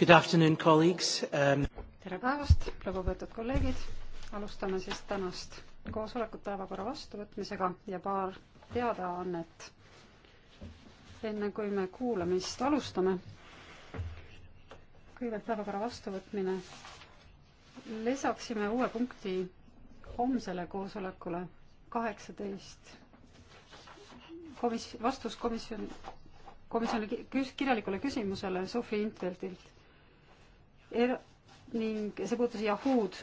Good afternoon, colleagues um.... tere päevast, lugupeetud kolleegid. alustame siis tänast koosolekut päevakorra vastuvõtmisega ja paar teadaannet. enne kui me kuulamist alustame, kõigepealt päevakorra vastuvõtmine. lisaksime uue punkti homsele koosolekule kaheksateist. komis-, vastus komisjoni komisjoni kirjalikule küsimusele Sofi Intveldilt er-, ning see puudutas Yahoo'd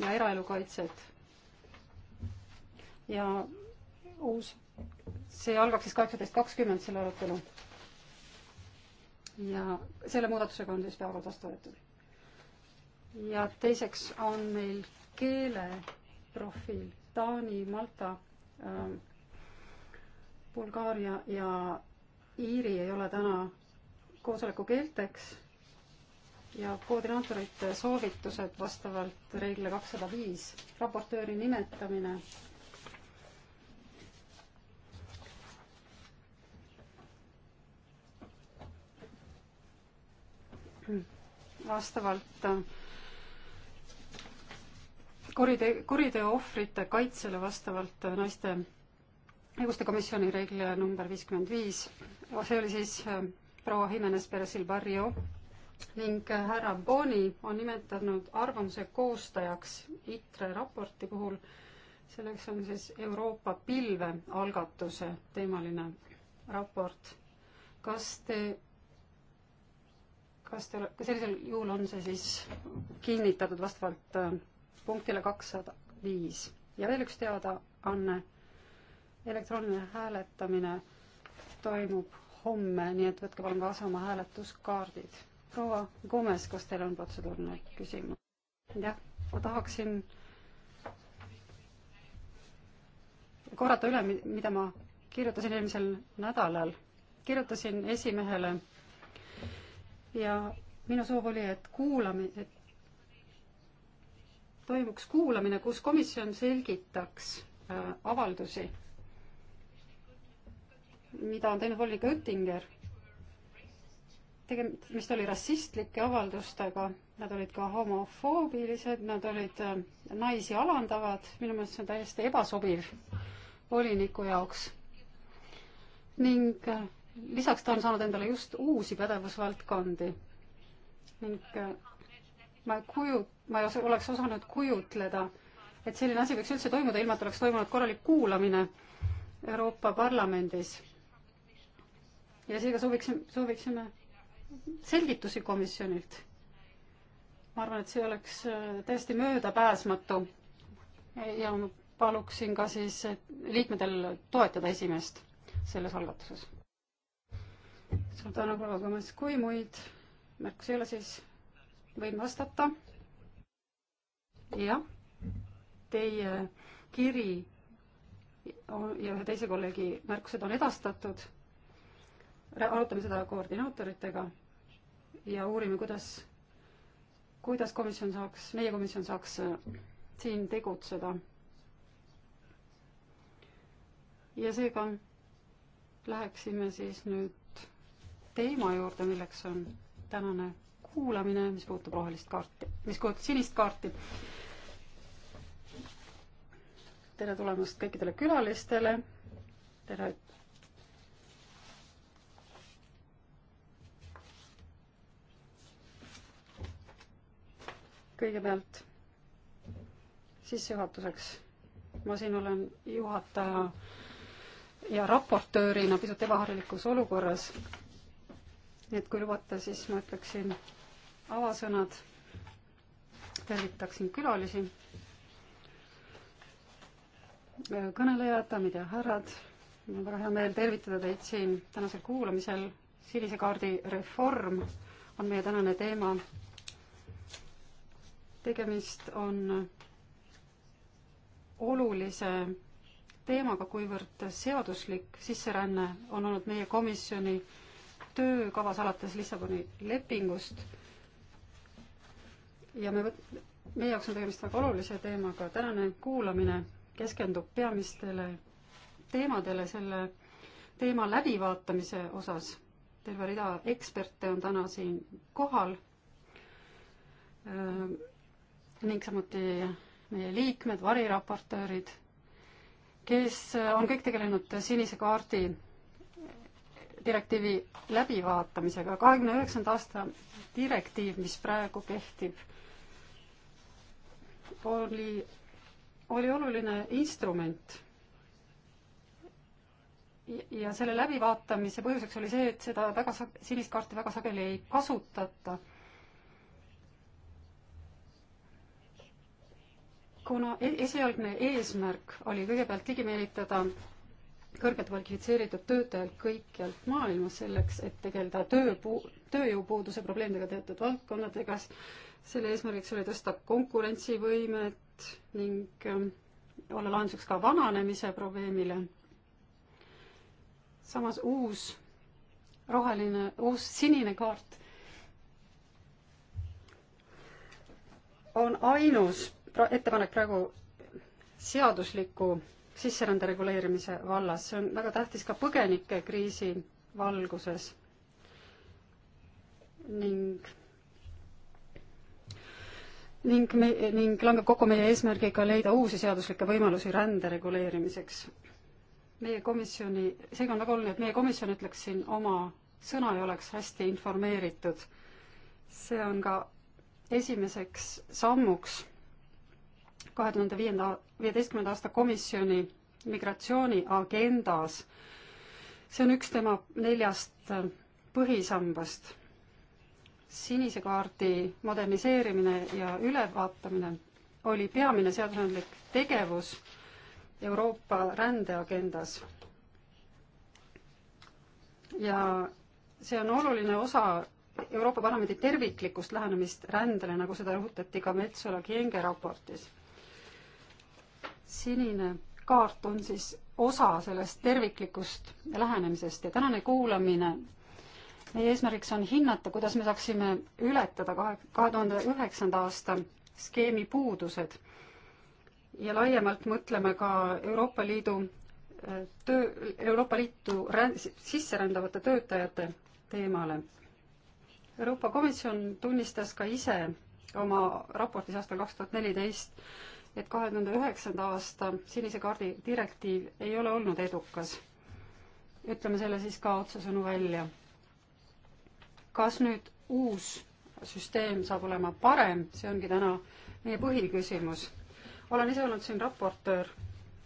ja eraelu kaitset. ja uus, see algab siis kaheksateist kakskümmend, selle arutelu. ja selle muudatusega on siis päevakord vastu võetud. ja teiseks on meil keeleprofiil Taani, Malta ähm,, Bulgaaria ja Iiri ei ole täna koosoleku keelteks ja koordinaatorite soovitused vastavalt reeglile kakssada viis, raportööri nimetamine. vastavalt äh, kuriteo, kuriteo ohvrite kaitsele vastavalt äh, naiste õiguste komisjoni reeglile number viiskümmend viis, see oli siis äh, proua Jimenez Perez-Il Barrio ning härra Boni on nimetanud arvamuse koostajaks ITRE raporti puhul. selleks on siis Euroopa pilvealgatuse teemaline raport. kas te, kas te, kas sellisel juhul on see siis kinnitatud vastavalt äh, punktile kakssada viis ja veel üks teadaanne. elektrooniline hääletamine toimub homme, nii et võtke palun kaasa oma hääletuskaardid proua Gomes, kas teil on protseduuriline küsimus? jah, ma tahaksin korrata üle, mida ma kirjutasin eelmisel nädalal. kirjutasin esimehele ja minu soov oli, et kuulame, et toimuks kuulamine, kus komisjon selgitaks äh, avaldusi, mida on teinud volinik Oettinger tegemist oli rassistlike avaldustega, nad olid ka homofoobilised, nad olid äh, naisi alandavad, minu meelest see on täiesti ebasobiv voliniku jaoks. ning äh, lisaks ta on saanud endale just uusi pädevusvaldkondi. ning äh, ma ei kuju, ma ei oleks osanud kujutleda, et selline asi võiks üldse toimuda, ilma et oleks toimunud korralik kuulamine Euroopa Parlamendis. ja seega sooviksin, sooviksime, sooviksime selgitusi komisjonilt. ma arvan, et see oleks äh, täiesti möödapääsmatu ja ma paluksin ka siis liikmetel toetada esimeest selles algatuses. suur tänu, proua Kõmes, kui muid märkusi ei ole, siis võin vastata. jah, teie kiri ja ühe teise kolleegi märkused on edastatud. arutame seda koordinaatoritega ja uurime, kuidas, kuidas komisjon saaks, meie komisjon saaks äh, siin tegutseda. ja seega läheksime siis nüüd teema juurde, milleks on tänane kuulamine, mis puudutab rohelist kaarti, mis puudutab sinist kaarti. tere tulemast kõikidele külalistele. tere kõigepealt sissejuhatuseks ma siin olen juhataja ja raportöörina pisut ebaharilikus olukorras. nii et kui lubate, siis ma ütleksin avasõnad, tervitaksin külalisi, kõnelejad, daamid ja härrad, mul on väga hea meel tervitada teid siin tänasel kuulamisel. sinise kaardi reform on meie tänane teema tegemist on olulise teemaga, kuivõrd seaduslik sisseränne on olnud meie komisjoni töökavas alates Lissaboni lepingust. ja me võt-, meie jaoks on tegemist väga olulise teemaga, tänane kuulamine keskendub peamistele teemadele selle teema läbivaatamise osas. terve rida eksperte on täna siin kohal äh, ning samuti meie liikmed, variraportöörid, kes on kõik tegelenud sinise kaardi direktiivi läbivaatamisega. kahekümne üheksanda aasta direktiiv, mis praegu kehtib, oli, oli oluline instrument. ja selle läbivaatamise põhjuseks oli see, et seda väga, sinist kaarti väga sageli ei kasutata kuna e-, esialgne eesmärk oli kõigepealt ligi meelitada kõrgelt kvalifitseeritud töötajaid kõikjalt maailmas selleks, et tegeleda tööpuu-, tööjõupuuduse probleemidega teatud valdkondades. selle eesmärgiks oli tõsta konkurentsivõimet ning ähm, olla lahenduseks ka vananemise probleemile. samas uus roheline, uus sinine kaart on ainus pra-, ettepanek praegu seadusliku sisserände reguleerimise vallas, see on väga tähtis ka põgenikekriisi valguses ning ning me, ning langeb kokku meie eesmärgiga leida uusi seaduslikke võimalusi rände reguleerimiseks. meie komisjoni, seega on väga oluline, et meie komisjon ütleks siin oma sõna ja oleks hästi informeeritud. see on ka esimeseks sammuks kahe tuhande viienda, viieteistkümnenda aasta komisjoni migratsiooniagendas. see on üks tema neljast äh, põhisambast. sinise kaardi moderniseerimine ja ülevaatamine oli peamine seadusandlik tegevus Euroopa rändeagendas. ja see on oluline osa Euroopa Parlamendi terviklikust lähenemist rändele, nagu seda rõhutati ka Metsola Kienge raportis sinine kaart on siis osa sellest terviklikust lähenemisest ja tänane kuulamine, meie eesmärgiks on hinnata, kuidas me saaksime ületada kahe, kahe tuhande üheksanda aasta skeemi puudused ja laiemalt mõtleme ka Euroopa Liidu äh, töö, Euroopa Liitu sisserändavate töötajate teemale. Euroopa Komisjon tunnistas ka ise oma raportis aastal kaks tuhat neliteist, et kahe tuhande üheksanda aasta sinise kaardi direktiiv ei ole olnud edukas. ütleme selle siis ka otsesõnu välja. kas nüüd uus süsteem saab olema parem, see ongi täna meie põhiküsimus. olen ise olnud siin raportöör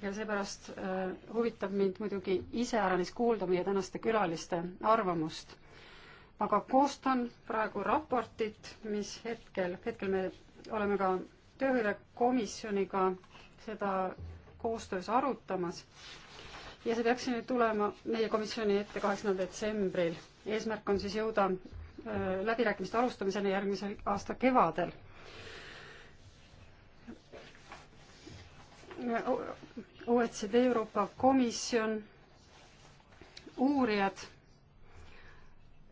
ja seepärast äh, huvitab mind muidugi iseäranis kuulda meie tänaste külaliste arvamust. aga koostan praegu raportit, mis hetkel, hetkel me oleme ka tööhõivekomisjoniga seda koostöös arutamas ja see peaks nüüd tulema meie komisjoni ette kaheksandal detsembril. eesmärk on siis jõuda äh, läbirääkimiste alustamiseni järgmisel aasta kevadel. OECD Euroopa Komisjon, uurijad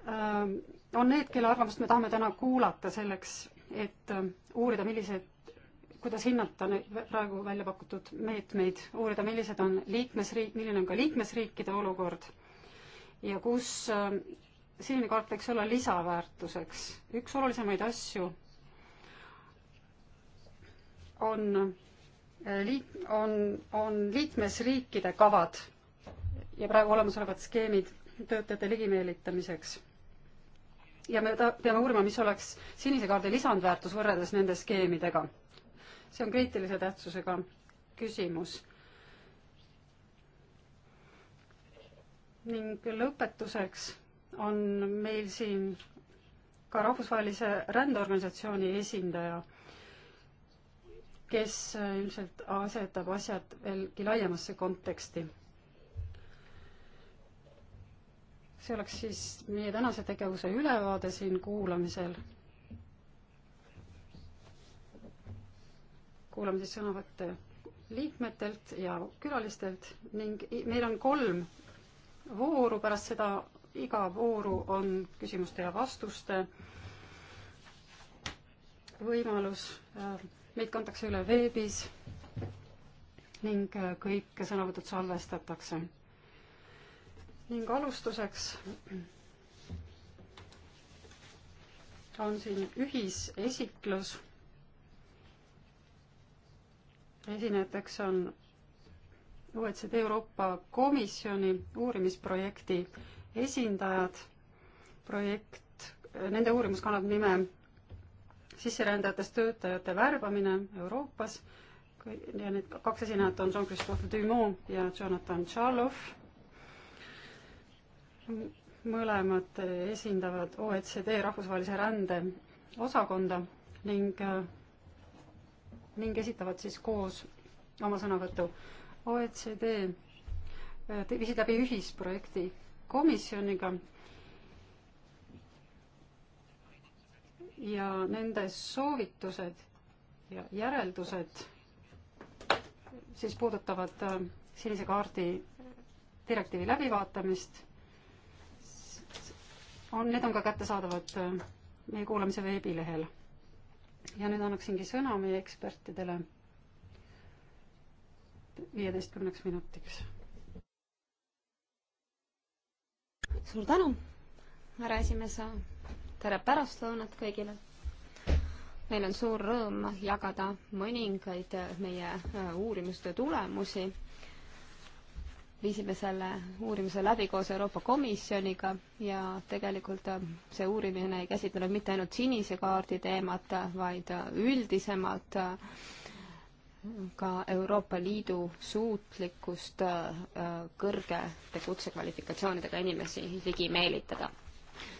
äh, on need, kelle arvamust me tahame täna kuulata selleks, et äh, uurida, millised kuidas hinnata nüüd praegu välja pakutud meetmeid, uurida, millised on liikmesriik, milline on ka liikmesriikide olukord ja kus äh, sinine kaart võiks olla lisaväärtuseks. üks olulisemaid asju on äh, liik-, on, on liikmesriikide kavad ja praegu olemasolevad skeemid töötajate ligimeelitamiseks. ja me ta-, peame uurima, mis oleks sinise kaardi lisandväärtus võrreldes nende skeemidega see on kriitilise tähtsusega küsimus. ning lõpetuseks on meil siin ka rahvusvahelise rändeorganisatsiooni esindaja, kes ilmselt asetab asjad veelgi laiemasse konteksti. see oleks siis meie tänase tegevuse ülevaade siin kuulamisel kuulame siis sõnavõtte liikmetelt ja külalistelt ning meil on kolm vooru, pärast seda iga vooru on küsimuste ja vastuste võimalus. Äh, meid kantakse üle veebis ning äh, kõik sõnavõtud salvestatakse. ning alustuseks on siin ühisesitlus esinejateks on OECD Euroopa Komisjoni uurimisprojekti esindajad. projekt, nende uurimus kannab nime sisserändajatest töötajate värbamine Euroopas ja need kaks esinejat on Jean-Christophe Dumont ja Jonathan Tšallov. mõlemad esindavad OECD rahvusvahelise rände osakonda ning äh, ning esitavad siis koos oma sõnavõtu. OECD äh, viisid läbi ühisprojekti komisjoniga ja nende soovitused ja järeldused siis puudutavad äh, sinise kaardi direktiivi läbivaatamist. on, need on ka kättesaadavad äh, meie kuulamise veebilehel ja nüüd annaksingi sõna meie ekspertidele viieteistkümneks minutiks. suur tänu, härra esimees, tere pärastlõunat kõigile! meil on suur rõõm jagada mõningaid meie äh, uurimuste tulemusi viisime selle uurimise läbi koos Euroopa Komisjoniga ja tegelikult äh, see uurimine ei käsitlenud mitte ainult sinise kaardi teemat, vaid äh, üldisemalt äh, ka Euroopa Liidu suutlikkust kõrgete kutsekvalifikatsioonidega inimesi ligi meelitada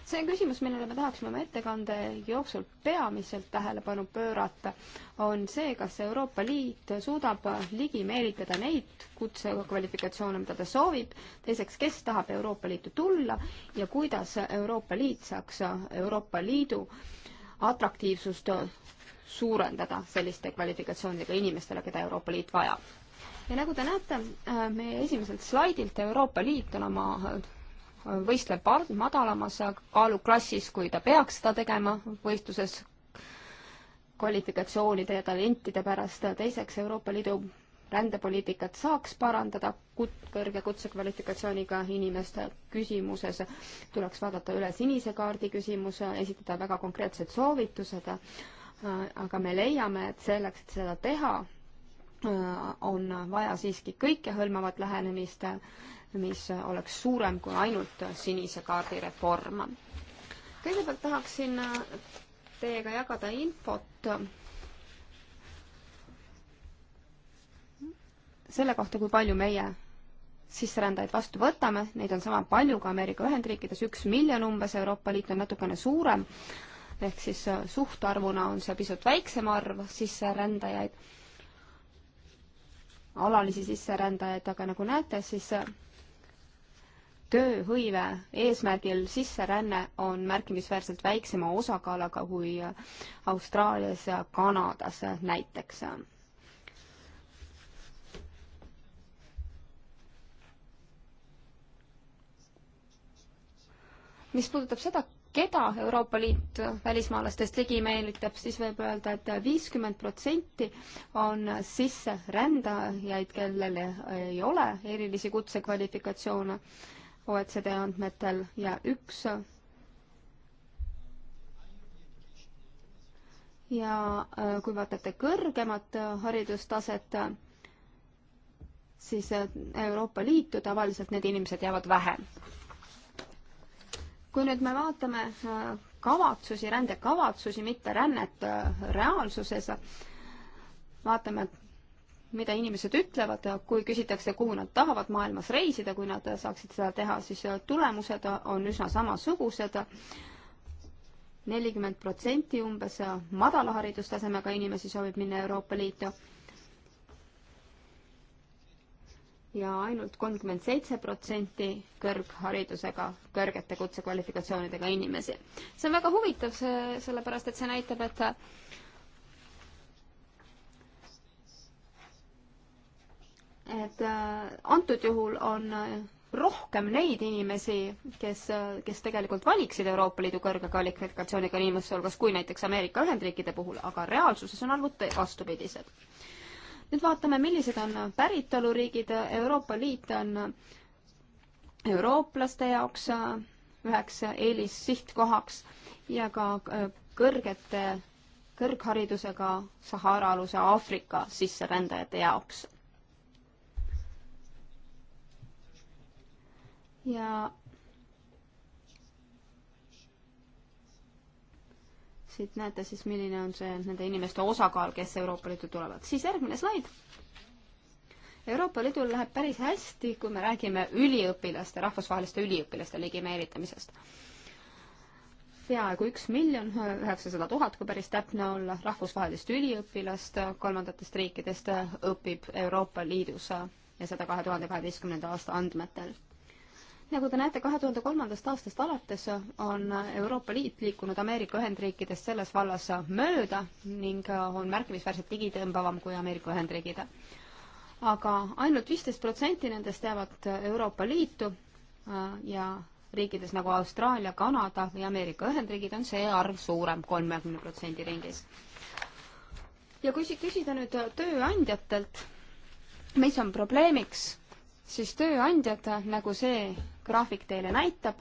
see on küsimus, millele me tahaksime oma ettekande jooksul peamiselt tähelepanu pöörata, on see, kas Euroopa Liit suudab ligi meelitada neid kutsekvalifikatsioone, mida ta soovib, teiseks, kes tahab Euroopa Liitu tulla ja kuidas Euroopa Liit saaks Euroopa Liidu atraktiivsust suurendada selliste kvalifikatsioonidega inimestele, keda Euroopa Liit vajab ja nagu te näete äh, meie esimeselt slaidilt, Euroopa Liit on oma võistleb madalamas kaaluklassis, kui ta peaks seda tegema võistluses kvalifikatsioonide ja talentide pärast. teiseks, Euroopa Liidu rändepoliitikat saaks parandada kut-, kõrge kutsekvalifikatsiooniga inimeste küsimuses, tuleks vaadata üle sinise kaardi küsimus, esitada väga konkreetsed soovitused, aga me leiame, et selleks, et seda teha, on vaja siiski kõikehõlmavat lähenemist mis oleks suurem kui ainult sinise kaardi reform. kõigepealt tahaksin äh, teiega jagada infot selle kohta, kui palju meie sisserändajaid vastu võtame, neid on sama palju kui Ameerika Ühendriikides, üks miljon umbes, Euroopa Liit on natukene suurem, ehk siis äh, suhtarvuna on see pisut väiksem arv sisserändajaid, alalisi sisserändajaid, aga nagu näete, siis äh, tööhõive eesmärgil sisseränne on märkimisväärselt väiksema osakaaluga kui Austraalias ja Kanadas näiteks. mis puudutab seda, keda Euroopa Liit välismaalastest ligi meelitab, siis võib öelda et, et viiskümmend protsenti on sisserändajaid, kellel ei ole erilisi kutsekvalifikatsioone OECD andmetel ja üks ja äh, kui vaatate kõrgemat äh, haridustaset, äh, siis Euroopa Liitu tavaliselt need inimesed jäävad vähem. kui nüüd me vaatame kavatsusi, rändekavatsusi, mitte rännet reaalsuses, vaatame mida inimesed ütlevad, kui küsitakse, kuhu nad tahavad maailmas reisida, kui nad saaksid seda teha, siis tulemused on üsna samasugused. nelikümmend protsenti umbes madala haridustasemega inimesi soovib minna Euroopa Liitu. ja ainult kolmkümmend seitse protsenti kõrgharidusega, kõrgete kutsekvalifikatsioonidega inimesi. see on väga huvitav, see, sellepärast et see näitab, et et äh, antud juhul on äh, rohkem neid inimesi, kes, äh, kes tegelikult valiksid Euroopa Liidu kõrge kvalifikatsiooniga inimeste hulgas, kui näiteks Ameerika Ühendriikide puhul, aga reaalsuses on arvud vastupidised. nüüd vaatame, millised on päritoluriigid, Euroopa Liit on eurooplaste jaoks üheks eelissihtkohaks ja ka kõrgete, kõrgharidusega Sahara-aluse Aafrika sisserändajate jaoks ja siit näete siis, milline on see nende inimeste osakaal, kes Euroopa Liitu tulevad. siis järgmine slaid. Euroopa Liidul läheb päris hästi, kui me räägime üliõpilaste, rahvusvaheliste üliõpilaste ligimeelitamisest. peaaegu üks miljon, üheksasada tuhat, kui päris täpne olla, rahvusvahelist üliõpilast kolmandatest riikidest õpib Euroopa Liidus ja seda kahe tuhande kaheteistkümnenda aasta andmetel nagu te näete, kahe tuhande kolmandast aastast alates on Euroopa Liit liikunud Ameerika Ühendriikidest selles vallas mööda ning on märkimisväärselt ligitõmbavam kui Ameerika Ühendriigid. aga ainult viisteist protsenti nendest jäävad Euroopa Liitu äh, ja riikides nagu Austraalia, Kanada või Ameerika Ühendriigid on see arv suurem, kolmekümne protsendi ringis. ja kui siit küsida nüüd tööandjatelt, mis on probleemiks, siis tööandjad, nagu see graafik teile näitab.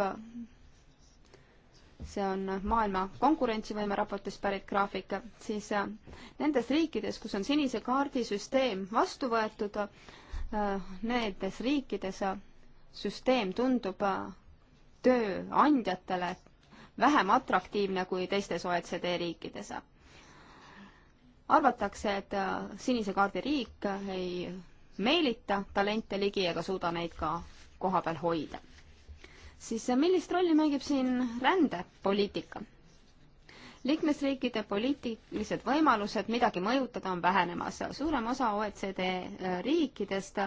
see on maailma konkurentsivõime raportist pärit graafik, siis äh, nendes riikides, kus on sinise kaardi süsteem vastu võetud, äh, nendes riikides äh, süsteem tundub tööandjatele vähem atraktiivne kui teistes OECD riikides. arvatakse, et sinise kaardi riik ei meelita talente ligi ega suuda neid ka kohapeal hoida siis millist rolli mängib siin rändepoliitika? liikmesriikide poliitilised võimalused midagi mõjutada on vähenemas. suurem osa OECD äh, riikidest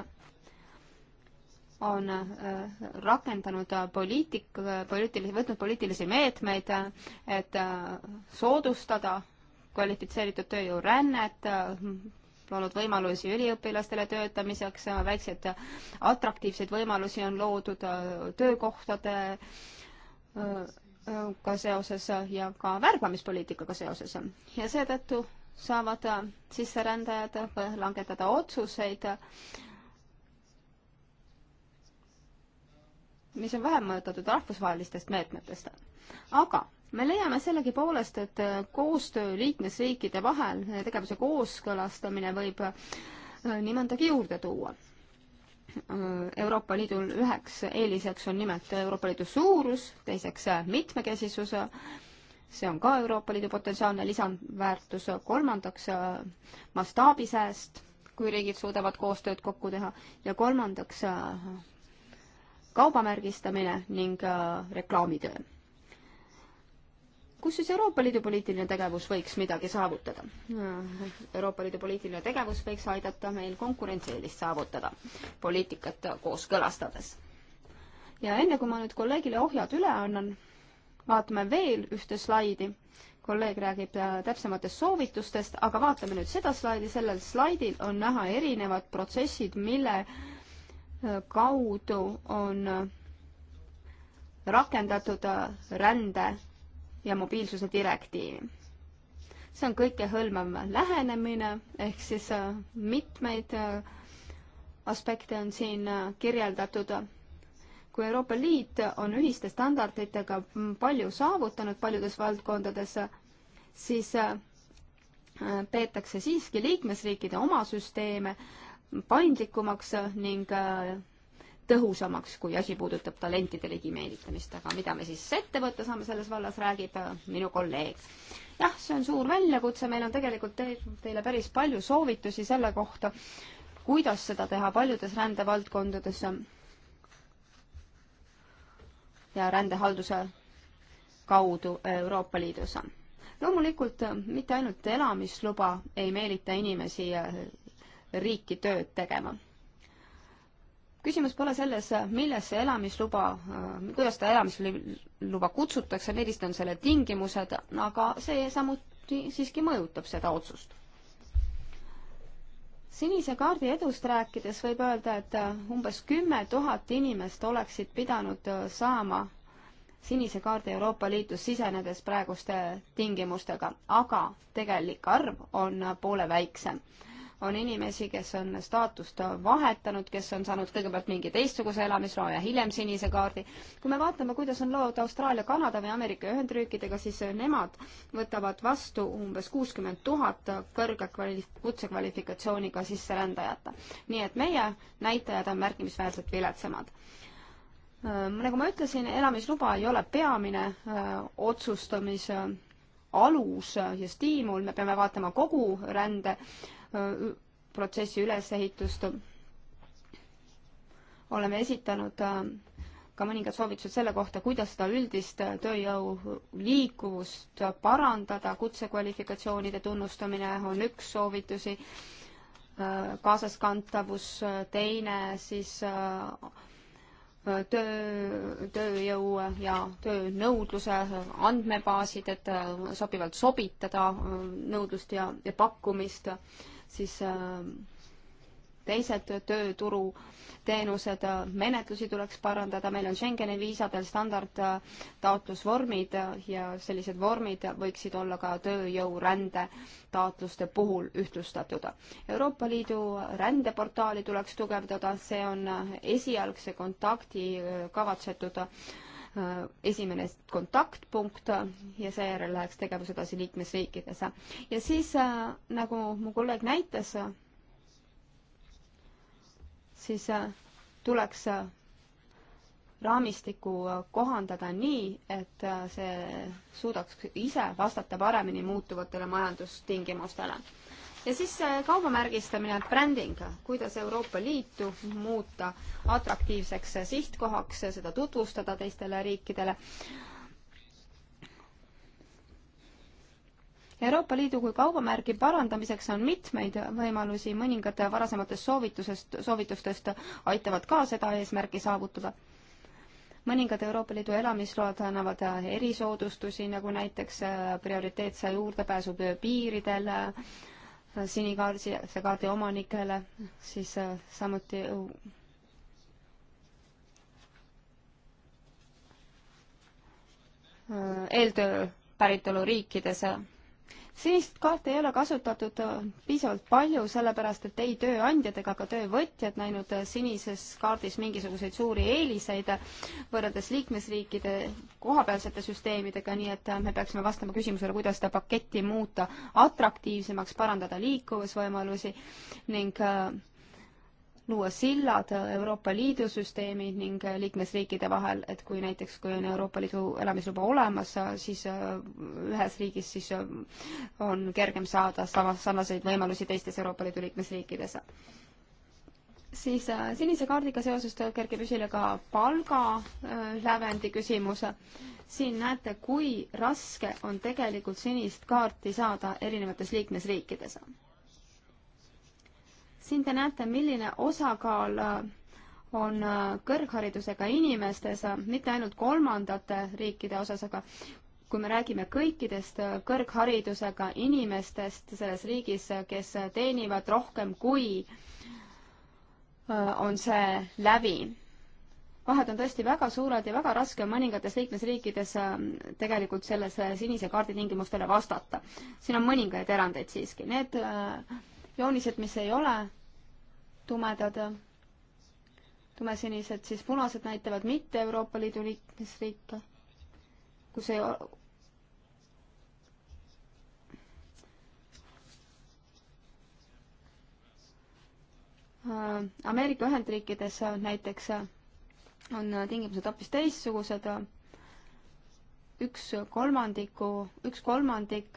on äh, rakendanud poliitik, poliitilisi, võtnud poliitilisi meetmeid, et äh, soodustada kvalifitseeritud tööjõurännet, loonud võimalusi üliõpilastele töötamiseks, väikseid atraktiivseid võimalusi on loodud äh, töökohtade äh, ka seoses äh, ja ka värbamispoliitikaga seoses ja seetõttu saavad sisserändajad langetada otsuseid, mis on vähem mõjutatud rahvusvahelistest meetmetest. aga me leiame sellegipoolest, et äh, koostöö liikmesriikide vahel, äh, tegevuse kooskõlastamine võib äh, nii mõndagi juurde tuua. Euroopa Liidul üheks eeliseks on nimelt Euroopa Liidu suurus, teiseks mitmekesisus, see on ka Euroopa Liidu potentsiaalne lisandväärtus, kolmandaks mastaabisääst, kui riigid suudavad koostööd kokku teha, ja kolmandaks kaubamärgistamine ning reklaamitöö kus siis Euroopa Liidu poliitiline tegevus võiks midagi saavutada? Euroopa Liidu poliitiline tegevus võiks aidata meil konkurentsieelist saavutada poliitikat kooskõlastades. ja enne, kui ma nüüd kolleegile ohjad üle annan, vaatame veel ühte slaidi. kolleeg räägib äh, täpsematest soovitustest, aga vaatame nüüd seda slaidi, sellel slaidil on näha erinevad protsessid, mille äh, kaudu on äh, rakendatud rände ja mobiilsuse direktiivi. see on kõikehõlmav lähenemine, ehk siis äh, mitmeid äh, aspekte on siin äh, kirjeldatud. kui Euroopa Liit on ühiste standarditega palju saavutanud paljudes valdkondades, siis peetakse siiski liikmesriikide oma süsteeme paindlikumaks ning tõhusamaks, kui asi puudutab talentide ligimeelitamist, aga mida me siis ette võtta saame selles vallas, räägib äh, minu kolleeg. jah, see on suur väljakutse, meil on tegelikult te teile päris palju soovitusi selle kohta, kuidas seda teha paljudes rändevaldkondades ja rändehalduse kaudu Euroopa Liidus. loomulikult äh, mitte ainult elamisluba ei meelita inimesi äh, riiki tööd tegema küsimus pole selles, milles see elamisluba, kuidas seda elamisluba kutsutakse, millised on selle tingimused, aga see samuti siiski mõjutab seda otsust. sinise kaardi edust rääkides võib öelda, et umbes kümme tuhat inimest oleksid pidanud saama sinise kaardi Euroopa Liitu sisenedes praeguste tingimustega, aga tegelik arv on poole väiksem on inimesi, kes on staatust vahetanud, kes on saanud kõigepealt mingi teistsuguse elamisloa ja hiljem sinise kaardi. kui me vaatame, kuidas on lood Austraalia, Kanada või Ameerika Ühendriikidega, siis nemad võtavad vastu umbes kuuskümmend tuhat kõrge kvali-, kutsekvalifikatsiooniga sisserändajat. nii et meie näitajad on märkimisväärselt viletsamad äh, nagu ma ütlesin, elamisluba ei ole peamine öö, äh, otsustamise alus ja stiimul, me peame vaatama kogu rände öö, Äh, protsessi ülesehitust. oleme esitanud äh, ka mõningad soovitused selle kohta, kuidas seda üldist äh, tööjõu liikuvust parandada, kutsekvalifikatsioonide tunnustamine on üks soovitusi, kaasaskantavus teine, siis töö, tööjõu ja töönõudluse andmebaasid, et sobivalt sobitada nõudlust ja, ja pakkumist siis äh, teised tööturu teenused, äh, menetlusi tuleks parandada, meil on Schengeni viisadel standardtaotlusvormid äh, ja sellised vormid võiksid olla ka tööjõurände taotluste puhul ühtlustatud. Euroopa Liidu rändeportaali tuleks tugevdada, see on esialgse kontakti kavatsetud Äh, esimene kontaktpunkt ja seejärel läheks tegevus edasi liikmesriikides. ja siis, äh, nagu mu kolleeg näitas, äh, siis tuleks raamistikku kohandada nii, et see suudaks ise vastata paremini muutuvatele majandustingimustele ja siis see äh, kaubamärgistamine, bränding, kuidas Euroopa Liitu muuta atraktiivseks äh, sihtkohaks, äh, seda tutvustada teistele riikidele. Euroopa Liidu kui kaubamärgi parandamiseks on mitmeid võimalusi, mõningad varasematest soovitusest, soovitustest aitavad ka seda eesmärki saavutada mõningad Euroopa Liidu elamisload annavad erisoodustusi, nagu näiteks prioriteetse juurdepääsu piiridel, sinikaardi, see kaardi omanikele, siis äh, samuti äh, äh, eeltöö päritoluriikides sinist kaarti ei ole kasutatud äh, piisavalt palju, sellepärast et ei tööandjad ega ka töövõtjad näinud äh, sinises kaardis mingisuguseid suuri eeliseid äh, võrreldes liikmesriikide kohapealsete süsteemidega, nii et me peaksime vastama küsimusele, kuidas seda paketti muuta atraktiivsemaks, parandada liikuvusvõimalusi ning äh, luua sillad Euroopa Liidu süsteemi ning liikmesriikide vahel, et kui näiteks, kui on Euroopa Liidu elamisluba olemas, siis äh, ühes riigis siis äh, on kergem saada sama, sarnaseid võimalusi teistes Euroopa Liidu liikmesriikides. siis äh, sinise kaardiga seoses kerkib esile ka palgalävendi küsimus. siin näete, kui raske on tegelikult sinist kaarti saada erinevates liikmesriikides siin te näete, milline osakaal äh, on äh, kõrgharidusega inimestes, äh, mitte ainult kolmandate riikide osas, aga kui me räägime kõikidest kõrgharidusega inimestest selles riigis, kes teenivad rohkem kui on see lävi. vahed on tõesti väga suured ja väga raske on mõningates liikmesriikides ähm, tegelikult selles sinise kaardi tingimustele vastata. siin on mõningaid erandeid siiski. Need joonised, mis ei ole tumedad, tumesinised, siis punased näitavad mitte Euroopa Liidu liikmesriike, kus ei Ameerika Ühendriikides näiteks on tingimused hoopis teistsugused. üks kolmandiku, üks kolmandik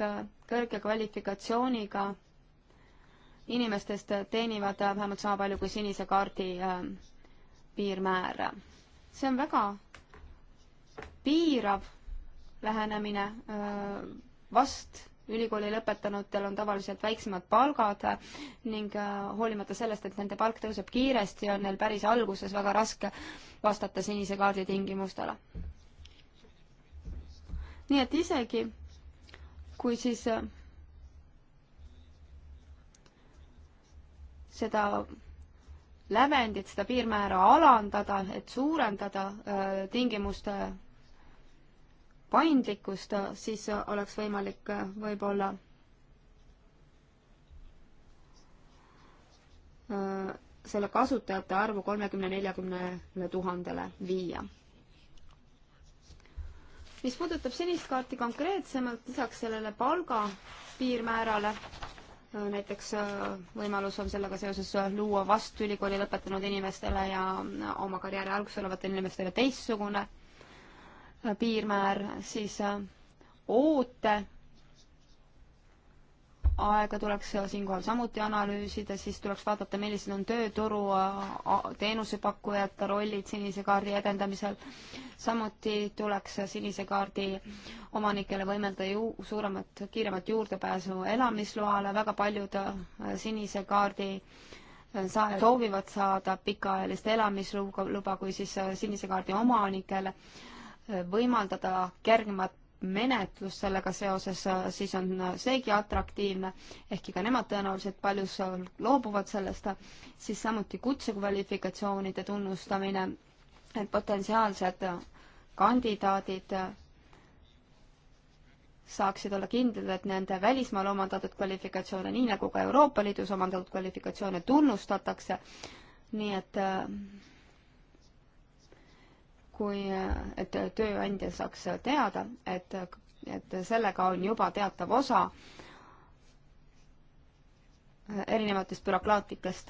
kõrge kvalifikatsiooniga inimestest teenivad vähemalt sama palju kui sinise kaardi ähm, piirmäär. see on väga piirav lähenemine, äh, vast ülikooli lõpetanutel on tavaliselt väiksemad palgad ning äh, hoolimata sellest, et nende palk tõuseb kiiresti, on neil päris alguses väga raske vastata sinise kaardi tingimustele. nii et isegi kui siis äh, seda lävendit, seda piirmäära alandada, et suurendada äh, tingimuste paindlikkust, siis oleks võimalik äh, võib-olla äh, selle kasutajate arvu kolmekümne, neljakümnele tuhandele viia. mis puudutab sinist kaarti konkreetsemalt, lisaks sellele palga piirmäärale, näiteks äh, võimalus on sellega seoses äh, luua vast ülikooli lõpetanud inimestele ja äh, oma karjääri alguses olevatele inimestele teistsugune piirmäär, siis oote aega tuleks siinkohal samuti analüüsida, siis tuleks vaadata, millised on tööturu teenusepakkujate rollid sinise kaardi edendamisel. samuti tuleks sinise kaardi omanikele võimelda ju suuremat, kiiremat juurdepääsu elamisloale, väga paljud äh, sinise kaardi äh, saa-, soovivad saada pikaajalist elamisluba, kui siis äh, sinise kaardi omanikele võimaldada kergemat menetlus sellega seoses, siis on seegi atraktiivne, ehkki ka nemad tõenäoliselt paljus loobuvad sellest, siis samuti kutsekvalifikatsioonide tunnustamine, et potentsiaalsed kandidaadid saaksid olla kindlad, et nende välismaal omandatud kvalifikatsioone, nii nagu ka Euroopa Liidus omandatud kvalifikatsioone tunnustatakse, nii et äh, kui, et tööandja saaks teada, et, et sellega on juba teatav osa erinevatest bürokraatlikest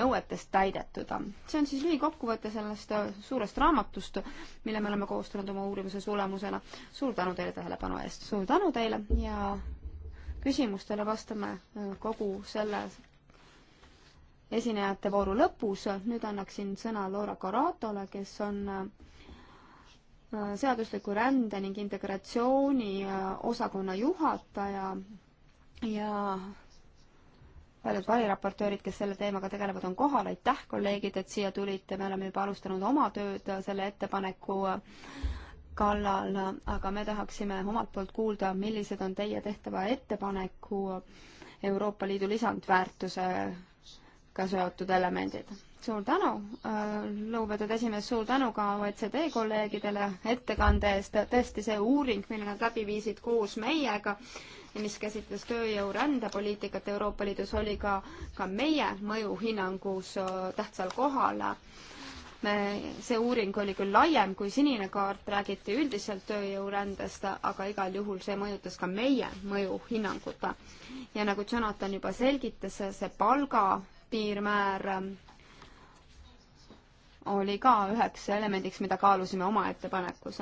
nõuetest täidetud. see on siis lühikokkuvõte sellest suurest raamatust, mille me oleme koostanud oma uurimuse tulemusena. suur tänu teile tähelepanu eest, suur tänu teile ja küsimustele vastame kogu selle esinejate vooru lõpus. nüüd annaksin sõna Laura Caratole, kes on seadusliku rände ning integratsiooni äh, osakonna juhataja ja paljud variraportöörid, kes selle teemaga tegelevad, on kohal, aitäh, kolleegid, et siia tulite, me oleme juba alustanud oma tööd selle ettepaneku kallal, aga me tahaksime omalt poolt kuulda, millised on teie tehtava ettepaneku Euroopa Liidu lisandväärtusega seotud elemendid suur tänu, äh, lugupeetud esimees, suur tänu ka OECD kolleegidele ettekande eest. tõesti, see uuring, mille nad läbi viisid koos meiega, mis käsitles tööjõu rändepoliitikat Euroopa Liidus, oli ka, ka meie mõjuhinnangus äh, tähtsal kohal. me, see uuring oli küll laiem kui sinine kaart, räägiti üldiselt tööjõurändest, aga igal juhul see mõjutas ka meie mõjuhinnangut. ja nagu Jonathan juba selgitas, see palga piirmäär oli ka üheks elemendiks, mida kaalusime oma ettepanekus.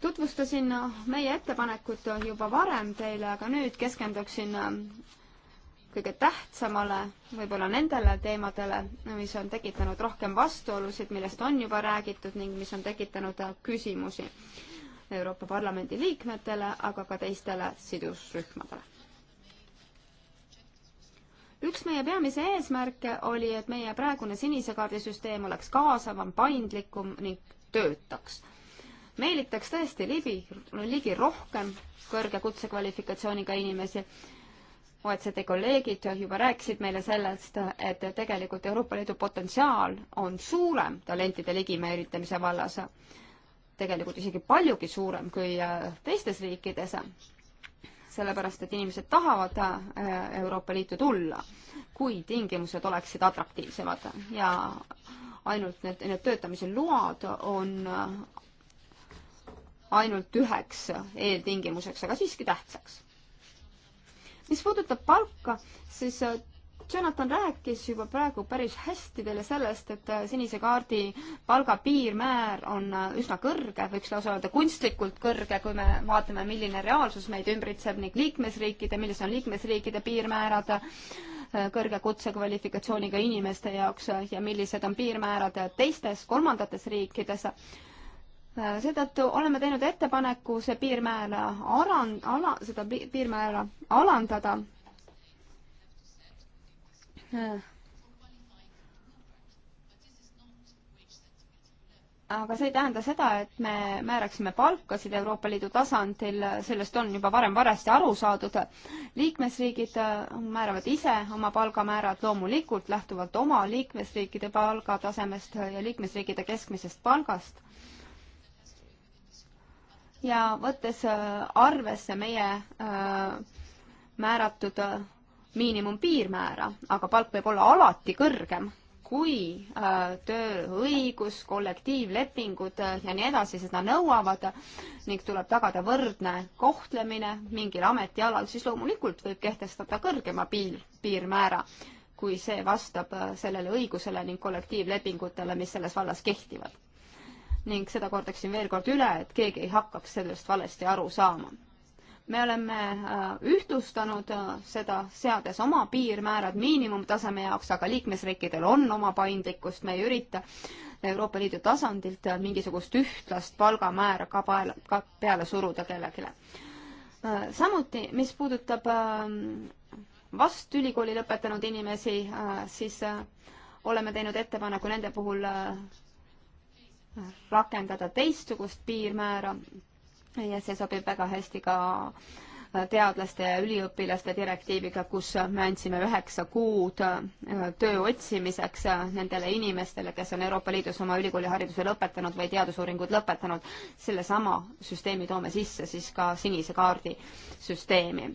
tutvustasin meie ettepanekut juba varem teile, aga nüüd keskenduksin kõige tähtsamale, võib-olla nendele teemadele, mis on tekitanud rohkem vastuolusid, millest on juba räägitud ning mis on tekitanud küsimusi Euroopa Parlamendi liikmetele, aga ka teistele sidusrühmadele üks meie peamisi eesmärke oli, et meie praegune sinise kaardi süsteem oleks kaasavam, paindlikum ning töötaks. meelitaks tõesti ligi, ligi rohkem kõrge kutsekvalifikatsiooniga inimesi. OECD kolleegid juba rääkisid meile sellest, et tegelikult Euroopa Liidu potentsiaal on suurem talentide ligimeelitamise vallas tegelikult isegi paljugi suurem kui teistes riikides sellepärast et inimesed tahavad äh, Euroopa Liitu tulla, kui tingimused oleksid atraktiivsemad ja ainult need, need töötamise load on äh, ainult üheks eeltingimuseks, aga siiski tähtsaks. mis puudutab palka, siis äh, Jonathan rääkis juba praegu päris hästi teile sellest, et äh, sinise kaardi palga piirmäär on äh, üsna kõrge, võiks lausa öelda kunstlikult kõrge, kui me vaatame, milline reaalsus meid ümbritseb ning liikmesriikide, millised on liikmesriikide piirmäärad äh, kõrge kutsekvalifikatsiooniga inimeste jaoks ja millised on piirmäärad teistes, kolmandates riikides seetõttu oleme teinud ettepaneku see piirmäär alan-, ala-, seda piirmäära alandada aga see ei tähenda seda, et me määraksime palkasid Euroopa Liidu tasandil, sellest on juba varem varasti aru saadud. liikmesriigid äh, määravad ise oma palgamäärad loomulikult lähtuvalt oma liikmesriikide palgatasemest ja liikmesriikide keskmisest palgast. ja võttes äh, arvesse meie äh, määratud miinimumpiirmäära, aga palk võib olla alati kõrgem kui äh, tööõigus, kollektiivlepingud äh, ja nii edasi seda nõuavad ning tuleb tagada võrdne kohtlemine mingil ametialal, siis loomulikult võib kehtestada kõrgema piir, piirmäära, kui see vastab äh, sellele õigusele ning kollektiivlepingutele, mis selles vallas kehtivad. ning seda kordaksin veel kord üle, et keegi ei hakkaks sellest valesti aru saama me oleme äh, ühtlustanud äh, seda, seades oma piirmäärad miinimumtaseme jaoks, aga liikmesriikidel on oma paindlikkust, me ei ürita Euroopa Liidu tasandilt äh, mingisugust ühtlast palgamäära ka peale, ka peale suruda kellelegi. samuti, mis puudutab ähm, vast ülikooli lõpetanud inimesi, siis oleme teinud ettepaneku nende puhul rakendada teistsugust piirmäära ja see sobib väga hästi ka äh, teadlaste ja üliõpilaste direktiiviga, kus me andsime üheksa kuud äh, töö otsimiseks äh, nendele inimestele, kes on Euroopa Liidus oma ülikoolihariduse lõpetanud või teadusuuringud lõpetanud. sellesama süsteemi toome sisse siis ka sinise kaardi süsteemi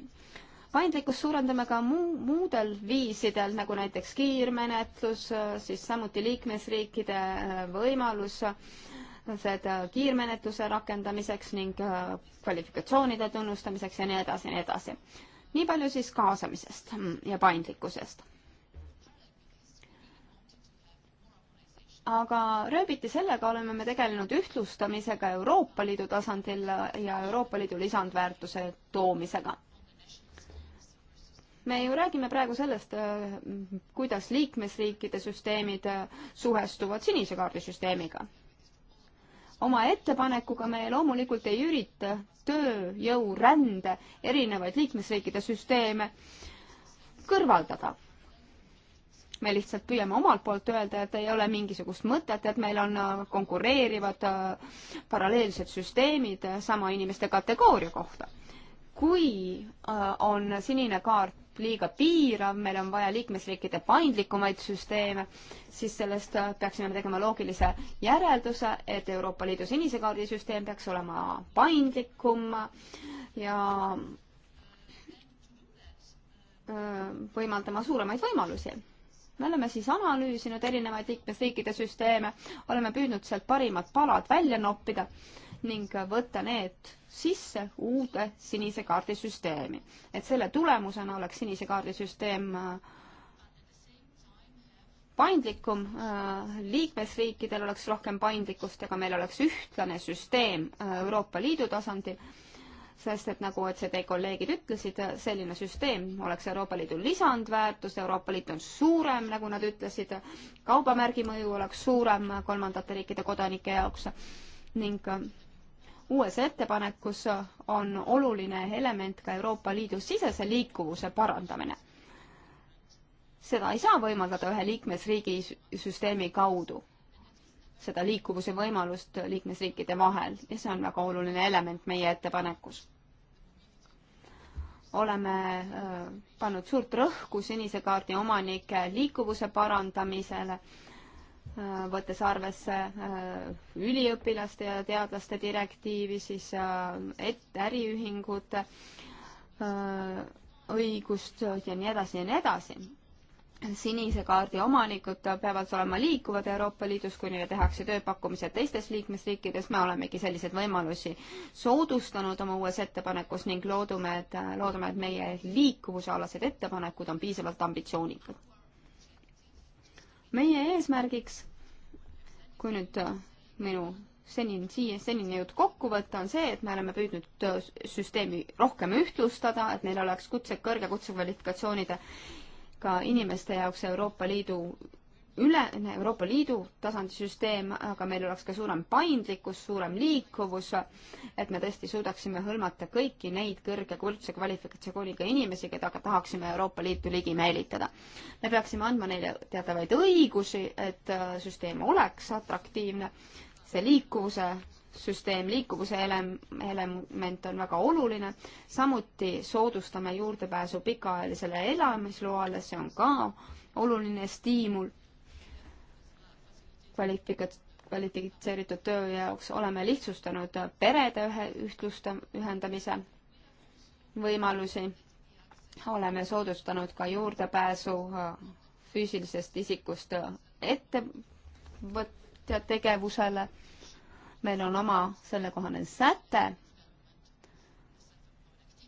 paindlikkust suurendame ka muu, muudel viisidel, nagu näiteks kiirmenetlus, siis samuti liikmesriikide võimalus äh, menetlused äh, kiirmenetluse rakendamiseks ning äh, kvalifikatsioonide tunnustamiseks ja nii edasi ja nii edasi. nii palju siis kaasamisest mm, ja paindlikkusest. aga rööbiti sellega oleme me tegelenud ühtlustamisega Euroopa Liidu tasandil ja Euroopa Liidu lisandväärtuse toomisega me ju räägime praegu sellest, äh, kuidas liikmesriikide süsteemid suhestuvad sinise kaardi süsteemiga oma ettepanekuga me loomulikult ei ürita tööjõurände erinevaid liikmesriikide süsteeme kõrvaldada. me lihtsalt püüame omalt poolt öelda, et ei ole mingisugust mõtet, et meil on äh, konkureerivad äh, paralleelsed süsteemid sama inimeste kategooria kohta. kui äh, on sinine kaart liiga piirav, meil on vaja liikmesriikide paindlikumaid süsteeme, siis sellest äh, peaksime tegema loogilise järelduse, et Euroopa Liidu sinise kaardi süsteem peaks olema paindlikum ja äh, võimaldama suuremaid võimalusi. me oleme siis analüüsinud erinevaid liikmesriikide süsteeme, oleme püüdnud sealt parimad palad välja noppida ning võtta need sisse uude sinise kaardi süsteemi. et selle tulemusena oleks sinise kaardi süsteem äh, paindlikum, äh, liikmesriikidel oleks rohkem paindlikkust ja ka meil oleks ühtlane süsteem äh, Euroopa Liidu tasandil, sest et nagu OECD kolleegid ütlesid, selline süsteem oleks Euroopa Liidu lisandväärtus, Euroopa Liit on suurem, nagu nad ütlesid, kaubamärgi mõju oleks suurem kolmandate riikide kodanike jaoks ning uues ettepanekus on oluline element ka Euroopa Liidu sisese liikuvuse parandamine. seda ei saa võimaldada ühe liikmesriigi süsteemi kaudu, seda liikuvuse võimalust liikmesriikide vahel ja see on väga oluline element meie ettepanekus. oleme äh, pannud suurt rõhku sinise kaardi omanike liikuvuse parandamisele võttes arvesse äh, üliõpilaste ja teadlaste direktiivi, siis äh, ette äriühingute äh, õigust ja nii edasi ja nii edasi. sinise kaardi omanikud peavad olema liikuvad Euroopa Liidus, kui neile tehakse tööpakkumised teistes liikmesriikides, me olemegi selliseid võimalusi soodustanud oma uues ettepanekus ning loodume, et, loodame, et meie liikuvusealased ettepanekud on piisavalt ambitsioonikad meie eesmärgiks, kui nüüd äh, minu senini, siia, senini jutt kokku võtta, on see, et me oleme püüdnud äh, süsteemi rohkem ühtlustada, et meil oleks kutse, kõrge kutsekvalifikatsioonide ka inimeste jaoks Euroopa Liidu ülene Euroopa Liidu tasandi süsteem, aga meil oleks ka suurem paindlikkus, suurem liikuvus, et me tõesti suudaksime hõlmata kõiki neid kõrge kuldse kvalifikatsiooniga inimesi, keda ka tahaksime Euroopa Liitu ligi meelitada. me peaksime andma neile teatavaid õigusi, et äh, süsteem oleks atraktiivne, see liikuvuse süsteem, liikuvuse elem-, element on väga oluline, samuti soodustame juurdepääsu pikaajalisele elamisloale, see on ka oluline stiimul kvalifikat-, kvalifitseeritud töö jaoks oleme lihtsustanud perede ühe, ühtlusta-, ühendamise võimalusi, oleme soodustanud ka juurdepääsu äh, füüsilisest isikust ettevõtja tegevusele, meil on oma sellekohane säte,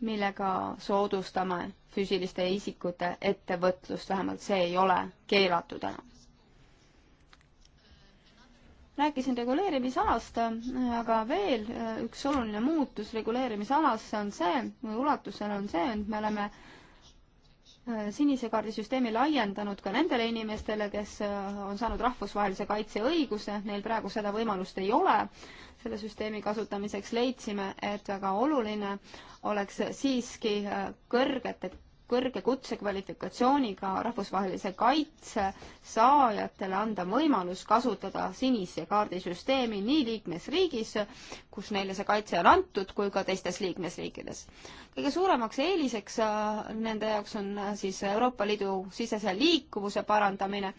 millega soodustame füüsiliste isikute ettevõtlust, vähemalt see ei ole keelatud enam rääkisin reguleerimisalast, aga veel äh, üks oluline muutus reguleerimisalas on see, või ulatusel on see, et me oleme äh, sinise kaardi süsteemi laiendanud ka nendele inimestele, kes äh, on saanud rahvusvahelise kaitse õiguse, neil praegu seda võimalust ei ole. selle süsteemi kasutamiseks leidsime, et väga oluline oleks siiski kõrgete kõrge kutsekvalifikatsiooniga rahvusvahelise kaitse saajatele anda võimalus kasutada sinise kaardi süsteemi nii liikmesriigis, kus neile see kaitse on antud, kui ka teistes liikmesriikides. kõige suuremaks eeliseks äh, nende jaoks on äh, siis Euroopa Liidu sisese liikuvuse parandamine,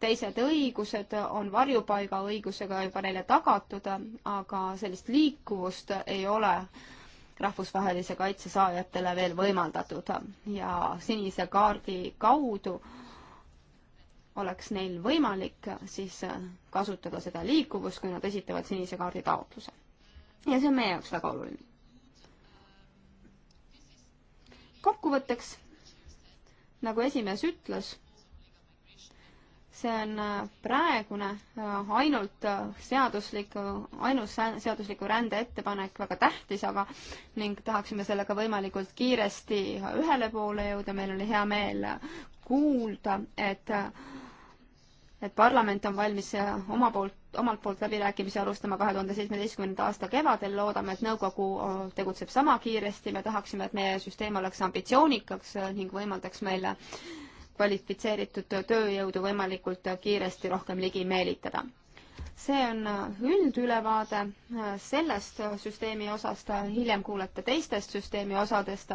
teised õigused on varjupaigaõigusega juba neile tagatud, äh, aga sellist liikuvust ei ole rahvusvahelise kaitse saajatele veel võimaldatud ja sinise kaardi kaudu oleks neil võimalik siis kasutada seda liikuvust, kui nad esitavad sinise kaardi taotluse. ja see on meie jaoks väga oluline. kokkuvõtteks, nagu esimees ütles see on äh, praegune äh, ainult äh, seadusliku, ainus seadusliku rände ettepanek, väga tähtis aga, ning tahaksime sellega võimalikult kiiresti ühele poole jõuda, meil oli hea meel kuulda, et et parlament on valmis oma poolt, omalt poolt läbirääkimisi alustama kahe tuhande seitsmeteistkümnenda aasta kevadel, loodame, et nõukogu tegutseb sama kiiresti, me tahaksime, et meie süsteem oleks ambitsioonikas ning võimaldaks meile äh, kvalifitseeritud tööjõudu võimalikult kiiresti rohkem ligi meelitada. see on üldülevaade sellest süsteemi osast, hiljem kuulete teistest süsteemi osadest.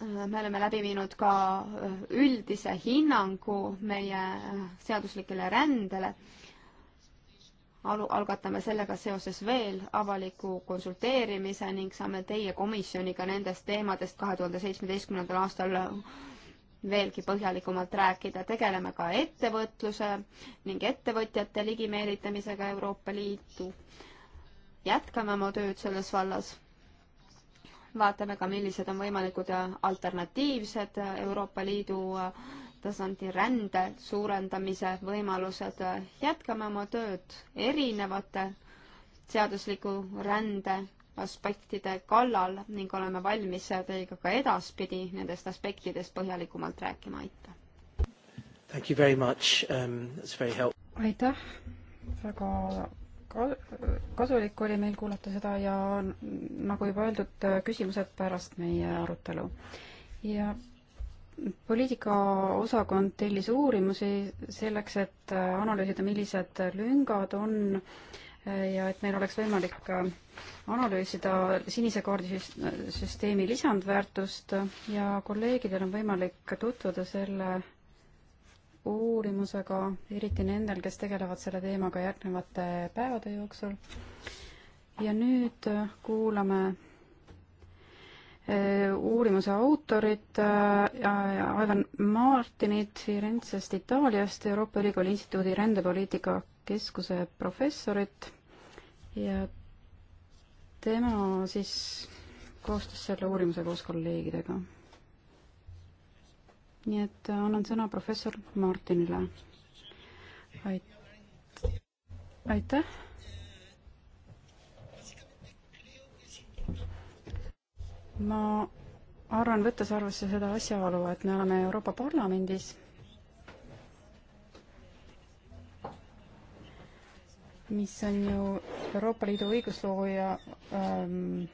me oleme läbi viinud ka üldise hinnangu meie seaduslikele rändele alu-, algatame sellega seoses veel avaliku konsulteerimise ning saame teie komisjoniga nendest teemadest kahe tuhande seitsmeteistkümnendal aastal veelgi põhjalikumalt rääkida, tegeleme ka ettevõtluse ning ettevõtjate ligimeelitamisega Euroopa Liitu. jätkame oma tööd selles vallas. vaatame ka, millised on võimalikud alternatiivsed Euroopa Liidu tasandi rände suurendamise võimalused. jätkame oma tööd erinevate seadusliku rände aspektide kallal ning oleme valmis teiega ka edaspidi nendest aspektidest põhjalikumalt rääkima, aitäh! Um, aitäh, väga ka-, kasulik oli meil kuulata seda ja nagu juba öeldud, küsimused pärast meie arutelu. ja poliitikaosakond tellis uurimusi selleks, et analüüsida, millised lüngad on äh, ja et meil oleks võimalik äh, analüüsida sinise kaardi süsteemi lisandväärtust ja kolleegidel on võimalik tutvuda selle uurimusega, eriti nendel, kes tegelevad selle teemaga järgnevate päevade jooksul. ja nüüd äh, kuulame äh, uurimuse autorit Aivan Martinit Firenzest Itaaliast, Euroopa Ülikooli Instituudi rändepoliitika keskuse professorit ja tema siis koostas selle uurimuse koos kolleegidega. nii et äh, annan sõna professor Martinile. aitäh. ma arvan, võttes arvesse seda asjaolu, et me oleme Euroopa Parlamendis mis on ju Euroopa Liidu õiguslooja ähm,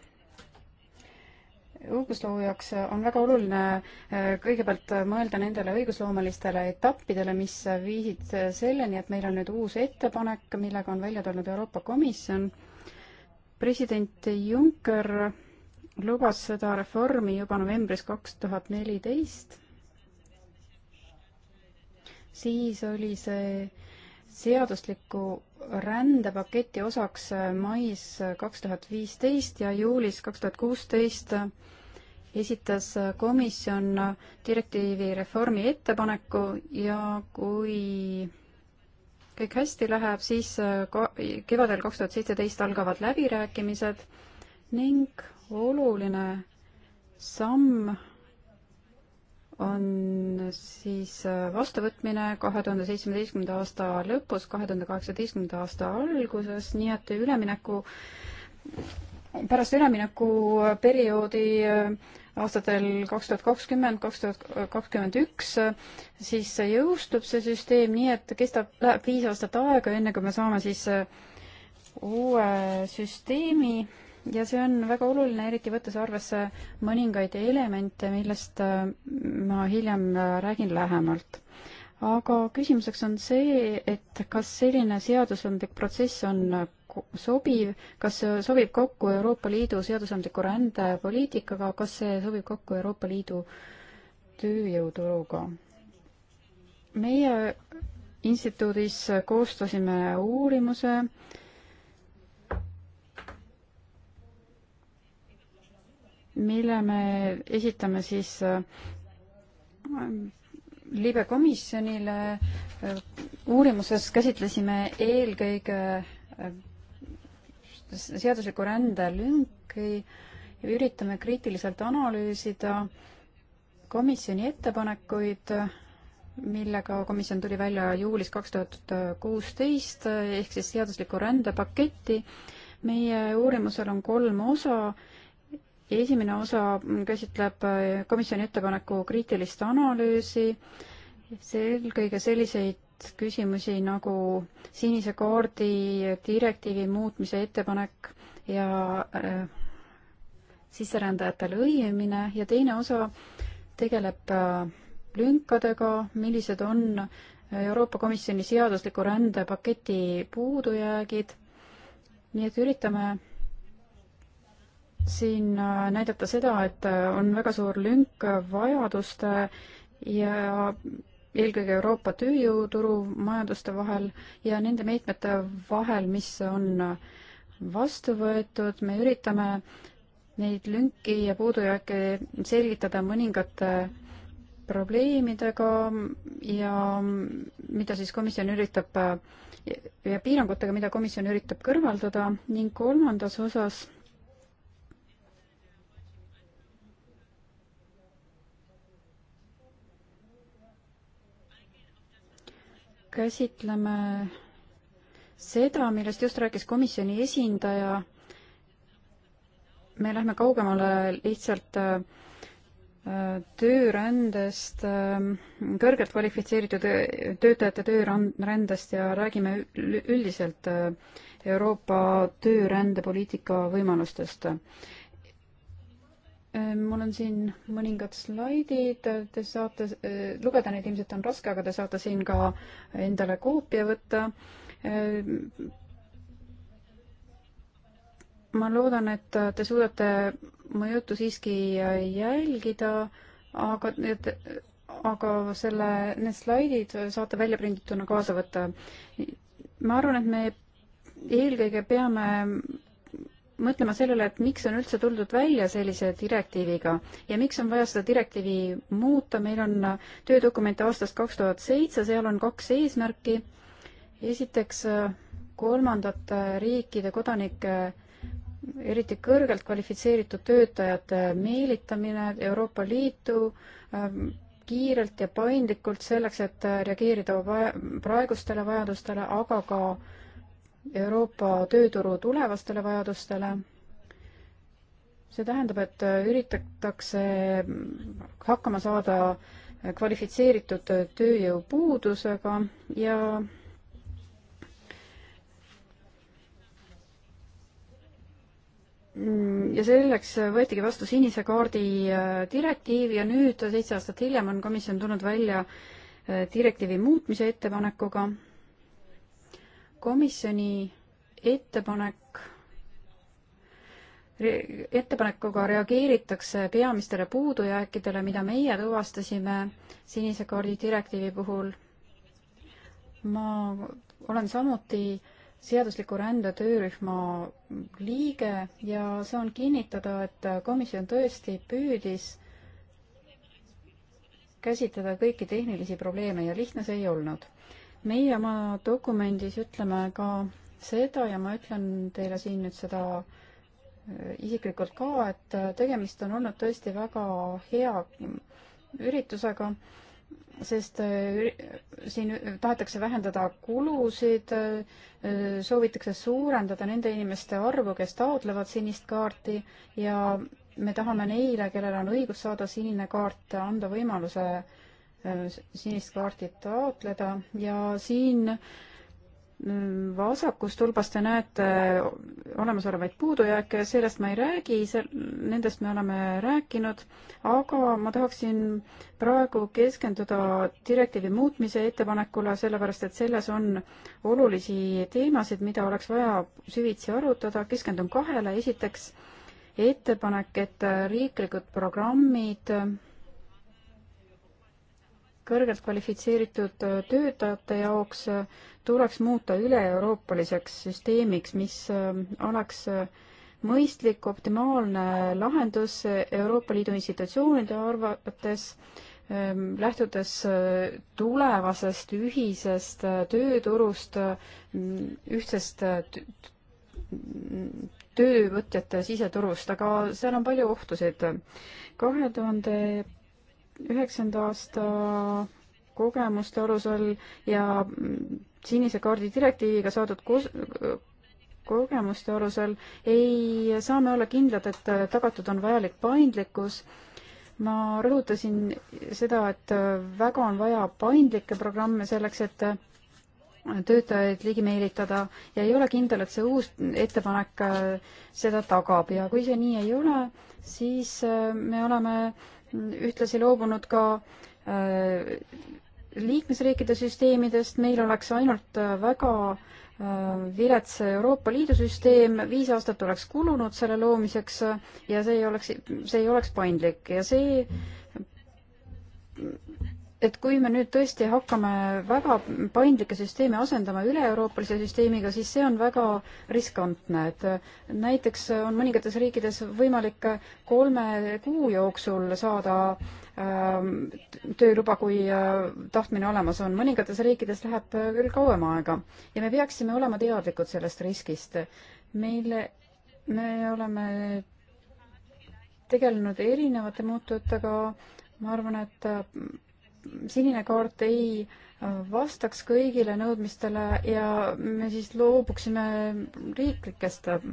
õigusloojaks äh, on väga oluline äh, kõigepealt äh, mõelda nendele õigusloomelistele etappidele, mis viisid selleni, et meil on nüüd uus ettepanek, millega on välja tulnud Euroopa Komisjon. president Juncker lubas seda reformi juba novembris kaks tuhat neliteist. siis oli see seadusliku rändepaketi osaks mais kaks tuhat viisteist ja juulis kaks tuhat kuusteist esitas komisjon direktiivi reformi ettepaneku ja kui kõik hästi läheb, siis kevadel kaks tuhat seitseteist algavad läbirääkimised ning oluline samm on siis äh, vastuvõtmine kahe tuhande seitsmeteistkümnenda aasta lõpus, kahe tuhande kaheksateistkümnenda aasta alguses, nii et ülemineku, pärast üleminekuperioodi äh, aastatel kaks tuhat kakskümmend, kaks tuhat kakskümmend üks, äh, siis jõustub see süsteem nii, et kestab, läheb viis aastat aega, enne kui me saame siis uue süsteemi ja see on väga oluline, eriti võttes arvesse mõningaid elemente, millest äh, ma hiljem äh, räägin lähemalt. aga küsimuseks on see, et kas selline seadusandlik protsess on äh, sobiv, kas see sobib kokku Euroopa Liidu seadusandliku rändepoliitikaga, kas see sobib kokku Euroopa Liidu tööjõuturuga? meie instituudis koostasime uurimuse äh, mille me esitame siis äh, libe komisjonile. Äh, uurimuses käsitlesime eelkõige äh, seadusliku rände lünki ja üritame kriitiliselt analüüsida komisjoni ettepanekuid, millega komisjon tuli välja juulis kaks tuhat kuusteist ehk siis seadusliku rände paketti. meie uurimusel on kolm osa esimene osa käsitleb äh, komisjoni ettepaneku kriitilist analüüsi, eelkõige selliseid küsimusi nagu sinise kaardi direktiivi muutmise ettepanek ja äh, sisserändajate lõimine ja teine osa tegeleb äh, lünkadega, millised on Euroopa Komisjoni seadusliku rändepaketi puudujäägid. nii et üritame siin äh, näidata seda, et äh, on väga suur lünk vajaduste ja eelkõige Euroopa tööjõuturu majanduste vahel ja nende meetmete vahel, mis on äh, vastu võetud, me üritame neid lünki ja puudujääke selgitada mõningate probleemidega ja mida siis komisjon üritab ja piirangutega, mida komisjon üritab kõrvaldada ning kolmandas osas käsitleme seda, millest just rääkis komisjoni esindaja. me lähme kaugemale lihtsalt äh, töörändest, äh, kõrgelt kvalifitseeritud töötajate töörändest ja räägime üldiselt äh, Euroopa töörändepoliitika võimalustest. Ehm, mul on siin mõningad slaidid, te saate, eh, lugeda neid ilmselt on raske, aga te saate siin ka endale koopia võtta. Ehm, ma loodan, et te suudate mu juttu siiski jälgida, aga need, aga selle, need slaidid saate välja prindituna kaasa võtta. ma arvan, et me eelkõige peame mõtlema sellele, et miks on üldse tuldud välja sellise direktiiviga ja miks on vaja seda direktiivi muuta, meil on töödokument aastast kaks tuhat seitse, seal on kaks eesmärki. esiteks kolmandate riikide kodanike eriti kõrgelt kvalifitseeritud töötajate meelitamine Euroopa Liitu ähm, kiirelt ja paindlikult selleks, et reageerida praegustele vajadustele, aga ka äh, Euroopa tööturu tulevastele vajadustele. see tähendab, et üritatakse hakkama saada kvalifitseeritud tööjõupuudusega ja mm, ja selleks võetigi vastu sinise kaardi äh, direktiiv ja nüüd seitse aastat hiljem on komisjon tulnud välja äh, direktiivi muutmise ettepanekuga komisjoni ettepanek ettepanekuga reageeritakse peamistele puudujääkidele, mida meie tuvastasime sinise kaardi direktiivi puhul. ma olen samuti seadusliku rände töörühma liige ja saan kinnitada, et komisjon tõesti püüdis käsitleda kõiki tehnilisi probleeme ja lihtne see ei olnud meie oma dokumendis ütleme ka seda ja ma ütlen teile siin nüüd seda äh, isiklikult ka, et äh, tegemist on olnud tõesti väga hea üritusega, sest äh, siin tahetakse vähendada kulusid, soovitakse suurendada nende inimeste arvu, kes taotlevad sinist kaarti ja me tahame neile, kellel on õigus saada sinine kaart, anda võimaluse äh, sinist kaarti taotleda ja siin mm, vasakus tulbas te näete olemasolevaid puudujääke, sellest ma ei räägi, nendest me oleme rääkinud, aga ma tahaksin praegu keskenduda direktiivi muutmise ettepanekule, sellepärast et selles on olulisi teemasid, mida oleks vaja süvitsi arutada, keskendun kahele, esiteks ettepanek, et riiklikud programmid kõrgelt kvalifitseeritud töötajate jaoks tuleks muuta üle-euroopaliseks süsteemiks, mis oleks mõistlik, optimaalne lahendus Euroopa Liidu institutsioonide arvates, lähtudes tulevasest ühisest tööturust, ühtsest töövõtjate siseturust, aga seal on palju ohtusid. kahe tuhande üheksanda aasta kogemuste alusel ja sinise kaardi direktiiviga saadud kos-, kogemuste alusel ei saa me olla kindlad, et tagatud on vajalik paindlikkus. ma rõhutasin seda, et väga on vaja paindlikke programme selleks, et töötajaid ligi meelitada ja ei ole kindel, et see uus ettepanek seda tagab ja kui see nii ei ole, siis me oleme ühtlasi loobunud ka äh, liikmesriikide süsteemidest, meil oleks ainult äh, väga äh, vilets Euroopa Liidu süsteem, viis aastat oleks kulunud selle loomiseks ja see ei oleks, see ei oleks paindlik ja see et kui me nüüd tõesti hakkame väga paindlikke süsteeme asendama üle-euroopalise süsteemiga, siis see on väga riskantne, et äh, näiteks äh, on mõningates riikides võimalik äh, kolme kuu jooksul saada ähm, tööluba, kui tahtmine olemas on. mõningates riikides läheb küll kauem aega ja me peaksime olema teadlikud sellest riskist. meile, me oleme tegelenud erinevate muutujatega, ma arvan, et sinine kaart ei äh, vastaks kõigile nõudmistele ja me siis loobuksime riiklikest äh,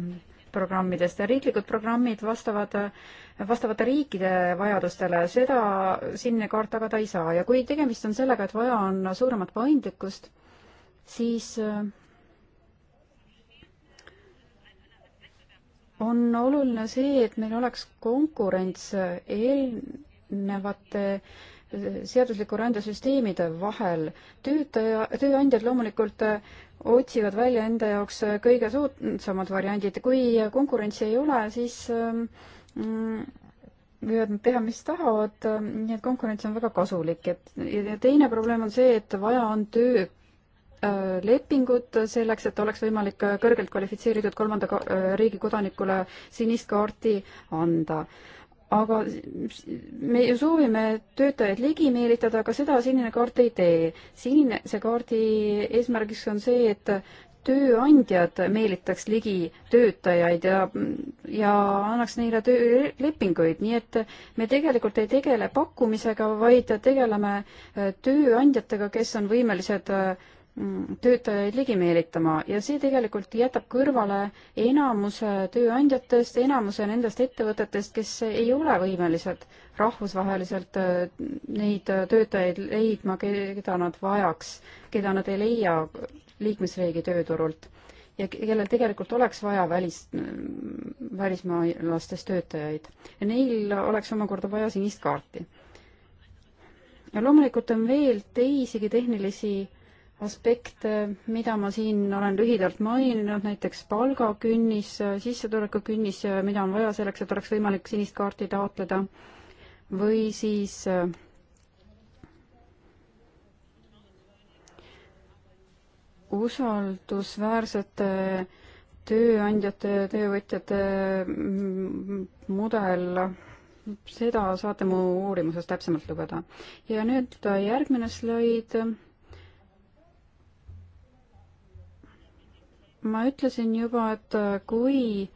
programmidest ja riiklikud programmid vastavad, äh, vastavate riikide vajadustele, seda sinine kaart tagada ei saa ja kui tegemist on sellega, et vaja on suuremat paindlikkust, siis on oluline see, et meil oleks konkurents erinevate äh, seadusliku rändesüsteemide vahel. töötaja, tööandjad loomulikult äh, otsivad välja enda jaoks äh, kõige soodsamad variandid, kui konkurentsi ei ole, siis ähm, mm, võivad nad teha, mis tahavad, nii et konkurents on väga kasulik, et ja teine probleem on see, et vaja on töö äh, lepingut selleks, et oleks võimalik kõrgelt kvalifitseeritud kolmanda riigi kodanikule sinist kaarti anda aga me ju soovime töötajaid ligi meelitada, aga seda sinine kaart ei tee. sinise kaardi eesmärgiks on see, et tööandjad meelitaks ligi töötajaid ja, ja annaks neile töölepinguid, nii et me tegelikult ei tegele pakkumisega, vaid tegeleme tööandjatega, kes on võimelised äh, Mm, töötajaid ligi meelitama ja see tegelikult jätab kõrvale enamuse tööandjatest, enamuse nendest ettevõtetest, kes ei ole võimelised rahvusvaheliselt äh, neid äh, töötajaid leidma, keda nad vajaks, keda nad ei leia liikmesriigi tööturult ja kellel tegelikult oleks vaja välis, mm, välismaalastest töötajaid. ja neil oleks omakorda vaja sinist kaarti. ja loomulikult on veel teisigi tehnilisi aspekte, mida ma siin olen lühidalt maininud, näiteks palgakünnis, sissetulekukünnis, mida on vaja selleks, et oleks võimalik sinist kaarti taotleda, või siis usaldusväärsete tööandjate ja töövõtjate mudel, seda saate mu uurimuses täpsemalt lugeda. ja nüüd järgmine slaid ma ütlesin juba, et äh, kui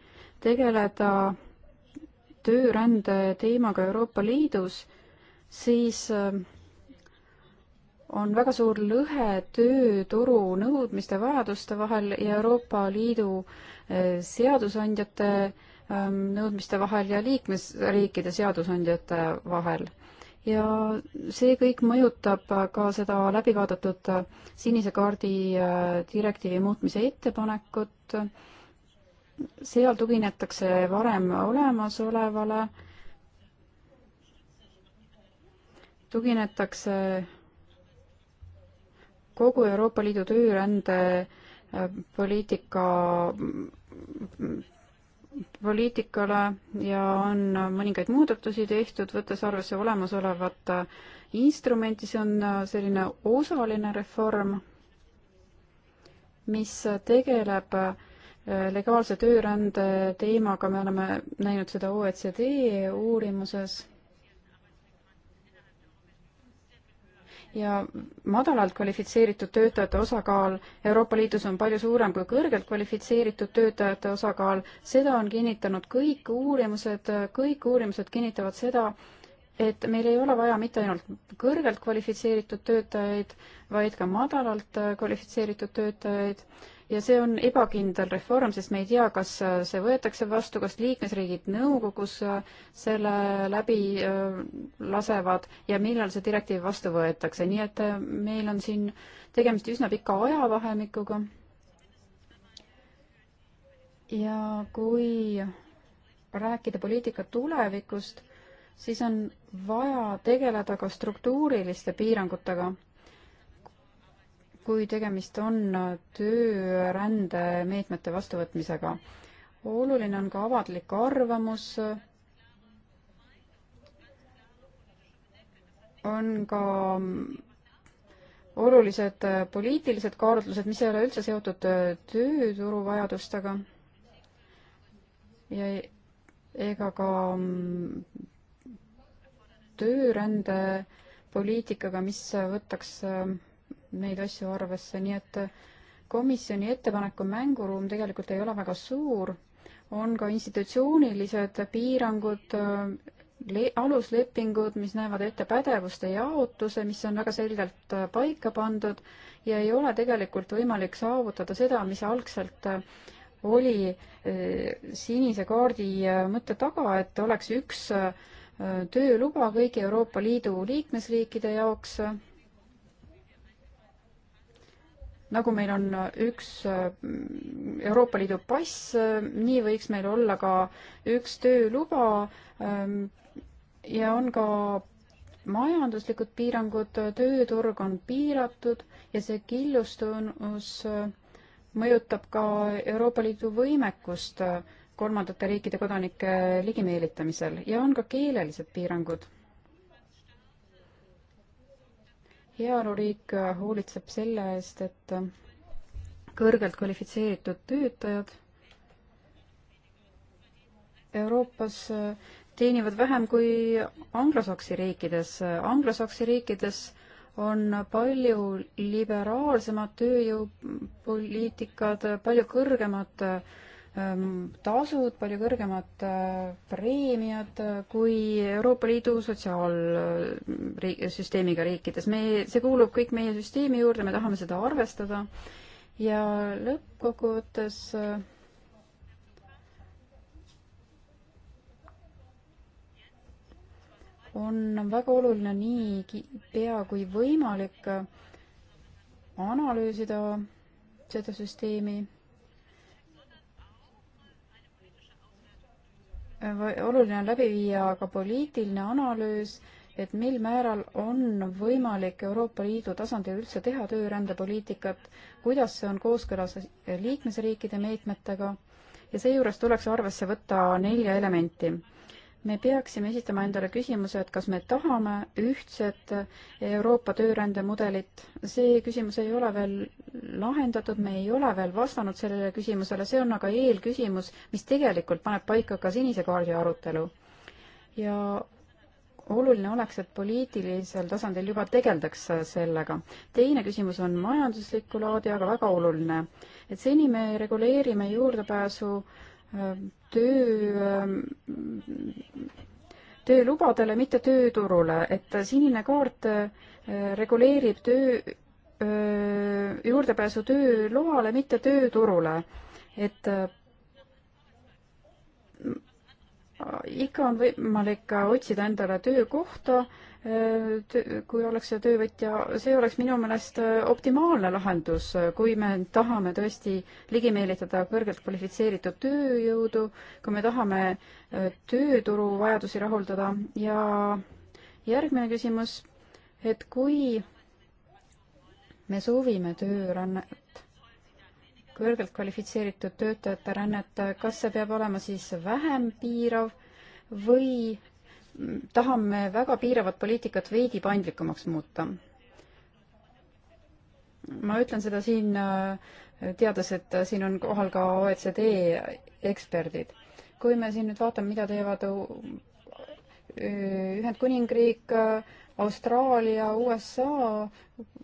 tegeleda töörände teemaga Euroopa Liidus, siis äh, on väga suur lõhe tööturu nõudmiste, vajaduste vahel ja Euroopa Liidu äh, seadusandjate ähm, nõudmiste vahel ja liikmesriikide seadusandjate vahel ja see kõik mõjutab ka seda läbivaadatud sinise kaardi äh, direktiivi muutmise ettepanekut. seal tuginetakse varem olemasolevale, tuginetakse kogu Euroopa Liidu töörände äh, poliitika poliitikale ja on mõningaid muudatusi tehtud, võttes arvesse olemasolevat instrumenti, see on selline osaline reform, mis tegeleb legaalse töörände teemaga, me oleme näinud seda OECD uurimuses ja madalalt kvalifitseeritud töötajate osakaal Euroopa Liidus on palju suurem kui kõrgelt kvalifitseeritud töötajate osakaal, seda on kinnitanud kõik uurimused, kõik uurimused kinnitavad seda, et meil ei ole vaja mitte ainult kõrgelt kvalifitseeritud töötajaid, vaid ka madalalt kvalifitseeritud töötajaid ja see on ebakindel reform, sest me ei tea, kas see võetakse vastu, kas liikmesriigid nõukogus selle läbi äh, lasevad ja millal see direktiiv vastu võetakse, nii et äh, meil on siin tegemist üsna pika ajavahemikuga. ja kui rääkida poliitika tulevikust, siis on vaja tegeleda ka struktuuriliste piirangutega kui tegemist on töörände meetmete vastuvõtmisega. oluline on ka avalik arvamus, on ka olulised poliitilised kaalutlused, mis ei ole üldse seotud tööturu vajadustega ja ega ka töörände poliitikaga, mis võtaks neid asju arvesse, nii et äh, komisjoni ettepaneku mänguruum tegelikult ei ole väga suur, on ka institutsioonilised piirangud, äh, aluslepingud, mis näevad ette pädevuste jaotuse, mis on väga selgelt äh, paika pandud ja ei ole tegelikult võimalik saavutada seda, mis algselt oli sinise kaardi mõtte taga, et oleks üks tööluba kõigi Euroopa Liidu liikmesriikide jaoks nagu meil on üks äh, Euroopa Liidu pass, äh, nii võiks meil olla ka üks tööluba ähm, ja on ka majanduslikud piirangud, tööturg on piiratud ja see killustunus äh, mõjutab ka Euroopa Liidu võimekust kolmandate riikide kodanike ligimeelitamisel ja on ka keelelised piirangud heaoluriik äh, hoolitseb selle eest, et äh, kõrgelt kvalifitseeritud töötajad Euroopas äh, teenivad vähem kui anglosaksi riikides. anglosaksi riikides on palju liberaalsemad tööjõupoliitikad, palju kõrgemad äh, Ehm, tasud, palju kõrgemad äh, preemiad kui Euroopa Liidu sotsiaalsüsteemiga äh, riikides. me, see kuulub kõik meie süsteemi juurde, me tahame seda arvestada ja lõppkokkuvõttes äh, on väga oluline nii pea kui võimalik analüüsida seda süsteemi oluline on läbi viia ka poliitiline analüüs, et mil määral on võimalik Euroopa Liidu tasandil üldse teha töörändepoliitikat, kuidas see on kooskõlas liikmesriikide meetmetega ja seejuures tuleks arvesse võtta nelja elementi me peaksime esitama endale küsimuse, et kas me tahame ühtset Euroopa töörändemudelit. see küsimus ei ole veel lahendatud, me ei ole veel vastanud sellele küsimusele, see on aga eelküsimus, mis tegelikult paneb paika ka sinise kaardi arutelu. ja oluline oleks, et poliitilisel tasandil juba tegeldaks sellega. teine küsimus on majanduslikku laadi, aga väga oluline. et seni me reguleerime juurdepääsu äh, Äh, töö ähm, töölubadele, mitte tööturule, et sinine kaart äh, reguleerib töö, äh, juurdepääsu tööloale, mitte tööturule. et ikka on võimalik otsida endale töökohta kui oleks töövõtja, see oleks minu meelest optimaalne lahendus, kui me tahame tõesti ligi meelitada kõrgelt kvalifitseeritud tööjõudu, kui me tahame tööturu vajadusi rahuldada ja järgmine küsimus, et kui me soovime töörännet, kõrgelt kvalifitseeritud töötajate rännet, kas see peab olema siis vähem piirav või tahame väga piiravat poliitikat veidi paindlikumaks muuta. ma ütlen seda siin äh, teades, et siin on kohal ka OECD eksperdid. kui me siin nüüd vaatame, mida teevad Ühendkuningriik, Austraalia, USA,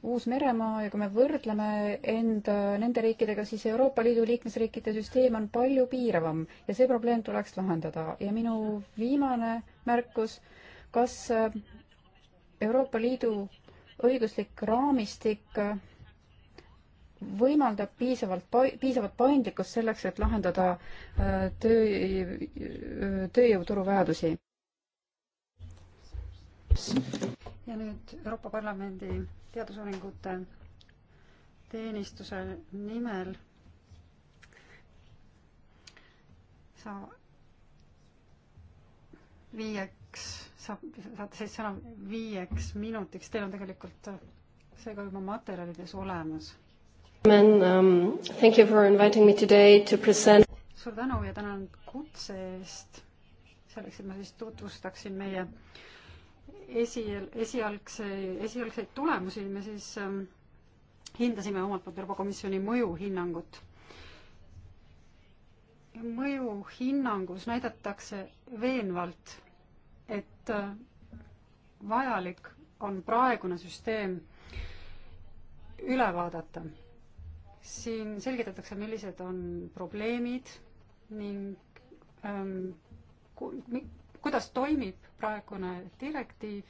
Uus-Meremaa ja kui me võrdleme end äh, nende riikidega, siis Euroopa Liidu liikmesriikide süsteem on palju piiravam ja see probleem tuleks lahendada ja minu viimane märkus, kas äh, Euroopa Liidu õiguslik raamistik äh, võimaldab piisavalt, piisavat paindlikkust selleks, et lahendada äh, töö, tööjõuturu vajadusi. ja nüüd Euroopa Parlamendi teadusuuringute teenistuse nimel sa viieks, saab, saate siis sõna viieks minutiks, teil on tegelikult see ka juba materjalides olemas. Um, thank you for inviting me today to present. suur tänu ja tänan kutse eest, selleks, et ma siis tutvustaksin meie esi, esialgse, esialgseid tulemusi, me siis ähm, hindasime omalt poolt Euroopa Komisjoni mõjuhinnangut mõjuhinnangus näidatakse veenvalt, et äh, vajalik on praegune süsteem üle vaadata. siin selgitatakse, millised on probleemid ning ähm, ku, mi, kuidas toimib praegune direktiiv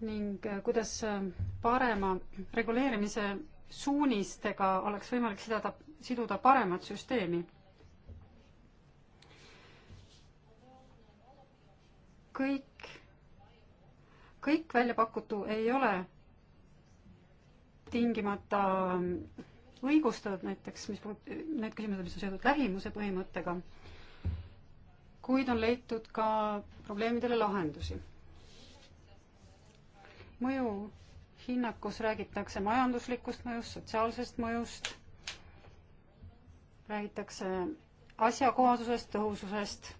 ning äh, kuidas äh, parema reguleerimise suunistega oleks võimalik sidada, siduda paremat süsteemi. kõik, kõik välja pakutu ei ole tingimata õigustatud, näiteks mis puud-, need küsimused, mis on seotud lähimuse põhimõttega, kuid on leitud ka probleemidele lahendusi. mõju hinnang, kus räägitakse majanduslikust mõjust, sotsiaalsest mõjust, räägitakse asjakohasusest, tõhususest,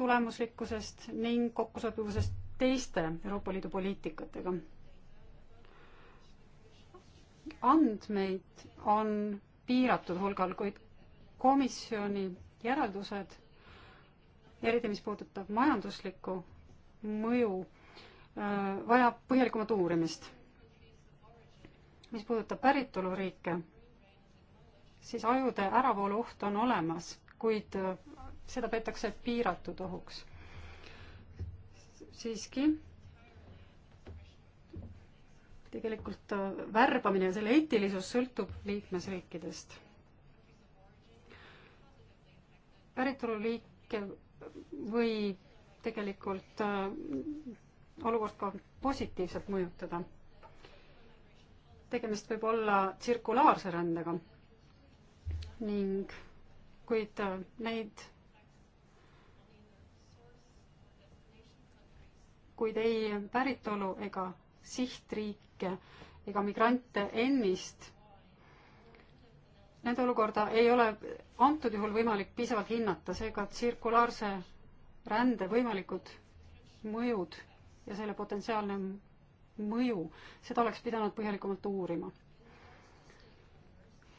tulemuslikkusest ning kokkusobivusest teiste Euroopa Liidu poliitikatega. andmeid on piiratud hulgal, kuid komisjoni järeldused, eriti mis puudutab majanduslikku mõju Äh, vajab põhjalikumat uurimist. mis puudutab päritoluriike, siis ajude äravoolu oht on olemas, kuid äh, seda peetakse piiratud ohuks. siiski tegelikult äh, värbamine ja selle eetilisus sõltub liikmesriikidest. päritoluliike või tegelikult olukord ka positiivselt mõjutada. tegemist võib olla tsirkulaarse rändega ning kuid äh, neid, kuid ei päritolu ega sihtriike ega migrante ennist, nende olukorda ei ole antud juhul võimalik piisavalt hinnata, seega tsirkulaarse rände võimalikud mõjud ja selle potentsiaalne mõju, seda oleks pidanud põhjalikumalt uurima.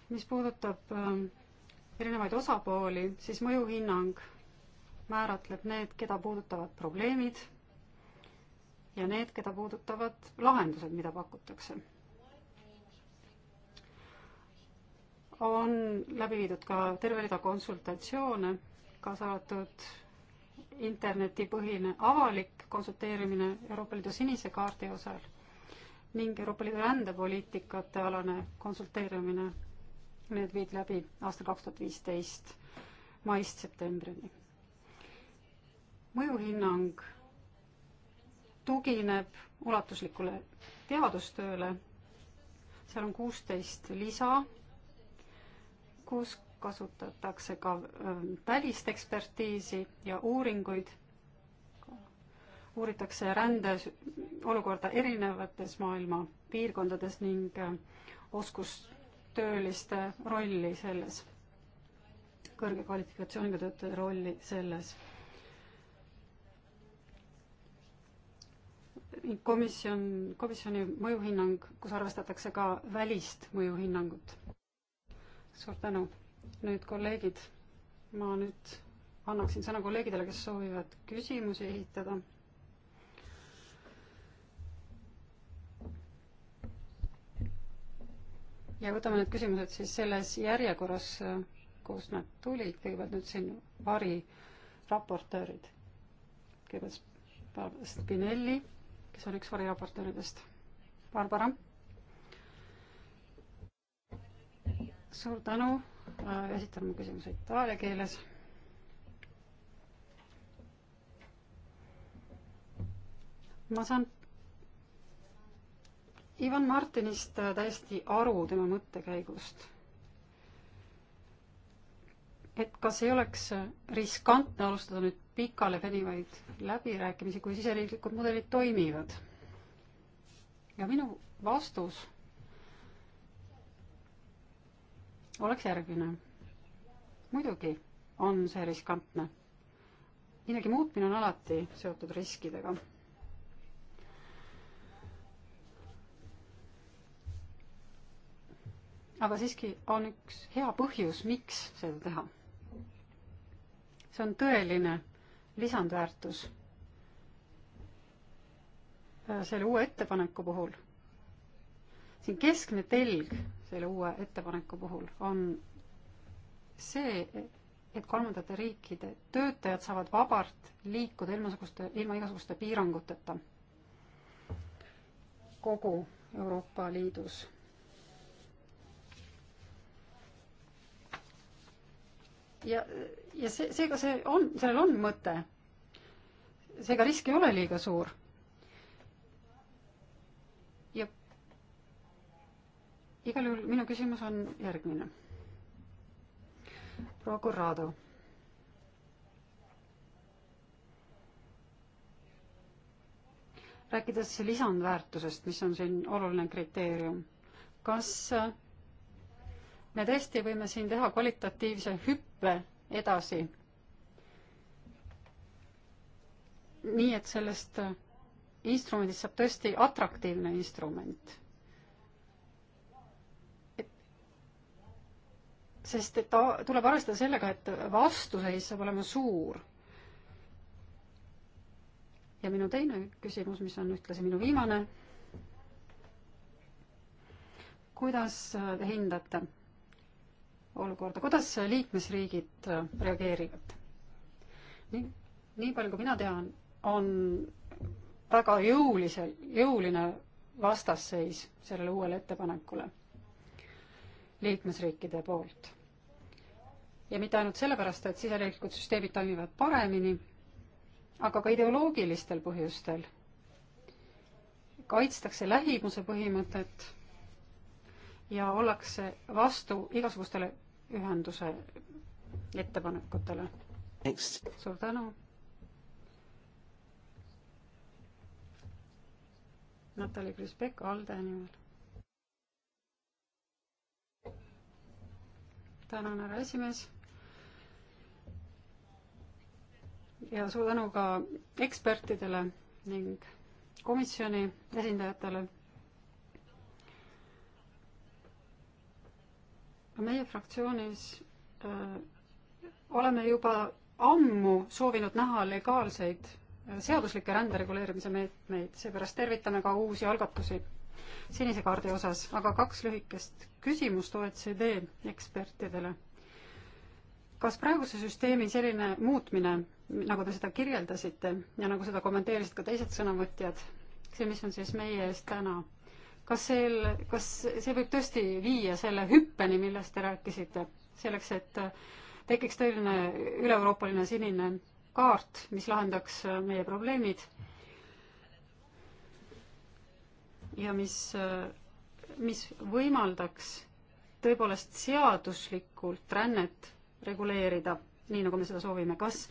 mis puudutab ähm, erinevaid osapooli, siis mõjuhinnang määratleb need, keda puudutavad probleemid ja need, keda puudutavad lahendused, mida pakutakse. on läbi viidud ka terve rida konsultatsioone, kaasa arvatud internetipõhine avalik konsulteerimine Euroopa Liidu sinise kaardi osal ning Euroopa Liidu rändepoliitikate alane konsulteerimine. Need viid läbi aastal kaks tuhat viisteist maist septembrini. mõjuhinnang tugineb ulatuslikule teadustööle, seal on kuusteist lisa, kus kasutatakse ka ähm, välist ekspertiisi ja uuringuid, uuritakse rände olukorda erinevates maailma piirkondades ning äh, oskustööliste rolli selles, kõrge kvalifikatsiooniga töötaja rolli selles. komisjon, komisjoni mõjuhinnang, kus arvestatakse ka välist mõjuhinnangut. suur tänu! nüüd kolleegid, ma nüüd annaksin sõna kolleegidele, kes soovivad küsimusi esitada. ja võtame need küsimused siis selles järjekorras, kus nad tulid, kõigepealt nüüd siin variraportöörid. kõigepealt Spinelli, kes oli üks variraportööridest. Barbara. suur tänu Äh, esitame küsimuse itaalia keeles. ma saan Ivan Martinist täiesti aru tema mõttekäigust. et kas ei oleks riskantne alustada nüüd pikalevenivaid läbirääkimisi, kui siseriiklikud mudelid toimivad? ja minu vastus oleks järgmine. muidugi on see riskantne. millegi muutmine on alati seotud riskidega. aga siiski on üks hea põhjus, miks seda teha. see on tõeline lisandväärtus selle uue ettepaneku puhul. siin keskne telg teile uue ettepaneku puhul, on see, et kolmandate riikide töötajad saavad vabalt liikuda ilma igasuguste, ilma igasuguste piiranguteta kogu Euroopa Liidus. ja, ja see, seega see on, sellel on mõte. seega risk ei ole liiga suur igal juhul minu küsimus on järgmine. proua Corrado. rääkides lisandväärtusest, mis on siin oluline kriteerium, kas me tõesti võime siin teha kvalitatiivse hüppe edasi? nii et sellest instrumendist saab tõesti atraktiivne instrument sest et ta, tuleb arvestada sellega, et vastuseis saab olema suur. ja minu teine küsimus, mis on ühtlasi minu viimane. kuidas te hindate olukorda, kuidas liikmesriigid reageerivad? nii, nii palju kui mina tean, on väga jõulisel, jõuline vastasseis sellele uuele ettepanekule liikmesriikide poolt ja mitte ainult sellepärast, et siseriiklikud süsteemid toimivad paremini, aga ka ideoloogilistel põhjustel. kaitstakse lähimuse põhimõtet ja ollakse vastu igasugustele ühenduse ettepanekutele. suur tänu. Natali Krispek ALDE nimel. tänan, härra esimees ja suur tänu ka ekspertidele ning komisjoni esindajatele. meie fraktsioonis öö, äh, oleme juba ammu soovinud näha legaalseid äh, seaduslikke rände reguleerimise meetmeid, seepärast tervitame ka uusi algatusi sinise kaardi osas, aga kaks lühikest küsimust OECD ekspertidele kas praeguse süsteemi selline muutmine, nagu te seda kirjeldasite ja nagu seda kommenteerisid ka teised sõnavõtjad, see, mis on siis meie ees täna, kas sel, kas see võib tõesti viia selle hüppeni, millest te rääkisite, selleks, et tekiks tõeline üle-euroopaline sinine kaart, mis lahendaks meie probleemid ja mis, mis võimaldaks tõepoolest seaduslikult rännet reguleerida, nii nagu me seda soovime, kas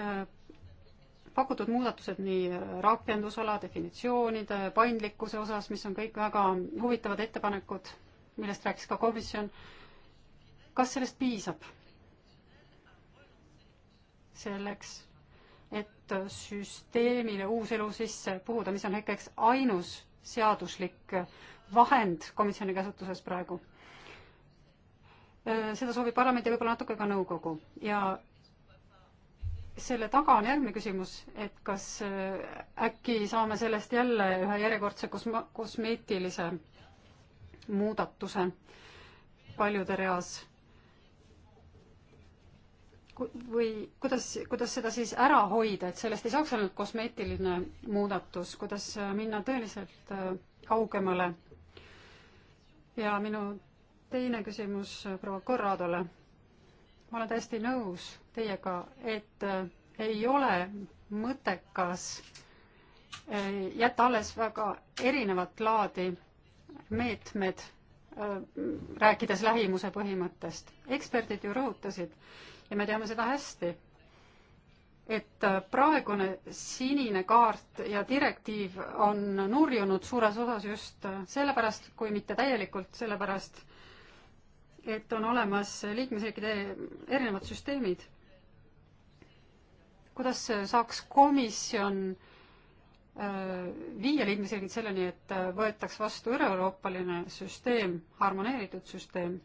äh, pakutud muudatused nii äh, rakendusala definitsioonide, paindlikkuse osas, mis on kõik väga huvitavad ettepanekud, millest rääkis ka komisjon, kas sellest piisab selleks, et süsteemile uus elu sisse puhuda, mis on hetkeks ainus seaduslik vahend komisjoni käsutuses praegu Äh, seda soovib parlament ja võib-olla natuke ka nõukogu ja selle taga on järgmine küsimus, et kas äh, äkki saame sellest jälle ühe järjekordse kosma-, kosmeetilise muudatuse paljude reas või kuidas, kuidas seda siis ära hoida, et sellest ei saaks ainult kosmeetiline muudatus, kuidas äh, minna tõeliselt kaugemale? ja minu teine küsimus proua Korradole. ma olen täiesti nõus teiega, et äh, ei ole mõttekas äh, jätta alles väga erinevat laadi meetmed, äh, rääkides lähimuse põhimõttest. eksperdid ju rõhutasid ja me teame seda hästi, et praegune sinine kaart ja direktiiv on nurjunud suures osas just sellepärast, kui mitte täielikult, sellepärast et on olemas liikmesriikide erinevad süsteemid. kuidas saaks komisjon äh, viia liikmesriigid selleni, et äh, võetaks vastu üle-euroopaline süsteem, harmoneeritud süsteem,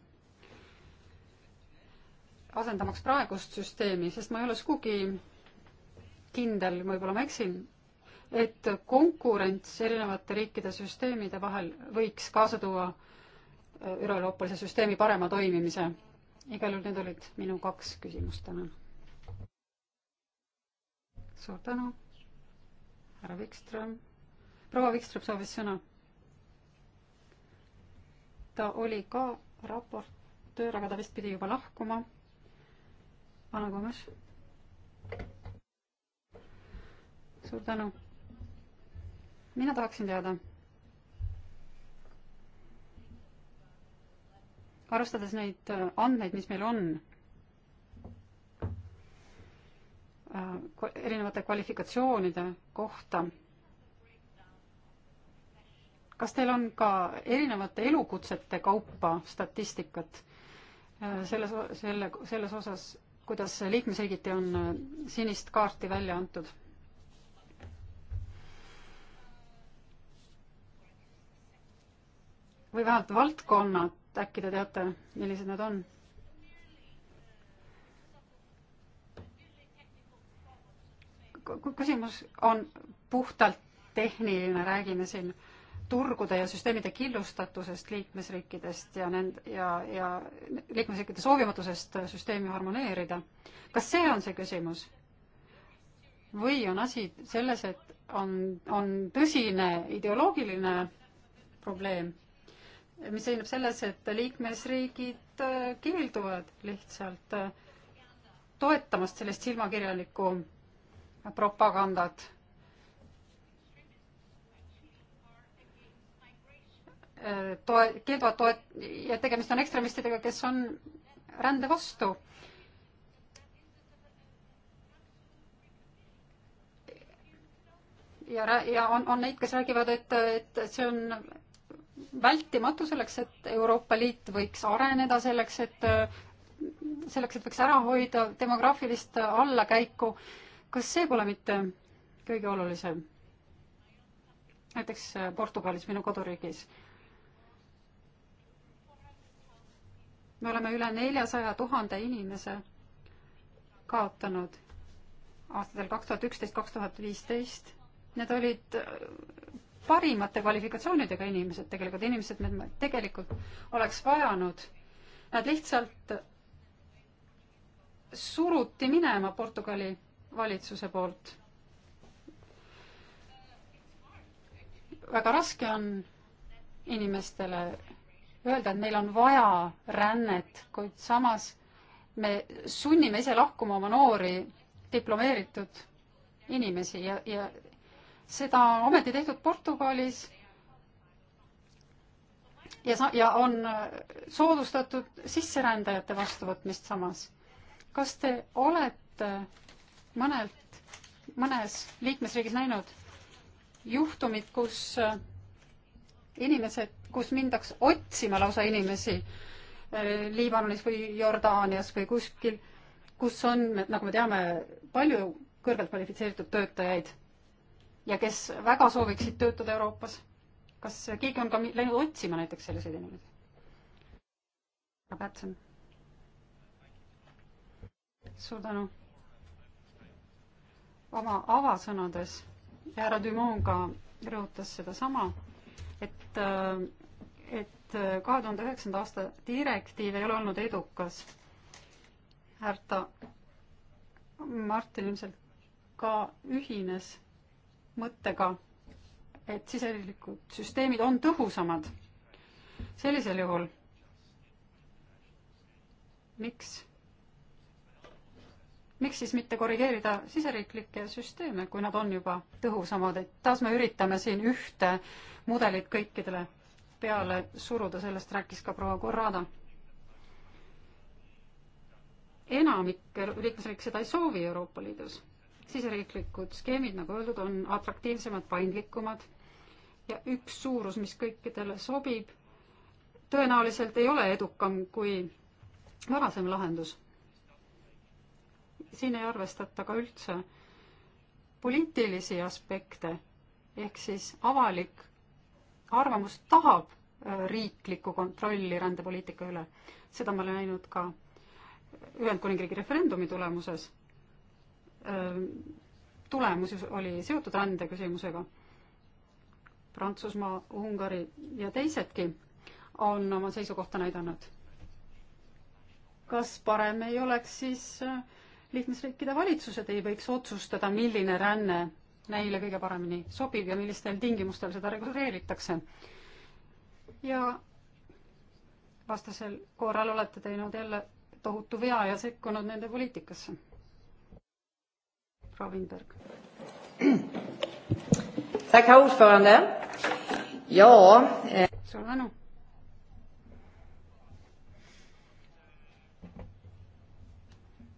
asendamaks praegust süsteemi, sest ma ei ole sugugi kindel, võib-olla ma eksin, et konkurents erinevate riikide süsteemide vahel võiks kaasa tuua äh, üle-euroopalise süsteemi parema toimimise. igal juhul need olid minu kaks küsimust täna. suur tänu, härra Vikström. proua Vikström soovis sõna. ta oli ka raportöör, aga ta vist pidi juba lahkuma. Anna Komes. suur tänu. mina tahaksin teada arvestades neid äh, andmeid, mis meil on äh, erinevate kvalifikatsioonide kohta, kas teil on ka erinevate elukutsete kaupa statistikat äh, selles, selle, selles osas, kuidas liikmesriigiti on sinist kaarti välja antud? või vähemalt valdkonnad, äkki te teate, millised nad on? küsimus on puhtalt tehniline, räägime siin turgude ja süsteemide killustatusest liikmesriikidest ja nend- ja, ja liikmesriikide soovimatusest süsteemi harmoneerida. kas see on see küsimus? või on asi selles, et on, on tõsine ideoloogiline probleem mis seisneb selles, et liikmesriigid äh, keelduvad lihtsalt äh, toetamast sellist silmakirjalikku propagandat. Äh, toe-, keelduvad toet- ja tegemist on ekstremistidega, kes on rände vastu ja, ja on, on neid, kes räägivad, et, et, et see on vältimatu selleks, et Euroopa Liit võiks areneda, selleks et, selleks, et võiks ära hoida demograafilist allakäiku. kas see pole mitte kõige olulisem? näiteks äh, Portugalis, minu koduriigis. me oleme üle neljasaja tuhande inimese kaotanud aastatel kaks tuhat üksteist, kaks tuhat viisteist. Need olid äh, parimate kvalifikatsioonidega inimesed tegelikult, inimesed, mida me tegelikult oleks vajanud. Nad lihtsalt suruti minema Portugali valitsuse poolt. väga raske on inimestele öelda, et meil on vaja rännet, kuid samas me sunnime ise lahkuma oma noori diplomeeritud inimesi ja, ja seda ometi tehtud Portugalis ja sa-, ja on soodustatud sisserändajate vastuvõtmist samas. kas te olete mõnelt, mõnes liikmesriigis näinud juhtumit, kus inimesed, kus mindaks otsima lausa inimesi eh, Liibanonis või Jordaanias või kuskil, kus on, nagu me teame, palju kõrgelt kvalifitseeritud töötajaid ja kes väga sooviksid töötada Euroopas. kas keegi on ka läinud otsima näiteks selliseid inimesi? härra Pätsen. suur tänu. oma avasõnades härra Dumont ka rõhutas sedasama, et, et kahe tuhande üheksanda aasta direktiiv ei ole olnud edukas. Härta Martin ilmselt ka ühines mõttega, et siseriiklikud süsteemid on tõhusamad. sellisel juhul miks, miks siis mitte korrigeerida siseriiklikke süsteeme, kui nad on juba tõhusamad, et taas me üritame siin ühte mudelit kõikidele peale suruda, sellest rääkis ka proua Korrada. enamik liikmesriike seda ei soovi Euroopa Liidus siseriiklikud skeemid, nagu öeldud, on atraktiivsemad, paindlikumad ja üks suurus, mis kõikidele sobib, tõenäoliselt ei ole edukam kui varasem lahendus. siin ei arvestata ka üldse poliitilisi aspekte, ehk siis avalik arvamus tahab äh, riiklikku kontrolli rändepoliitika üle. seda ma olen näinud ka Ühendkuningriigi referendumi tulemuses Äh, tulemus oli seotud rändeküsimusega. Prantsusmaa, Ungari ja teisedki on oma seisukohta näidanud. kas parem ei oleks siis äh, liikmesriikide valitsused ei võiks otsustada, milline ränne neile kõige paremini sobib ja millistel tingimustel seda reguleeritakse? ja vastasel korral olete teinud jälle tohutu vea ja sekkunud nende poliitikasse proua Winberg. Eh. suur tänu.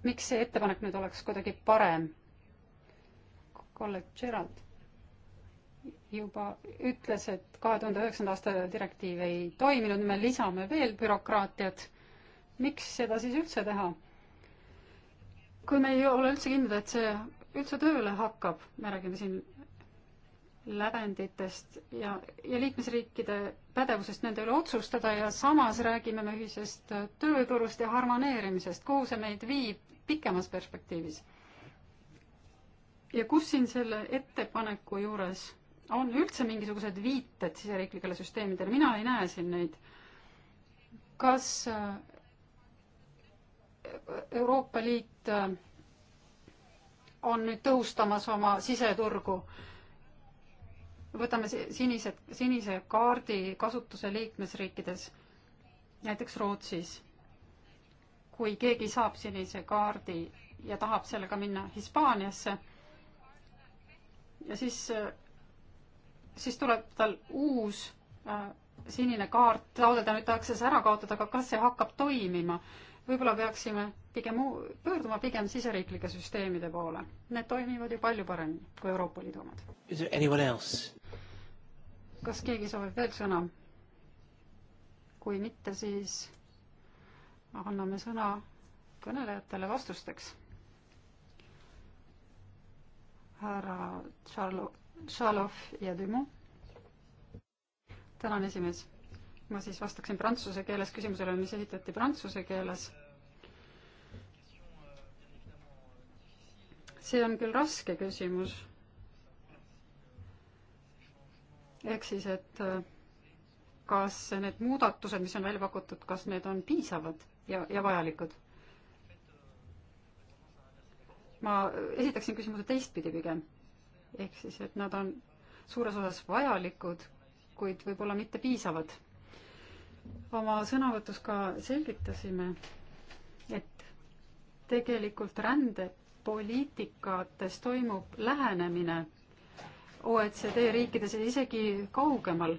miks see ettepanek nüüd oleks kuidagi parem? kolleeg Gerald juba ütles, et kahe tuhande üheksanda aasta direktiiv ei toiminud, me lisame veel bürokraatiat. miks seda siis üldse teha? kui me ei ole üldse kindlad, et see üldse tööle hakkab, me räägime siin lävenditest ja, ja liikmesriikide pädevusest nende üle otsustada ja samas räägime me ühisest tööturust ja harmoneerimisest, kuhu see meid viib pikemas perspektiivis. ja kus siin selle ettepaneku juures on üldse mingisugused viited siseriiklikele süsteemidele, mina ei näe siin neid. kas äh, Euroopa Liit äh, on nüüd tõhustamas oma siseturgu. võtame sinised, sinise kaardi kasutuse liikmesriikides, näiteks Rootsis. kui keegi saab sinise kaardi ja tahab sellega minna Hispaaniasse ja siis, siis tuleb tal uus äh, sinine kaart taotleda, nüüd tahaks see ära kaotada, aga kas see hakkab toimima? võib-olla peaksime pigem pöörduma pigem siseriiklike süsteemide poole. Need toimivad ju palju paremini kui Euroopa Liidu omad. kas keegi soovib veel sõna? kui mitte, siis anname sõna kõnelejatele vastusteks. härra Tšarlov ja Timo. tänan, esimees ma siis vastaksin prantsuse keeles küsimusele, mis esitati prantsuse keeles. see on küll raske küsimus. ehk siis, et äh, kas need muudatused, mis on välja pakutud, kas need on piisavad ja, ja vajalikud? ma esitaksin küsimuse teistpidi pigem. ehk siis, et nad on suures osas vajalikud, kuid võib-olla mitte piisavad oma sõnavõtus ka selgitasime, et tegelikult rändepoliitikates toimub lähenemine OECD riikides ja isegi kaugemal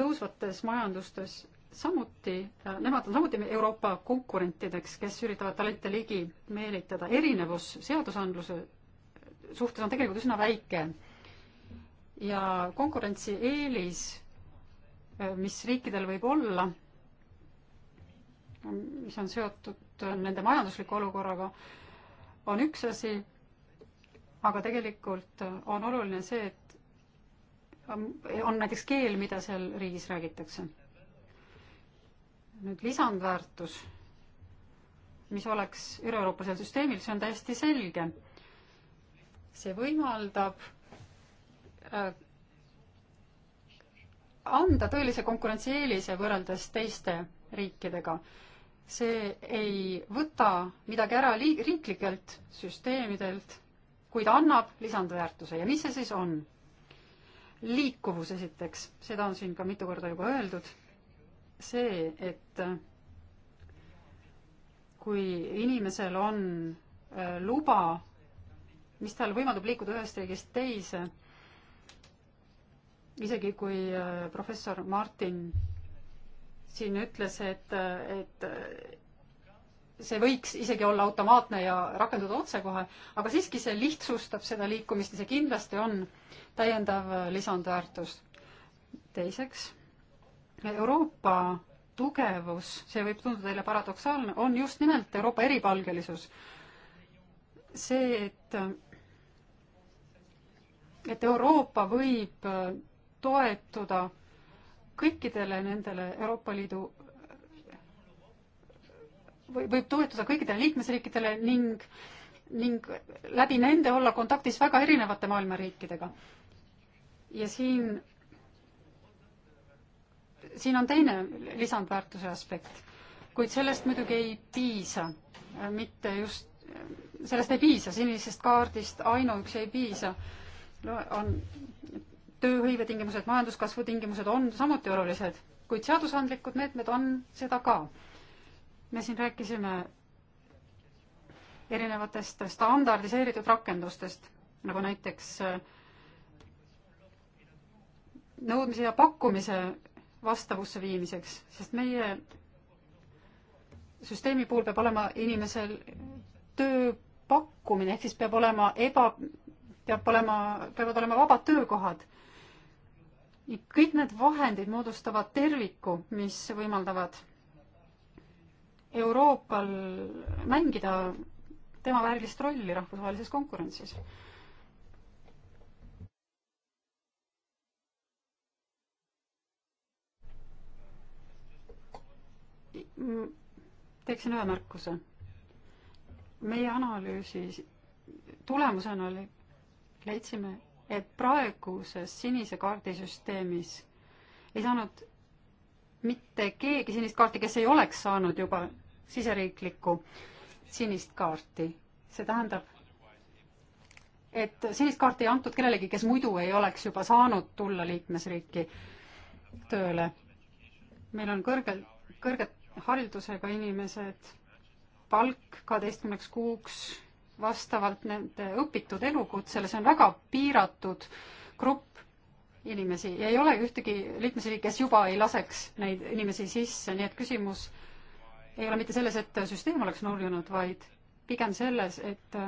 tõusvates majandustes samuti, nemad on samuti Euroopa konkurentideks, kes üritavad talente ligi meelitada. erinevus seadusandluse suhtes on tegelikult üsna väike ja konkurentsieelis Äh, mis riikidel võib olla, mis on seotud äh, nende majandusliku olukorraga, on üks asi, aga tegelikult äh, on oluline see, et ähm, on näiteks keel, mida seal riigis räägitakse. nüüd lisandväärtus, mis oleks üle-euroopalisel süsteemil, see on täiesti selge. see võimaldab anda tõelise konkurentsieelise võrreldes teiste riikidega. see ei võta midagi ära lii-, riiklikelt süsteemidelt, kuid annab lisandväärtuse ja mis see siis on? liikuvus esiteks, seda on siin ka mitu korda juba öeldud, see, et kui inimesel on äh, luba, mis tal võimaldab liikuda ühest riigist teise isegi kui äh, professor Martin siin ütles, et, äh, et äh, see võiks isegi olla automaatne ja rakenduda otsekohe, aga siiski see lihtsustab seda liikumist ja see kindlasti on täiendav lisandväärtus. teiseks, Euroopa tugevus, see võib tunduda teile paradoksaalne, on just nimelt Euroopa eripalgelisus. see, et et Euroopa võib toetuda kõikidele nendele Euroopa Liidu võib toetuda kõikidele liikmesriikidele ning, ning läbi nende olla kontaktis väga erinevate maailma riikidega. ja siin, siin on teine lisandväärtuse aspekt, kuid sellest muidugi ei piisa, mitte just, sellest ei piisa, sinisest kaardist ainuüksi ei piisa no,. on tööhõive tingimused, majanduskasvu tingimused on samuti olulised, kuid seadusandlikud meetmed on seda ka. me siin rääkisime erinevatest standardiseeritud rakendustest, nagu näiteks äh, nõudmise ja pakkumise vastavusse viimiseks, sest meie süsteemi puhul peab olema inimesel töö pakkumine, ehk siis peab olema eba, peab olema, peavad olema vabad töökohad kõik need vahendid moodustavad terviku, mis võimaldavad Euroopal mängida tema väärilist rolli rahvusvahelises konkurentsis. teeksin ühe märkuse. meie analüüsi tulemusena oli, leidsime, et praeguses sinise kaardi süsteemis ei saanud mitte keegi sinist kaarti, kes ei oleks saanud juba siseriiklikku sinist kaarti. see tähendab, et sinist kaarti ei antud kellelegi, kes muidu ei oleks juba saanud tulla liikmesriiki tööle. meil on kõrgel, kõrget haridusega inimesed, palk kaheteistkümneks kuuks vastavalt nende õpitud elukutsele, see on väga piiratud grupp inimesi ja ei ole ühtegi liikmesriiki, kes juba ei laseks neid inimesi sisse, nii et küsimus ei ole mitte selles, et süsteem oleks nurjunud, vaid pigem selles, et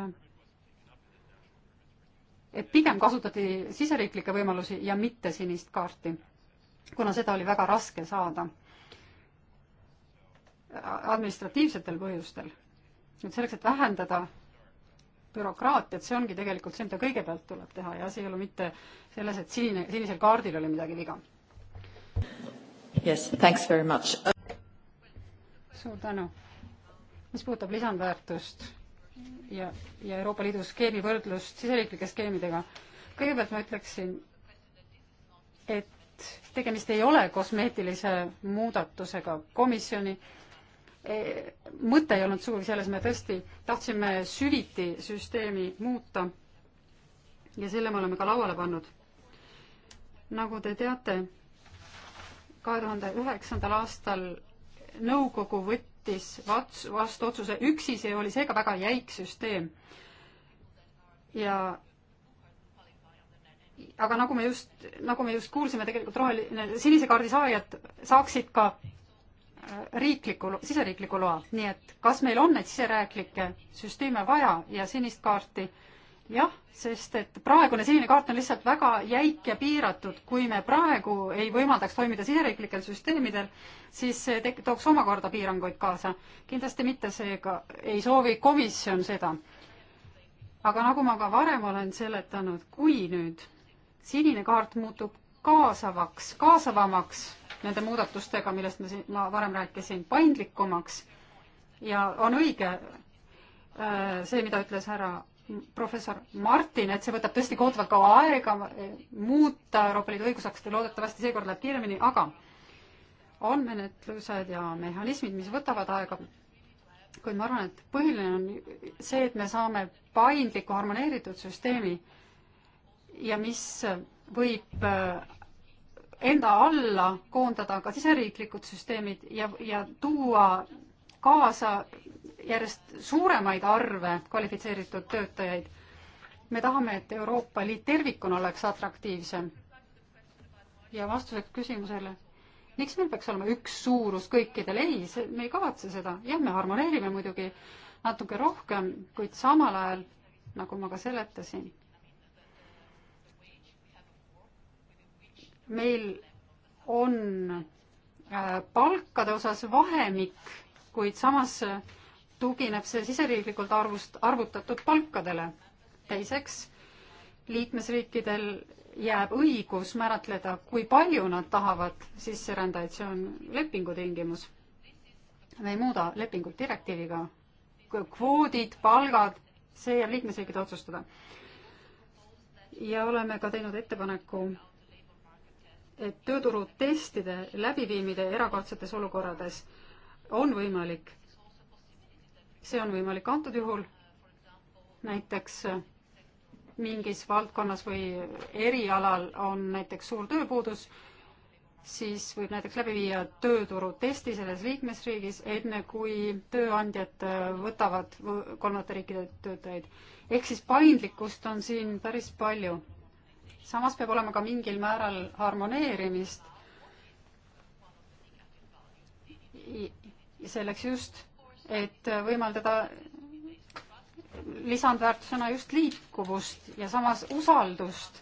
et pigem kasutati siseriiklikke võimalusi ja mitte sinist kaarti, kuna seda oli väga raske saada administratiivsetel põhjustel. nüüd selleks, et vähendada bürokraatiat, see ongi tegelikult see, mida kõigepealt tuleb teha ja asi ei ole mitte selles, et sinine, sinisel kaardil oli midagi viga. Yes, thanks very much. suur tänu. mis puudutab lisandväärtust ja, ja Euroopa Liidu skeemi võrdlust siseriiklike skeemidega, kõigepealt ma ütleksin, et tegemist ei ole kosmeetilise muudatusega komisjoni äh, mõte ei olnud suur, selles me tõesti tahtsime süviti süsteemi muuta. ja selle me oleme ka lauale pannud. nagu te teate, kahe tuhande üheksandal aastal nõukogu võttis vats-, vastu otsuse üksi, see oli seega väga jäik süsteem. ja aga nagu me just, nagu me just kuulsime, tegelikult roheline, sinise kaardi saajad saaksid ka riikliku, siseriikliku loa, nii et kas meil on neid siseriiklikke süsteeme vaja ja sinist kaarti? jah, sest et praegune sinine kaart on lihtsalt väga jäik ja piiratud, kui me praegu ei võimaldaks toimida siseriiklikel süsteemidel, siis see tooks omakorda piiranguid kaasa. kindlasti mitte seega ei soovi komisjon seda. aga nagu ma ka varem olen seletanud, kui nüüd sinine kaart muutub kaasavaks, kaasavamaks nende muudatustega, millest ma siin, ma varem rääkisin, paindlikumaks ja on õige äh, see, mida ütles härra professor Martin, et see võtab tõesti kohutavalt kaua aega äh, muuta Euroopa Liidu õigusakte, loodetavasti seekord läheb kiiremini, aga on menetlused ja mehhanismid, mis võtavad aega, kuid ma arvan, et põhiline on see, et me saame paindliku harmoneeritud süsteemi ja mis võib äh, enda alla koondada ka siseriiklikud süsteemid ja, ja tuua kaasa järjest suuremaid arve kvalifitseeritud töötajaid. me tahame, et Euroopa Liit tervikuna oleks atraktiivsem. ja vastuseks küsimusele, miks meil peaks olema üks suurus kõikidel, ei, me ei kavatse seda, jah, me harmoneerime muidugi natuke rohkem, kuid samal ajal, nagu ma ka seletasin meil on äh, palkade osas vahemik, kuid samas tugineb see siseriiklikult arvust, arvutatud palkadele. teiseks, liikmesriikidel jääb õigus määratleda, kui palju nad tahavad sisserändajaid, see on lepingu tingimus. me ei muuda lepingut direktiiviga. kvoodid, palgad, see jääb liikmesriikide otsustada. ja oleme ka teinud ettepaneku tööturutestide läbiviimine erakordsetes olukorrades on võimalik. see on võimalik antud juhul näiteks mingis valdkonnas või erialal on näiteks suur tööpuudus, siis võib näiteks läbi viia tööturutesti selles liikmesriigis, enne kui tööandjad võtavad kolmandate riikide töötajaid. ehk siis paindlikkust on siin päris palju samas peab olema ka mingil määral harmoneerimist. selleks just, et võimaldada lisandväärtusena just liikuvust ja samas usaldust.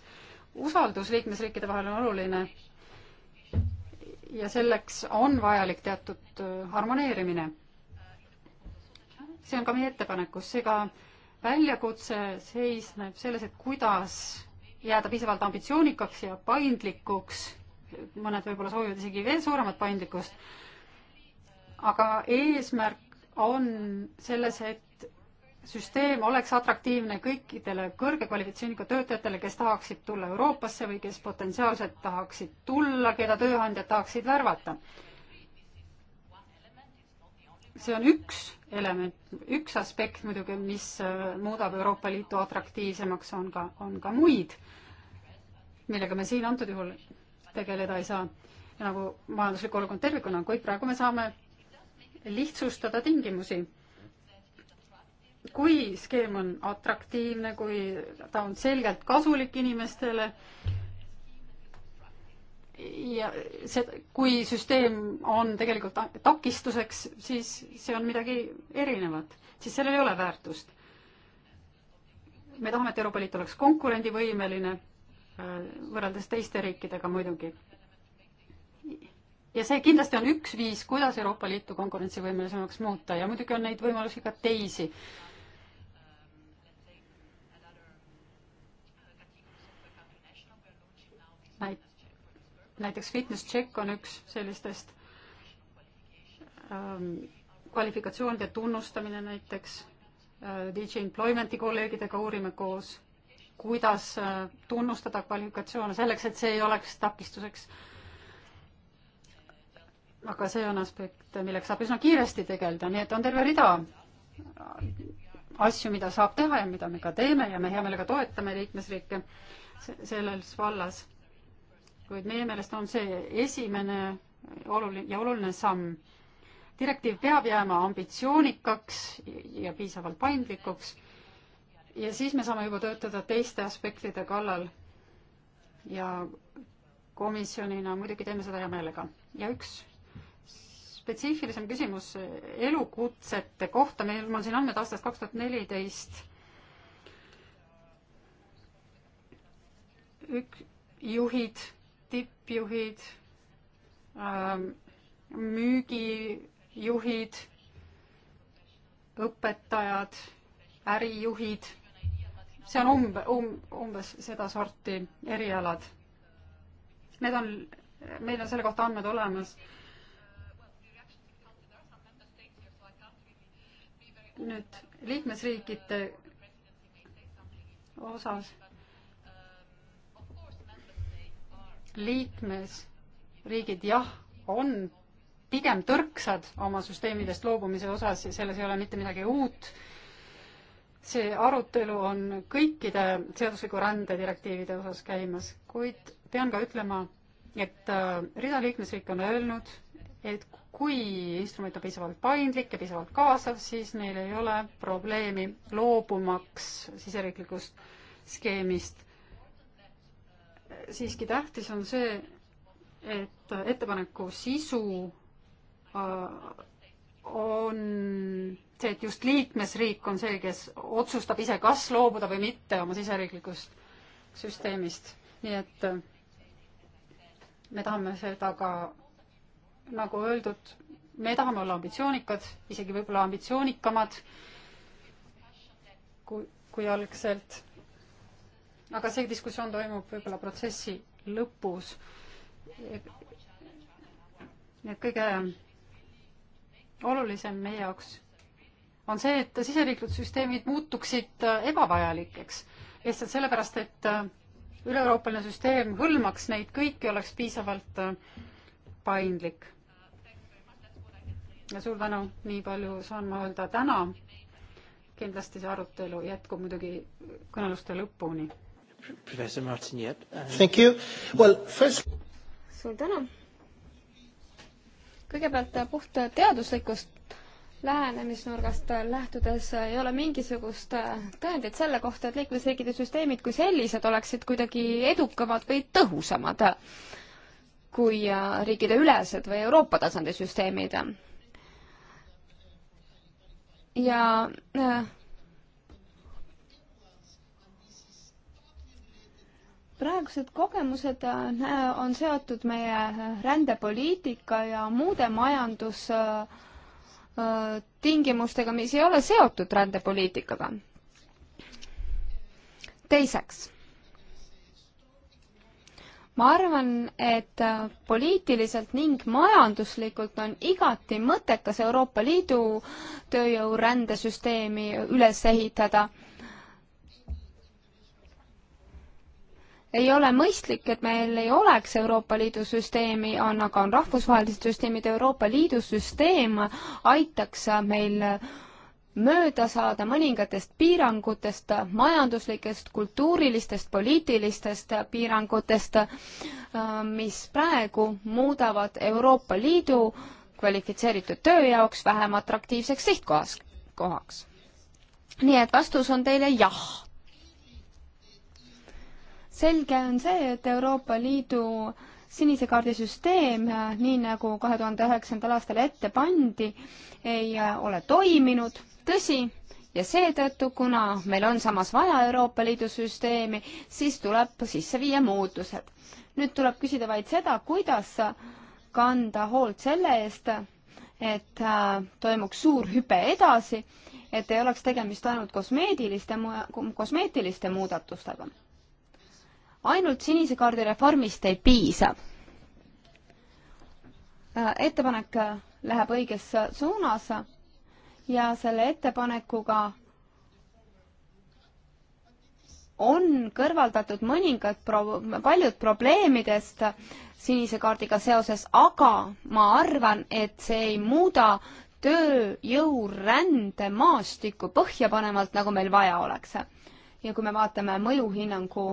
usaldus liikmesriikide vahel on oluline. ja selleks on vajalik teatud äh, harmoneerimine. see on ka meie ettepanekus, seega väljakutse seisneb selles, et kuidas jääda piisavalt ambitsioonikaks ja paindlikuks, mõned võib-olla soovivad isegi veel suuremat paindlikkust, aga eesmärk on selles, et süsteem oleks atraktiivne kõikidele kõrge kvalifitsiooniga töötajatele, kes tahaksid tulla Euroopasse või kes potentsiaalselt tahaksid tulla, keda tööandjad tahaksid värvata. see on üks element, üks aspekt muidugi, mis äh, muudab Euroopa Liitu atraktiivsemaks, on ka, on ka muid millega me siin antud juhul tegeleda ei saa, nagu majanduslik olukord tervikuna, kuid praegu me saame lihtsustada tingimusi. kui skeem on atraktiivne, kui ta on selgelt kasulik inimestele ja see, kui süsteem on tegelikult takistuseks, siis see on midagi erinevat, siis sellel ei ole väärtust. me tahame, et Euroopa Liit oleks konkurendivõimeline võrreldes teiste riikidega muidugi. ja see kindlasti on üks viis, kuidas Euroopa Liitu konkurentsivõimelisemaks muuta ja muidugi on neid võimalusi ka teisi. näiteks fitness check on üks sellistest ähm, kvalifikatsioonide tunnustamine näiteks äh,, DJ Employmenti kolleegidega uurime koos kuidas äh, tunnustada kvalifikatsioone selleks, et see ei oleks takistuseks. aga see on aspekt, millega saab üsna kiiresti tegeleda, nii et on terve rida asju, mida saab teha ja mida me ka teeme ja me hea meelega toetame liikmesriike selles vallas. kuid meie meelest on see esimene oluline ja oluline samm. direktiiv peab jääma ambitsioonikaks ja piisavalt paindlikuks ja siis me saame juba töötada teiste aspektide kallal. ja komisjonina muidugi teeme seda hea meelega. ja üks spetsiifilisem küsimus elukutsete kohta, meil, mul on siin andmed aastast kaks tuhat neliteist. ük-, juhid, tippjuhid, ähm, müügijuhid, õpetajad, ärijuhid see on umbe- um,, umbes sedasorti erialad. Need on, meil on selle kohta andmed olemas. nüüd liikmesriikide osas liikmesriigid jah, on pigem tõrksad oma süsteemidest loobumise osas ja selles ei ole mitte midagi uut see arutelu on kõikide seadusliku rände direktiivide osas käimas, kuid pean ka ütlema, et äh, rida liikmesriike on öelnud, et kui instrument on piisavalt paindlik ja piisavalt kaasav, siis neil ei ole probleemi loobumaks siseriiklikust skeemist. siiski tähtis on see, et ettepaneku sisu äh, on see, et just liikmesriik on see, kes otsustab ise, kas loobuda või mitte oma siseriiklikust süsteemist. nii et äh, me tahame seda ka, nagu öeldud, me tahame olla ambitsioonikad, isegi võib-olla ambitsioonikamad kui, kui algselt. aga see diskussioon toimub võib-olla protsessi lõpus. nii et kõige olulisem meie jaoks on see, et siseriiklikud süsteemid muutuksid äh, ebavajalikeks. lihtsalt sellepärast, et äh, üle-euroopaline süsteem hõlmaks neid kõiki, oleks piisavalt äh, paindlik. ja suur tänu, nii palju saan ma öelda täna. kindlasti see arutelu jätkub muidugi kõneluste lõpuni. professor Martin Jepp uh.... Thank you. Well first. suur tänu. kõigepealt puht teaduslikust lähenemisnurgast lähtudes ei ole mingisugust äh, tõendit selle kohta, et liikmesriikide süsteemid kui sellised oleksid kuidagi edukamad või tõhusamad kui äh, riikideülesed või Euroopa tasandi süsteemid. ja äh, praegused kogemused on seotud meie rändepoliitika ja muude majandus- äh, Äh, tingimustega, mis ei ole seotud rändepoliitikaga. teiseks, ma arvan, et äh, poliitiliselt ning majanduslikult on igati mõttekas Euroopa Liidu tööjõurändesüsteemi üles ehitada ei ole mõistlik, et meil ei oleks Euroopa Liidu süsteemi, on, aga on rahvusvahelised süsteemid, Euroopa Liidu süsteem aitaks meil mööda saada mõningatest piirangutest, majanduslikest, kultuurilistest, poliitilistest piirangutest, mis praegu muudavad Euroopa Liidu kvalifitseeritud töö jaoks vähem atraktiivseks sihtkohas, kohaks. nii et vastus on teile jah selge on see, et Euroopa Liidu sinise kaardi süsteem, äh, nii nagu kahe tuhande üheksandal aastal ette pandi, ei äh, ole toiminud, tõsi, ja seetõttu, kuna meil on samas vaja Euroopa Liidu süsteemi, siis tuleb sisse viia muutused. nüüd tuleb küsida vaid seda, kuidas kanda hoolt selle eest, et äh, toimuks suur hüpe edasi, et ei oleks tegemist ainult kosmeediliste, kosmeetiliste muudatustega ainult sinise kaardi reformist ei piisa. Äh, ettepanek äh, läheb õiges äh, suunas ja selle ettepanekuga on kõrvaldatud mõningad pro-, paljud probleemidest sinise kaardiga seoses, aga ma arvan, et see ei muuda tööjõurände maastikku põhjapanevalt, nagu meil vaja oleks. ja kui me vaatame mõjuhinnangu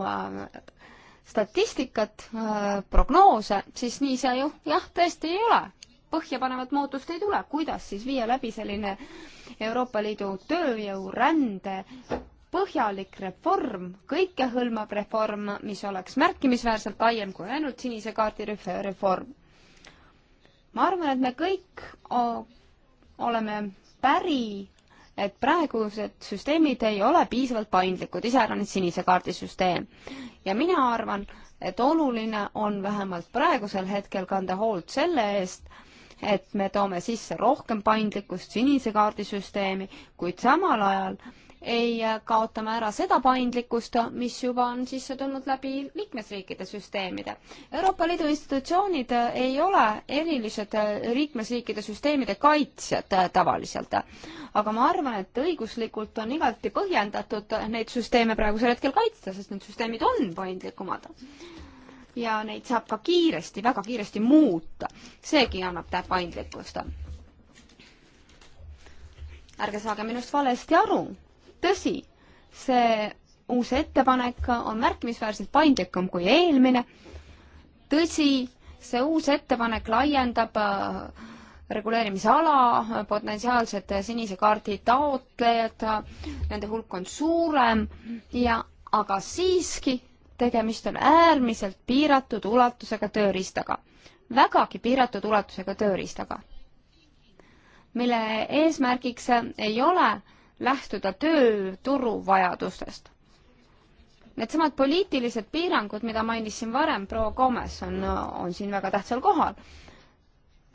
statistikat, äh, prognoose, siis nii see ju jah, tõesti ei ole. põhjapanevat muutust ei tule, kuidas siis viia läbi selline Euroopa Liidu tööjõurände põhjalik reform, kõikehõlmav reform, mis oleks märkimisväärselt laiem kui ainult sinise kaardi reform. ma arvan, et me kõik oleme päri et praegused süsteemid ei ole piisavalt paindlikud, iseäranis sinise kaardi süsteem. ja mina arvan, et oluline on vähemalt praegusel hetkel kanda hoolt selle eest, et me toome sisse rohkem paindlikkust sinise kaardi süsteemi, kuid samal ajal ei kaota me ära seda paindlikkust, mis juba on sisse tulnud läbi liikmesriikide süsteemide. Euroopa Liidu institutsioonid ei ole erilised liikmesriikide süsteemide kaitsjad tavaliselt. aga ma arvan, et õiguslikult on igati põhjendatud neid süsteeme praegusel hetkel kaitsta, sest need süsteemid on paindlikumad ja neid saab ka kiiresti, väga kiiresti muuta. seegi annab tead paindlikkust. ärge saage minust valesti aru, tõsi, see uus ettepanek on märkimisväärselt paindlikum kui eelmine. tõsi, see uus ettepanek laiendab äh, reguleerimisala, äh, potentsiaalsed äh, sinise kaardi taotlejad, nende hulk on suurem ja, aga siiski tegemist on äärmiselt piiratud ulatusega tööriistaga, vägagi piiratud ulatusega tööriistaga, mille eesmärgiks ei ole äh, lähtuda tööturu vajadustest. Needsamad poliitilised piirangud, mida mainis siin varem proua Gomes, on, on siin väga tähtsal kohal.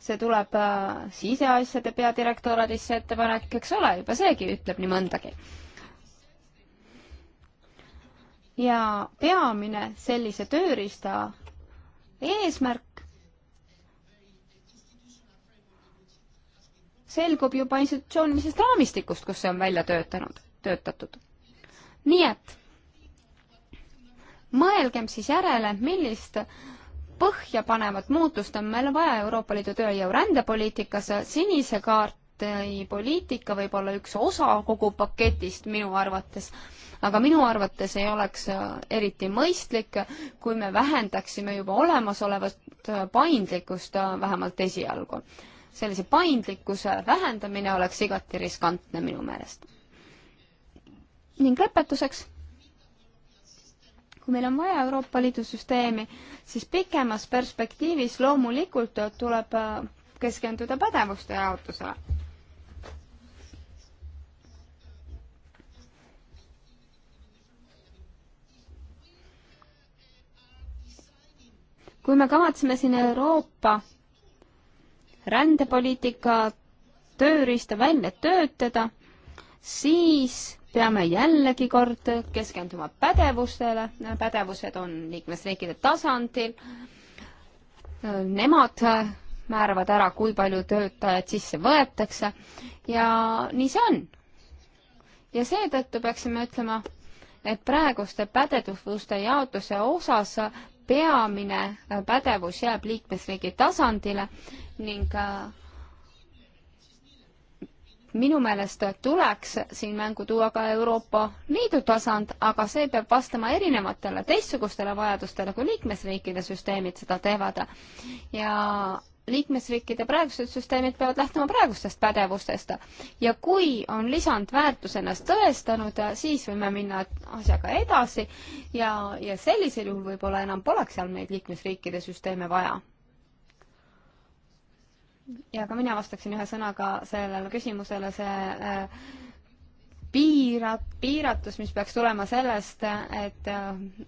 see tuleb äh, siseasjade peadirektoraadisse ettepanek, eks ole, juba seegi ütleb nii mõndagi. ja peamine sellise tööriista eesmärk selgub juba institutsioonilisest raamistikust, kus see on välja töötanud, töötatud. nii et mõelgem siis järele, millist põhjapanevat muutust on meil vaja Euroopa Liidu tööjõu rändepoliitikas, sinise kaarti poliitika võib olla üks osa kogu paketist minu arvates, aga minu arvates ei oleks äh, eriti mõistlik, kui me vähendaksime juba olemasolevat äh, paindlikkust äh, vähemalt esialgu sellise paindlikkuse vähendamine oleks igati riskantne minu meelest. ning lõpetuseks, kui meil on vaja Euroopa Liidu süsteemi, siis pikemas perspektiivis loomulikult tuleb äh, keskenduda pädevuste jaotusele. kui me kavatseme siin Euroopa rändepoliitika tööriista välja töötada, siis peame jällegi kord keskenduma pädevustele, pädevused on liikmesriikide tasandil, nemad määravad ära, kui palju töötajaid sisse võetakse ja nii see on. ja seetõttu peaksime ütlema, et praeguste pädevuste jaotuse osas peamine äh, pädevus jääb liikmesriigi tasandile ning äh, minu meelest tuleks siin mängu tuua ka Euroopa Liidu tasand, aga see peab vastama erinevatele teistsugustele vajadustele, kui liikmesriikide süsteemid seda teevad. ja liikmesriikide praegused süsteemid peavad lähtuma praegustest pädevustest ja kui on lisandväärtus ennast tõestanud, siis võime minna asjaga edasi ja, ja sellisel juhul võib-olla enam poleks seal neid liikmesriikide süsteeme vaja. ja ka mina vastaksin ühe sõnaga sellele küsimusele, see äh, piirab, piiratus, mis peaks tulema sellest, et äh,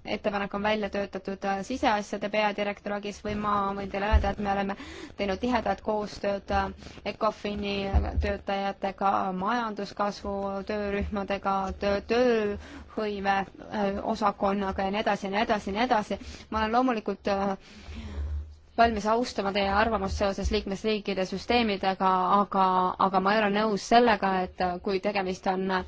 ettepanek on välja töötatud äh, siseasjade peadirektoraadis või ma võin teile öelda, et me oleme teinud tihedat koostööd äh, ECOFIN-i töötajatega, majanduskasvu töörühmadega, töö, tööhõive osakonnaga ja nii edasi ja nii edasi ja nii edasi. ma olen loomulikult äh, valmis austama teie arvamust seoses liikmesriikide süsteemidega, aga, aga ma ei ole nõus sellega, et kui tegemist on äh,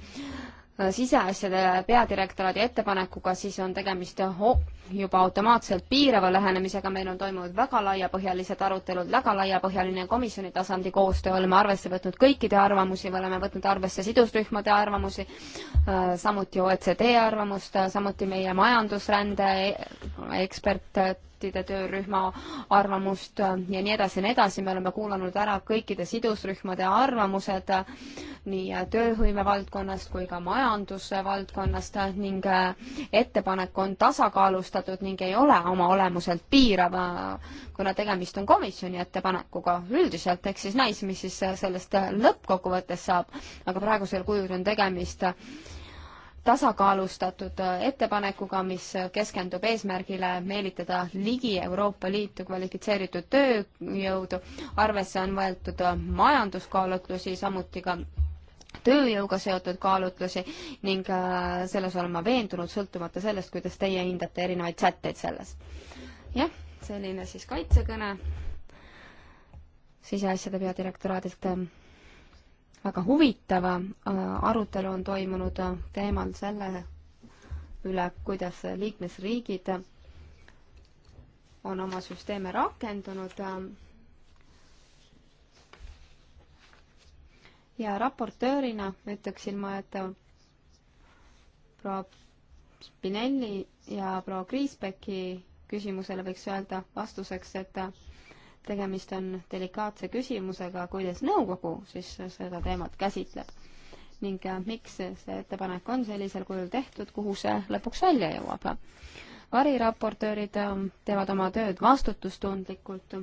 siseasjade peadirektoraadi ettepanekuga, siis on tegemist oh, juba automaatselt piirava lähenemisega, meil on toimunud väga laiapõhjalised arutelud, väga laiapõhjaline komisjoni tasandi koostöö, oleme arvesse võtnud kõikide arvamusi, me oleme võtnud arvesse sidusrühmade arvamusi, äh, samuti OECD arvamust, äh, samuti meie majandusrände ekspertide töörühma arvamust äh, ja nii edasi ja nii edasi, me oleme kuulanud ära kõikide sidusrühmade arvamused nii tööhõive valdkonnast kui ka majandusvaldkonnast ning ettepanek on tasakaalustada sõnastatud ning ei ole oma olemuselt piirav, kuna tegemist on komisjoni ettepanekuga üldiselt, ehk siis näis, mis siis sellest lõppkokkuvõttes saab, aga praegusel kujul on tegemist tasakaalustatud ettepanekuga, mis keskendub eesmärgile meelitada ligi Euroopa Liitu kvalifitseeritud tööjõudu. arvesse on võetud majanduskaalutlusi, samuti ka tööjõuga seotud kaalutlusi ning äh, selles olen ma veendunud, sõltumata sellest, kuidas teie hindate erinevaid sätteid selles. jah, selline siis kaitsekõne siseasjade peadirektoraadilt. Ähm, väga huvitav äh, arutelu on toimunud äh, teemal selle üle, kuidas liikmesriigid on oma süsteeme rakendunud ähm, ja raportöörina ütleksin ma, et proua Spinelli ja proua Kriisbecki küsimusele võiks öelda vastuseks, et tegemist on delikaatse küsimusega, kuidas nõukogu siis seda teemat käsitleb ning äh, miks see ettepanek on sellisel kujul tehtud, kuhu see lõpuks välja jõuab. variraportöörid ähm, teevad oma tööd vastutustundlikult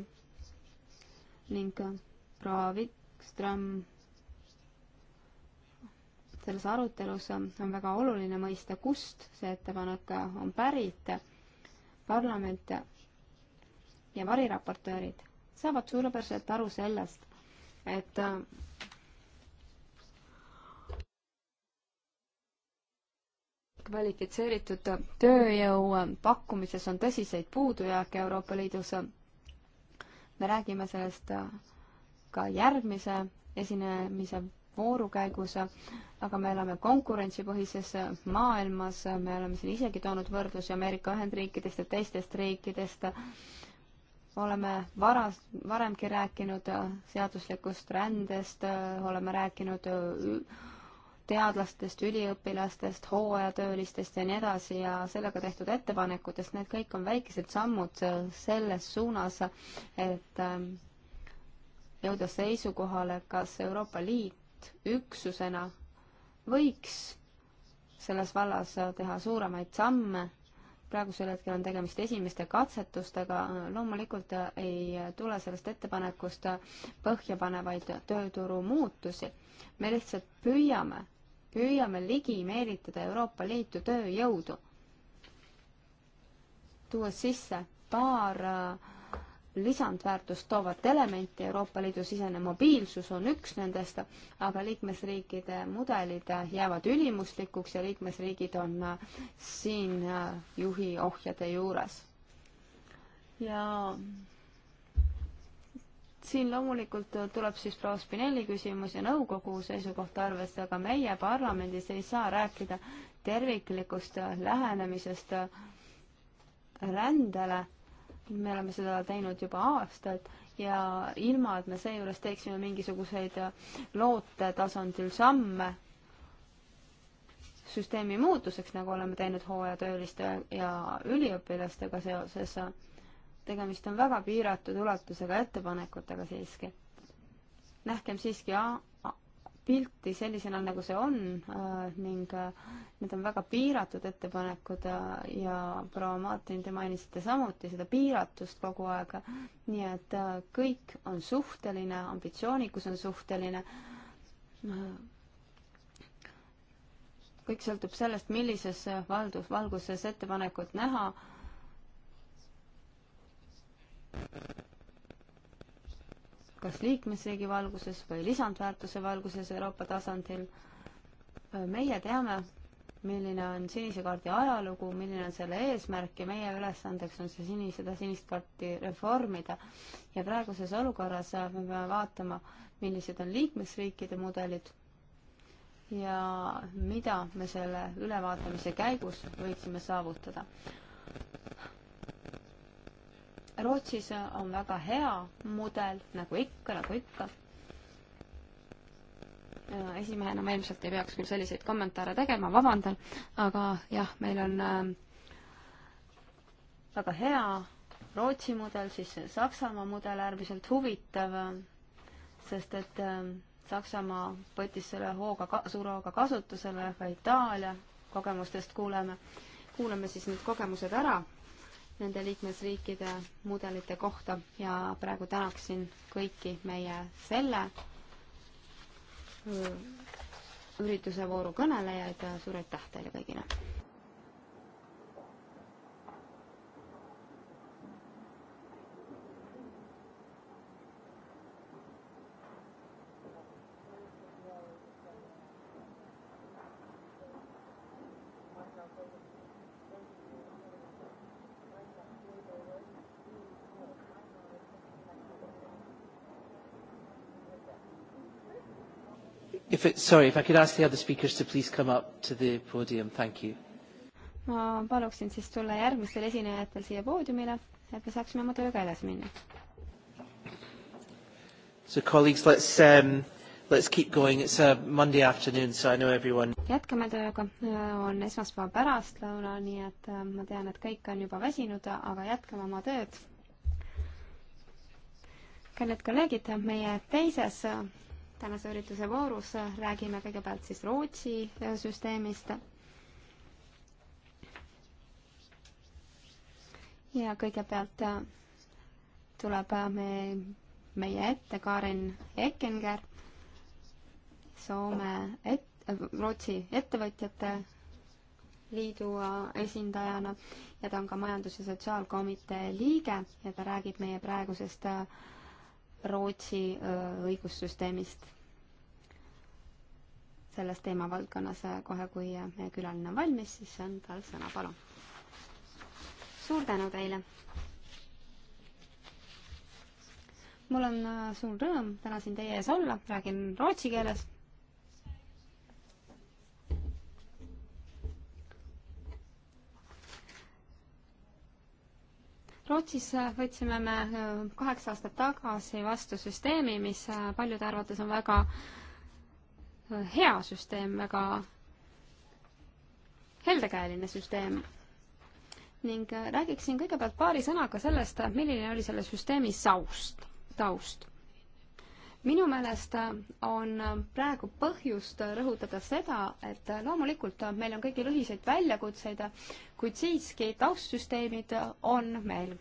ning äh, proua Vikström selles arutelus on väga oluline mõista, kust see ettepanek on pärit. parlament ja variraportöörid saavad suurepäraselt aru sellest, et kvalifitseeritud tööjõu pakkumises on tõsiseid puudujääke Euroopa Liidus. me räägime sellest ka järgmise esinemise vooru käigus, aga me elame konkurentsipõhises maailmas, me oleme siin isegi toonud võrdlusi Ameerika Ühendriikidest ja teistest riikidest, oleme varas, varemgi rääkinud seaduslikust rändest, oleme rääkinud teadlastest, üliõpilastest, hooajatöölistest ja nii edasi ja sellega tehtud ettepanekutest, need kõik on väikesed sammud selles suunas, et ähm, jõuda seisukohale, kas Euroopa Liit Liit üksusena võiks selles vallas teha suuremaid samme. praegusel hetkel on tegemist esimeste katsetustega, loomulikult ei tule sellest ettepanekust põhjapanevaid tööturu muutusi. me lihtsalt püüame, püüame ligi meelitada Euroopa Liitu tööjõudu, tuues sisse paar äh, lisandväärtust toovat elementi, Euroopa Liidu sisene mobiilsus on üks nendest, aga liikmesriikide mudelid jäävad ülimuslikuks ja liikmesriigid on siin juhi ohjade juures. ja siin loomulikult tuleb siis proua Spinelli küsimus ja nõukogu seisukohta arvesse, aga meie parlamendis ei saa rääkida terviklikust lähenemisest rändele me oleme seda teinud juba aastaid ja ilma, et me seejuures teeksime mingisuguseid loote tasandil samme süsteemi muutuseks, nagu oleme teinud hooajatööliste ja üliõpilastega seoses, tegemist on väga piiratud ulatusega ettepanekutega siiski. nähkem siiski pilti sellisena, nagu see on äh, ning äh, need on väga piiratud ettepanekud äh, ja proua Martin, te mainisite samuti seda piiratust kogu aeg. nii et kõik on suhteline, ambitsioonikus on suhteline. kõik sõltub sellest, millises valdus, valguses ettepanekut näha kas liikmesriigi valguses või lisandväärtuse valguses Euroopa tasandil. meie teame, milline on sinise kaardi ajalugu, milline on selle eesmärk ja meie ülesandeks on see sini, seda sinist kaarti reformida. ja praeguses olukorras me peame vaatama, millised on liikmesriikide mudelid ja mida me selle ülevaatamise käigus võiksime saavutada. Rootsis on väga hea mudel, nagu ikka, nagu ikka. Äh, esimehena ma ilmselt ei peaks küll selliseid kommentaare tegema, vabandan, aga jah, meil on äh, väga hea Rootsi mudel, siis Saksamaa mudel äärmiselt huvitav, sest et äh, Saksamaa võttis selle hooga, suure hooga kasutusele, ka Itaalia kogemustest kuuleme, kuulame siis need kogemused ära nende liikmesriikide mudelite kohta ja praegu tänaksin kõiki meie selle äh, ürituse vooru kõnelejaid, suur aitäh teile kõigile! If sorry, if I could ask the other speakers to please come up to the podium, thank you. ma paluksin siis tulla järgmistel esinejatel siia poodiumile, et me saaksime oma tööga edasi minna. So colleagues, let's um, let's keep going, it's a Monday afternoon, so I know everyone. jätkame tööga, on esmaspäeva pärastlõuna, nii et äh, ma tean, et kõik on juba väsinud, aga jätkame oma tööd. kallid kolleegid, meie teises tänase ürituse voorus räägime kõigepealt siis Rootsi süsteemist. ja kõigepealt äh, tuleb äh, me, meie ette Karin Ekenger, Soome et-, äh, Rootsi ettevõtjate liidu esindajana ja ta on ka Majandus- ja Sotsiaalkomitee liige ja ta räägib meie praegusest äh, Rootsi õigussüsteemist selles teemavaldkonnas kohe, kui meie külaline on valmis, siis on tal sõna, palun. suur tänu teile! mul on suur rõõm täna siin teie ees olla, räägin rootsi keeles Rootsis võtsime me äh, kaheksa aastat tagasi vastu süsteemi, mis äh, paljude arvates on väga äh, hea süsteem, väga heldekäeline süsteem. ning räägiksin kõigepealt paari sõnaga sellest, milline oli selle süsteemi saust, taust minu meelest äh, on äh, praegu põhjust rõhutada seda, et äh, loomulikult meil on kõigil ühiseid väljakutseid, kuid siiski taustsüsteemid on meil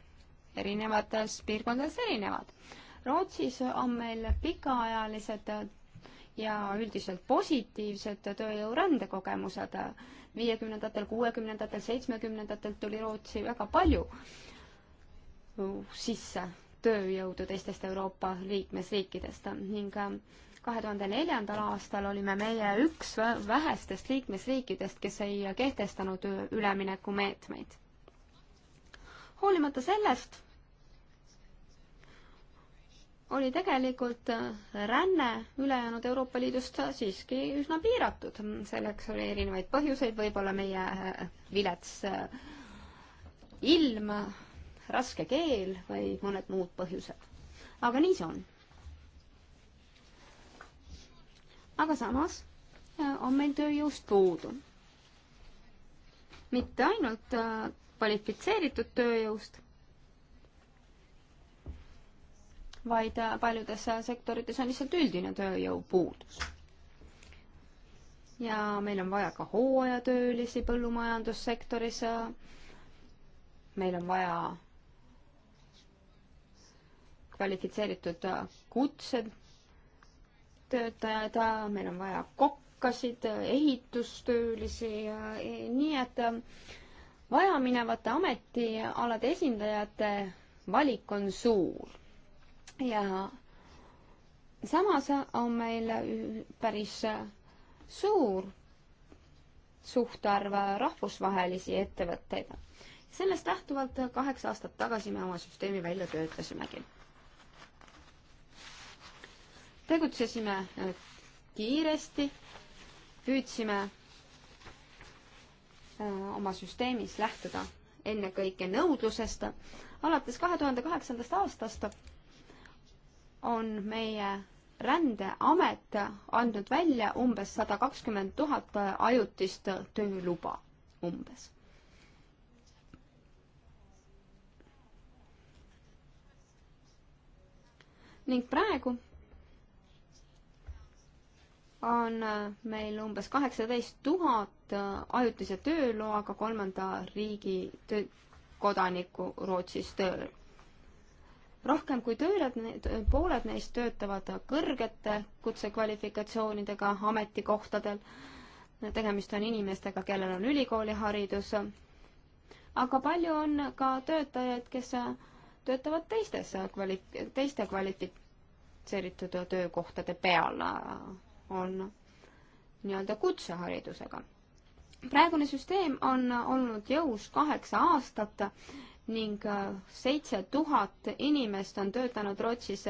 erinevates piirkondades erinevad. Rootsis on meil pikaajalised ja üldiselt positiivsed tööjõurände kogemused. viiekümnendatel, kuuekümnendatel, seitsmekümnendatel tuli Rootsi väga palju sisse tööjõudu teistest Euroopa liikmesriikidest ning äh, kahe tuhande neljandal aastal olime meie üks vähestest liikmesriikidest, kes ei kehtestanud üleminekumeetmeid. hoolimata sellest oli tegelikult äh, ränne ülejäänud Euroopa Liidust siiski üsna piiratud. selleks oli erinevaid põhjuseid, võib-olla meie äh, vilets ilm raske keel või mõned muud põhjused. aga nii see on. aga samas äh, on meil tööjõust puudu. mitte ainult äh, kvalifitseeritud tööjõust, vaid äh, paljudes sektorites on lihtsalt üldine tööjõupuudus. ja meil on vaja ka hooajatöölisi põllumajandussektoris. meil on vaja kvalifitseeritud kutsed töötajaid, meil on vaja kokkasid, ehitustöölisi ja nii, et äh, vajaminevate ametialade esindajate valik on suur. ja samas on meil päris suur suhtarv rahvusvahelisi ettevõtteid. sellest lähtuvalt kaheksa aastat tagasi me oma süsteemi välja töötasimegi tegutsesime äh, kiiresti, püüdsime äh, oma süsteemis lähtuda ennekõike nõudlusest. alates kahe tuhande kaheksandast aastast on meie rändeamet andnud välja umbes sada kakskümmend tuhat ajutist tööluba, umbes. ning praegu on äh, meil umbes kaheksateist tuhat äh, ajutise tööloaga kolmanda riigi töö, kodanikku Rootsis tööl. rohkem kui tööled, pooled neist töötavad kõrgete kutsekvalifikatsioonidega ametikohtadel. tegemist on inimestega, kellel on ülikooliharidus. aga palju on ka töötajaid, kes töötavad teistes kvali-, teiste kvalifitseeritud töökohtade peal on nii-öelda kutseharidusega. praegune süsteem on olnud jõus kaheksa aastat ning äh, seitse tuhat inimest on töötanud Rootsis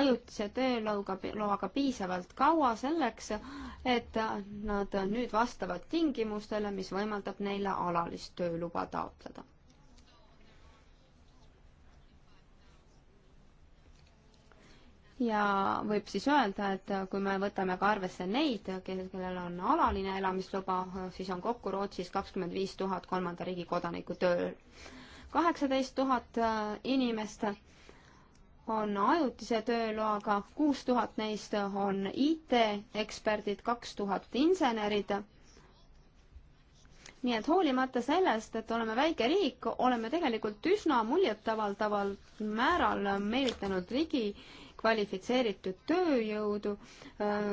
ajutise töölõuga, loaga piisavalt kaua selleks, et nad nüüd vastavad tingimustele, mis võimaldab neile alalist tööluba taotleda. ja võib siis öelda, et kui me võtame ka arvesse neid, kellel on alaline elamisluba, siis on kokku Rootsis kakskümmend viis tuhat kolmanda riigi kodanikku tööl. kaheksateist tuhat äh, inimest on ajutise tööloaga, kuus tuhat neist on IT-eksperdid, kaks tuhat insenerid. nii et hoolimata sellest, et oleme väike riik, oleme tegelikult üsna muljetavaldaval määral meelitanud ligi kvalifitseeritud tööjõudu, äh,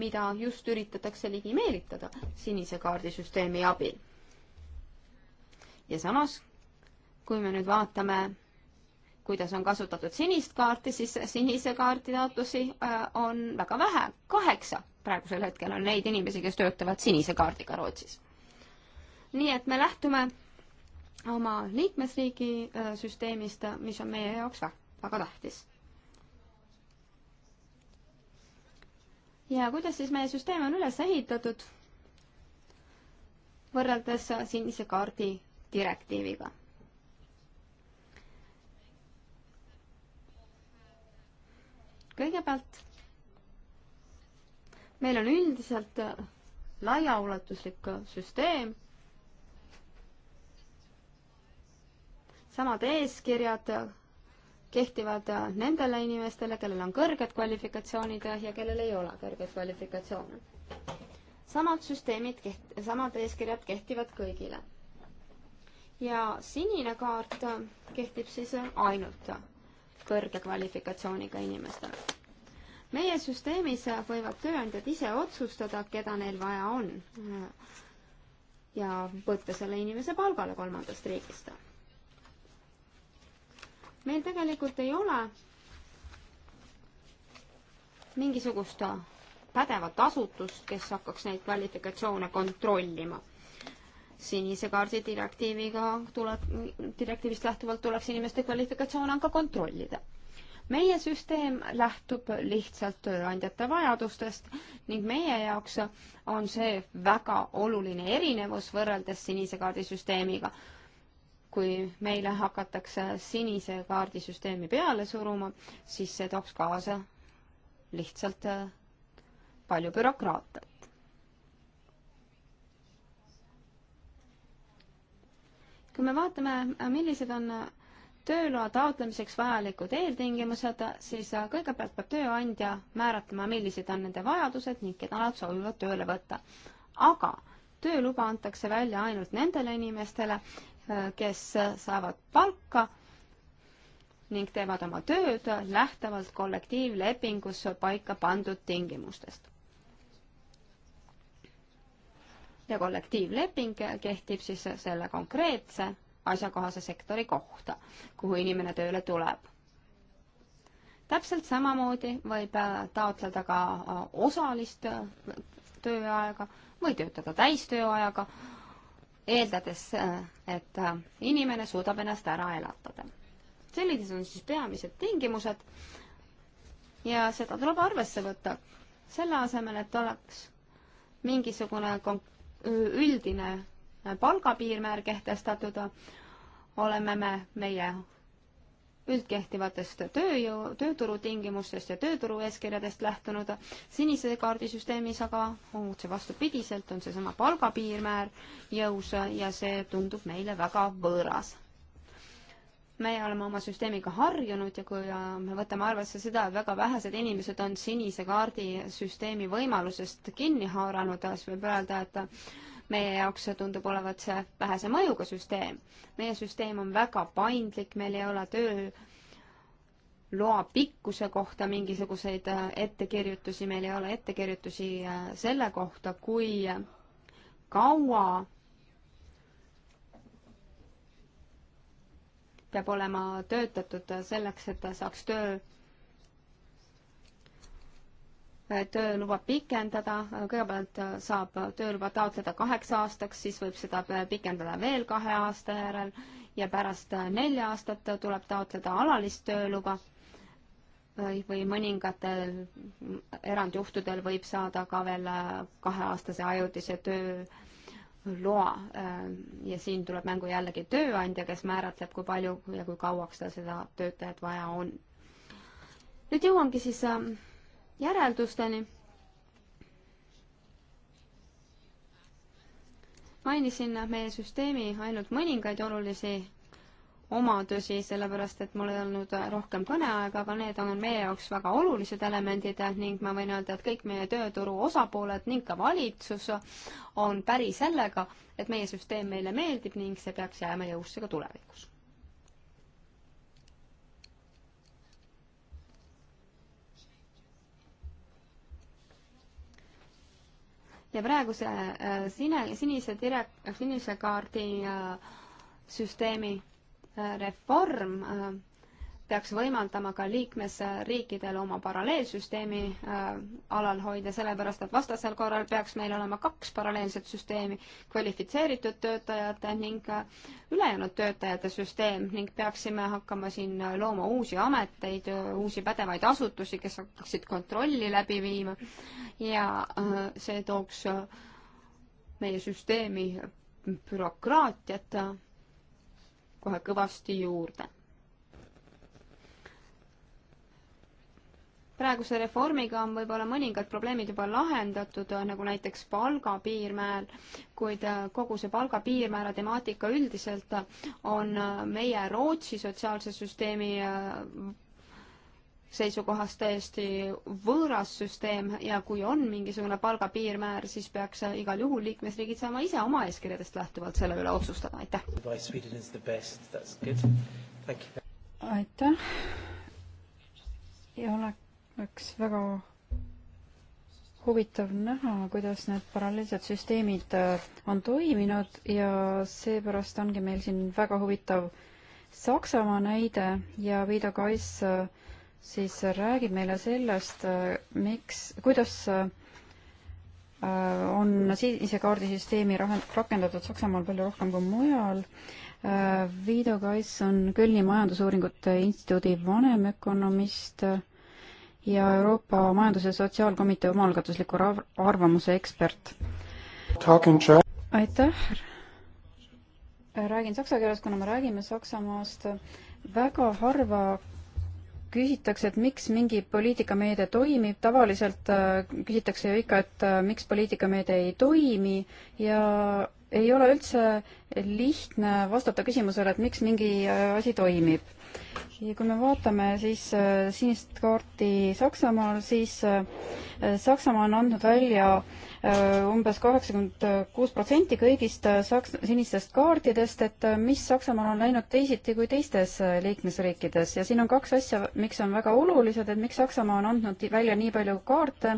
mida just üritatakse ligi meelitada sinise kaardisüsteemi abil. ja samas, kui me nüüd vaatame kuidas on kasutatud sinist kaarti, siis sinise kaardi taotlusi äh, on väga vähe, kaheksa praegusel hetkel on neid inimesi, kes töötavad sinise kaardiga Rootsis. nii et me lähtume oma liikmesriigi äh, süsteemist, mis on meie jaoks väga, väga tähtis. ja kuidas siis meie süsteem on üles ehitatud võrreldes sinise kaardi direktiiviga? kõigepealt meil on üldiselt laiaulatuslik süsteem, samad eeskirjad kehtivad äh, nendele inimestele, kellel on kõrged kvalifikatsioonid äh, ja kellel ei ole kõrgeid kvalifikatsioone. samad süsteemid keht-, samad eeskirjad kehtivad kõigile. ja sinine kaart äh, kehtib siis ainult kõrge kvalifikatsiooniga inimestele. meie süsteemis võivad tööandjad ise otsustada, keda neil vaja on ja võtta selle inimese palgale kolmandast riigist meil tegelikult ei ole mingisugust pädevat asutust, kes hakkaks neid kvalifikatsioone kontrollima. sinise kaardi direktiiviga tuleb, direktiivist lähtuvalt tuleks inimeste kvalifikatsioone ka kontrollida. meie süsteem lähtub lihtsalt tööandjate vajadustest ning meie jaoks on see väga oluline erinevus võrreldes sinise kaardi süsteemiga kui meile hakatakse sinise kaardisüsteemi peale suruma, siis see tooks kaasa lihtsalt äh, palju bürokraatiat. kui me vaatame, äh, millised on äh, tööloa taotlemiseks vajalikud eeltingimused, siis kõigepealt peab tööandja määratlema, millised on nende vajadused ning keda nad soovivad tööle võtta. aga tööluba antakse välja ainult nendele inimestele, Äh, kes saavad palka ning teevad oma tööd lähtuvalt kollektiivlepingus paika pandud tingimustest. ja kollektiivleping kehtib siis selle konkreetse asjakohase sektori kohta, kuhu inimene tööle tuleb. täpselt samamoodi võib äh, taotleda ka äh, osalist tööaega või töötada täistööajaga eeldades, äh, et äh, inimene suudab ennast ära elatada. sellised on siis peamised tingimused ja seda tuleb arvesse võtta. selle asemel, et oleks mingisugune üldine palgapiirmäär kehtestatud, oleme me meie üldkehtivatest tööjõu, tööturutingimustest ja tööturueeskirjadest lähtunud. sinise kaardi süsteemis aga on otse vastupidiselt, on seesama palgapiirmäär jõus ja see tundub meile väga võõras me oleme oma süsteemiga harjunud ja kui me võtame arvesse seda, et väga vähesed inimesed on sinise kaardi süsteemi võimalusest kinni haaranud, siis võib öelda, et meie jaoks tundub olevat see vähese mõjuga süsteem. meie süsteem on väga paindlik, meil ei ole tööloa pikkuse kohta mingisuguseid äh, ettekirjutusi, meil ei ole ettekirjutusi äh, selle kohta, kui kaua peab olema töötatud äh, selleks, et saaks töö tööluba pikendada, kõigepealt saab tööluba taotleda kaheks aastaks, siis võib seda pikendada veel kahe aasta järel ja pärast nelja aastat tuleb taotleda alalist tööluba või mõningatel erandjuhtudel võib saada ka veel kaheaastase ajutise tööloa. ja siin tuleb mängu jällegi tööandja, kes määratleb, kui palju ja kui kauaks tal seda töötajat vaja on. nüüd jõuangi siis ähm, järeldusteni. mainisin meie süsteemi ainult mõningaid olulisi omadusi, sellepärast et mul ei olnud rohkem kõneaega, aga need on meie jaoks väga olulised elemendid ning ma võin öelda, et kõik meie tööturu osapooled ning ka valitsus on päri sellega, et meie süsteem meile meeldib ning see peaks jääma jõusse ka tulevikus. ja praeguse äh, sine, sinise direk-, sinise kaardi äh, süsteemi äh, reform peaks võimaldama ka liikmesriikidel oma paralleelsüsteemi äh, alal hoida, sellepärast et vastasel korral peaks meil olema kaks paralleelset süsteemi, kvalifitseeritud töötajate ning äh, ülejäänud töötajate süsteem ning peaksime hakkama siin looma uusi ameteid, uusi pädevaid asutusi, kes hakkaksid kontrolli läbi viima ja äh, see tooks äh, meie süsteemi bürokraatiat äh, kohe kõvasti juurde praeguse reformiga on võib-olla mõningad probleemid juba lahendatud, nagu näiteks palgapiirmäär, kuid äh, kogu see palgapiirmäära temaatika üldiselt on äh, meie Rootsi sotsiaalse süsteemi äh, seisukohast täiesti võõras süsteem ja kui on mingisugune palgapiirmäär, siis peaks igal juhul liikmesriigid saama ise oma eeskirjadest lähtuvalt selle üle otsustada, aitäh. aitäh ja oleks oleks väga huvitav näha, kuidas need paralleelsed süsteemid äh, on toiminud ja seepärast ongi meil siin väga huvitav Saksamaa näide ja Viido Kais äh, siis räägib meile sellest, äh, miks, kuidas on sinise kaardi süsteemi rakendatud Saksamaal palju rohkem kui mujal. Viido Kais on Kölni Majandusuuringute Instituudi vanemökonomist ja Euroopa Majandus- ja Sotsiaalkomitee omaalgatusliku arvamuse ekspert. aitäh! räägin saksa keeles, kuna me räägime Saksamaast. väga harva küsitakse, et miks mingi poliitikameede toimib, tavaliselt äh, küsitakse ju ikka, et äh, miks poliitikameede ei toimi ja ei ole üldse lihtne vastata küsimusele, et miks mingi äh, asi toimib ja kui me vaatame siis äh, sinist kaarti Saksamaal, siis äh, Saksamaa on andnud välja äh, umbes kaheksakümmend kuus protsenti kõigist saks-, sinistest kaartidest, et mis Saksamaal on läinud teisiti kui teistes liikmesriikides ja siin on kaks asja, miks on väga olulised, et miks Saksamaa on andnud välja nii palju kaarte.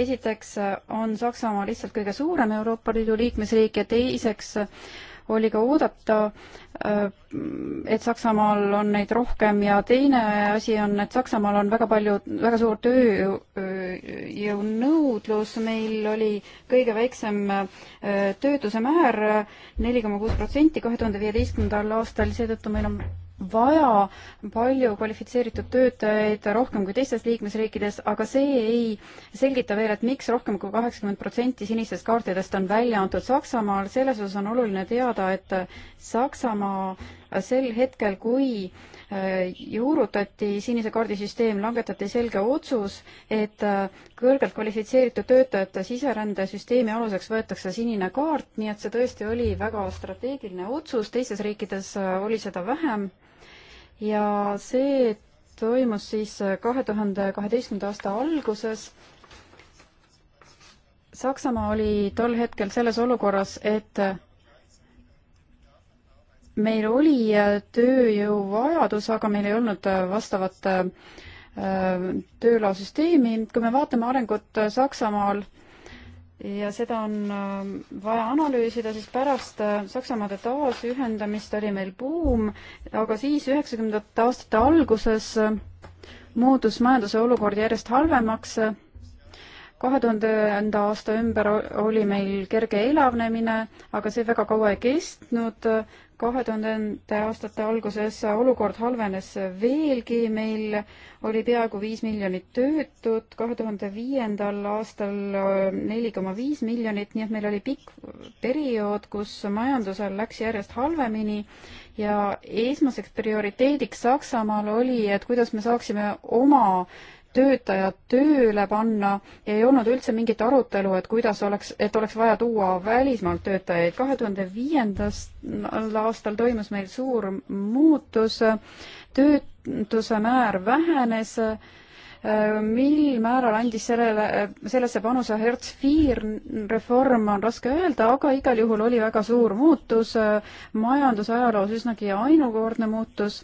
esiteks on Saksamaa lihtsalt kõige suurem Euroopa Liidu liikmesriik ja teiseks oli ka oodata, äh, et Saksamaal on neid rohkem ja teine asi on, et Saksamaal on väga palju, väga suur tööjõunõudlus, meil oli kõige väiksem äh, töötuse määr, neli koma kuus protsenti kahe tuhande viieteistkümnendal aastal, seetõttu meil on vaja palju kvalifitseeritud töötajaid, rohkem kui teistes liikmesriikides, aga see ei selgita veel, et miks rohkem kui kaheksakümmend protsenti sinistest kaartidest on välja antud Saksamaal, selles osas on oluline teada, et Saksamaa sel hetkel, kui äh, juurutati sinise kaardi süsteem, langetati selge otsus, et äh, kõrgelt kvalifitseeritud töötajate siserändesüsteemi aluseks võetakse sinine kaart, nii et see tõesti oli väga strateegiline otsus, teistes riikides äh, oli seda vähem ja see toimus siis äh, kahe tuhande kaheteistkümnenda aasta alguses. Saksamaa oli tol hetkel selles olukorras, et äh, meil oli äh, tööjõuvajadus, aga meil ei olnud vastavat töölaosüsteemi. kui me vaatame arengut Saksamaal ja seda on äh, vaja analüüsida, siis pärast äh, Saksamaade taasühendamist oli meil buum, aga siis üheksakümnendate aastate alguses äh, muutus majanduse olukord järjest halvemaks. kahe tuhandenda aasta ümber oli meil kerge elavnemine, aga see väga kaua ei kestnud kahe tuhandete aastate alguses olukord halvenes veelgi, meil oli peaaegu viis miljonit töötut, kahe tuhande viiendal aastal neli koma viis miljonit, nii et meil oli pikk periood, kus majandusel läks järjest halvemini ja esmaseks prioriteediks Saksamaal oli, et kuidas me saaksime oma töötajad tööle panna, ei olnud üldse mingit arutelu, et kuidas oleks, et oleks vaja tuua välismaalt töötajaid. kahe tuhande viiendal aastal toimus meil suur muutus, töötuse määr vähenes, mil määral andis sellele, sellesse panuse Hertz-Fear reform, on raske öelda, aga igal juhul oli väga suur muutus, majandusajaloos üsnagi ainukordne muutus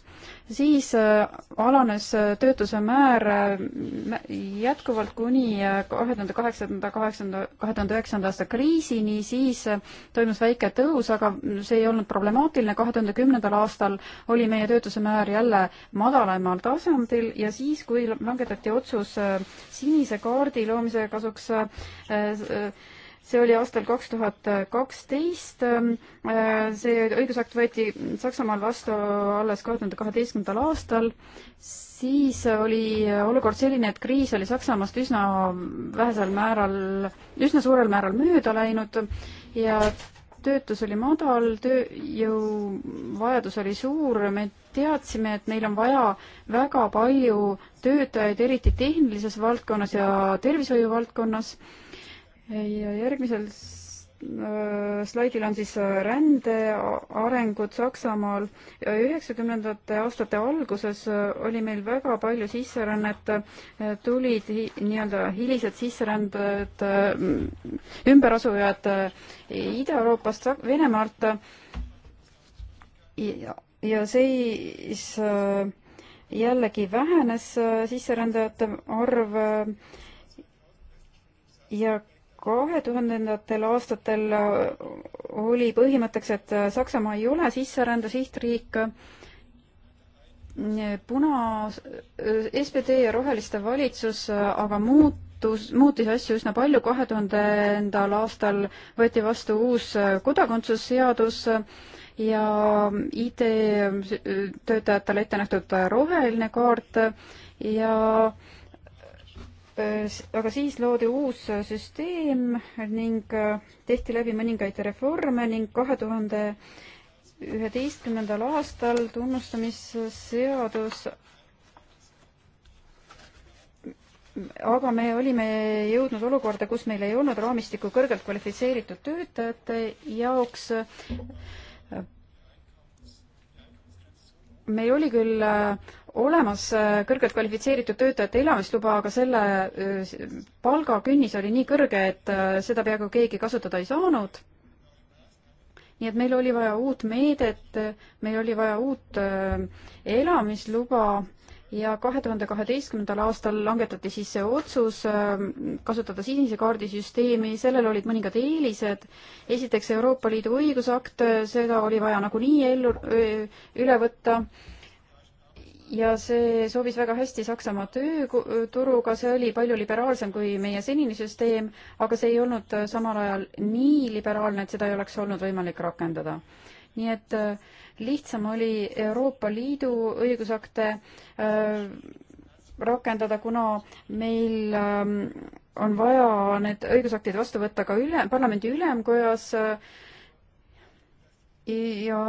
siis äh, alanes äh, töötuse määr äh, jätkuvalt kuni kahe tuhande kaheksanda, kaheksanda, kahe tuhande üheksanda aasta kriisini, siis toimus väike tõus, aga see ei olnud problemaatiline, kahe tuhande kümnendal aastal oli meie töötuse määr jälle madalamal tasandil ja siis, kui langetati otsus sinise kaardi loomise kasuks äh, äh, see oli aastal kaks tuhat kaksteist. Ähm, äh, see õigusakt võeti Saksamaal vastu alles kahe tuhande kaheteistkümnendal aastal. siis oli olukord selline, et kriis oli Saksamaast üsna vähesel määral, üsna suurel määral mööda läinud ja töötus oli madal, tööjõuvajadus oli suur, me teadsime, et meil on vaja väga palju töötajaid, eriti tehnilises valdkonnas ja tervishoiu valdkonnas ja järgmisel äh, slaidil on siis äh, rände arengud Saksamaal. üheksakümnendate aastate alguses äh, oli meil väga palju sisserännet, tulid nii-öelda hilised sisserändajad, ümberasujad Ida-Euroopast, Venemaalt. ja, ja siis jällegi vähenes sisserändajate arv ja kahe tuhandendatel aastatel oli põhimõtteks, et Saksamaa ei ole sisserände sihtriik. Puna, SPD ja Roheliste valitsus aga muutus, muutis asju üsna palju, kahe tuhandendal aastal võeti vastu uus kodakondsusseadus ja IT-töötajatele ette nähtud roheline kaart ja äh, Äh, aga siis loodi uus äh, süsteem ning äh, tehti läbi mõningaid reforme ning kahe tuhande üheteistkümnendal aastal tunnustamisseadus aga me olime jõudnud olukorda, kus meil ei olnud raamistikku kõrgelt kvalifitseeritud töötajate jaoks. meil oli küll äh, olemas äh, kõrgelt kvalifitseeritud töötajate elamisluba, aga selle äh, palgakünnis oli nii kõrge, et äh, seda peaaegu keegi kasutada ei saanud. nii et meil oli vaja uut meedet, meil oli vaja uut elamisluba ja kahe tuhande kaheteistkümnendal aastal langetati siis see otsus kasutada sinise kaardi süsteemi, sellel olid mõningad eelised. esiteks Euroopa Liidu õigusakt, seda oli vaja nagunii ellu, üle võtta ja see sobis väga hästi Saksamaa tööturuga, see oli palju liberaalsem kui meie senine süsteem, aga see ei olnud äh, samal ajal nii liberaalne, et seda ei oleks olnud võimalik rakendada. nii et äh, lihtsam oli Euroopa Liidu õigusakte äh, rakendada, kuna meil ähm, on vaja need õigusaktid vastu võtta ka üle, parlamendi ülemkojas ja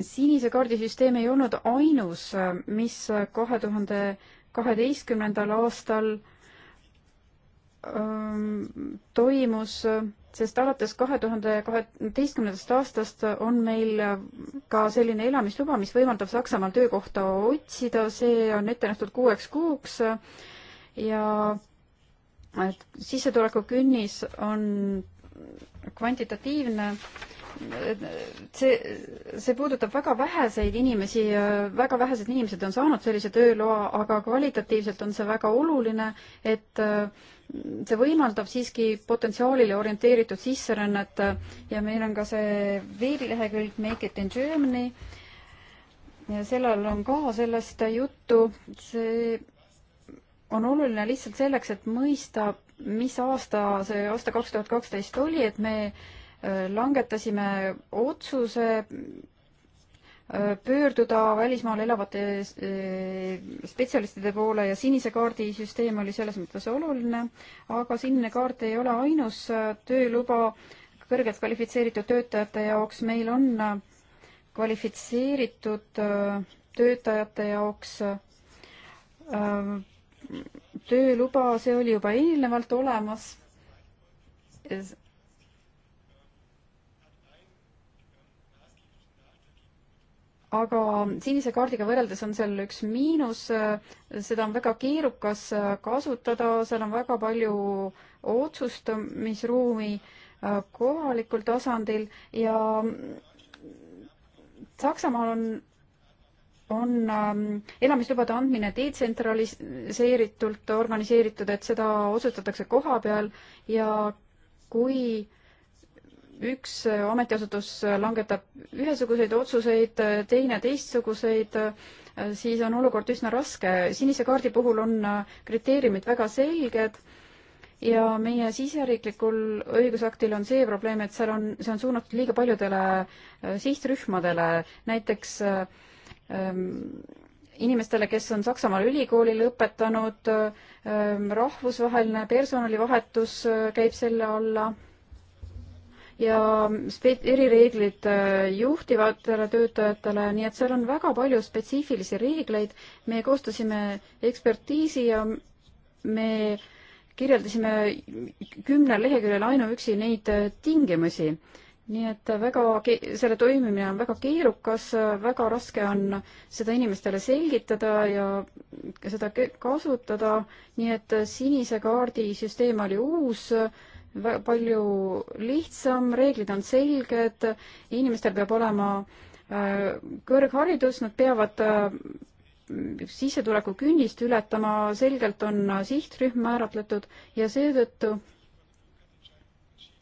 sinise kaardi süsteem ei olnud ainus, mis kahe tuhande kaheteistkümnendal aastal ähm, toimus, sest alates kahe tuhande kaheteistkümnendast aastast on meil ka selline elamisluba, mis võimaldab Saksamaal töökohta otsida, see on ette nähtud kuueks kuuks ja sissetuleku künnis on kvantitatiivne see, see puudutab väga väheseid inimesi, väga vähesed inimesed on saanud sellise tööloa, aga kvalitatiivselt on see väga oluline, et äh, see võimaldab siiski potentsiaalile orienteeritud sisserännet äh, ja meil on ka see veebilehekülg Make it in Germany ja sellel on ka sellest juttu, see on oluline lihtsalt selleks, et mõista, mis aasta see aasta kaks tuhat kaksteist oli, et me langetasime otsuse äh, pöörduda välismaal elavate äh, spetsialistide poole ja sinise kaardi süsteem oli selles mõttes oluline, aga sinine kaart ei ole ainus äh, tööluba kõrgelt kvalifitseeritud töötajate jaoks, meil on kvalifitseeritud töötajate jaoks tööluba, see oli juba eelnevalt olemas aga sinise kaardiga võrreldes on seal üks miinus, seda on väga keerukas kasutada, seal on väga palju otsustamisruumi kohalikul tasandil ja Saksamaal on, on ähm, elamislubade andmine detsentraliseeritult organiseeritud, et seda otsustatakse koha peal ja kui äh, üks ametiasutus langetab ühesuguseid otsuseid, teine teistsuguseid, siis on olukord üsna raske. sinise kaardi puhul on kriteeriumid väga selged ja meie siseriiklikul õigusaktil on see probleem, et seal on, see on suunatud liiga paljudele sihtrühmadele, näiteks ähm, inimestele, kes on Saksamaal ülikooli lõpetanud ähm,, rahvusvaheline personalivahetus äh, käib selle alla ja erireeglid äh, juhtivatele töötajatele, nii et seal on väga palju spetsiifilisi reegleid. me koostasime ekspertiisi ja me kirjeldasime kümnel leheküljel ainuüksi neid äh, tingimusi. nii et väga, selle toimimine on väga keerukas, väga raske on seda inimestele selgitada ja seda kasutada, nii et sinise kaardi süsteem oli uus palju lihtsam, reeglid on selged, inimestel peab olema äh, kõrgharidus, nad peavad äh, sissetuleku künnist ületama, selgelt on äh, sihtrühm määratletud ja seetõttu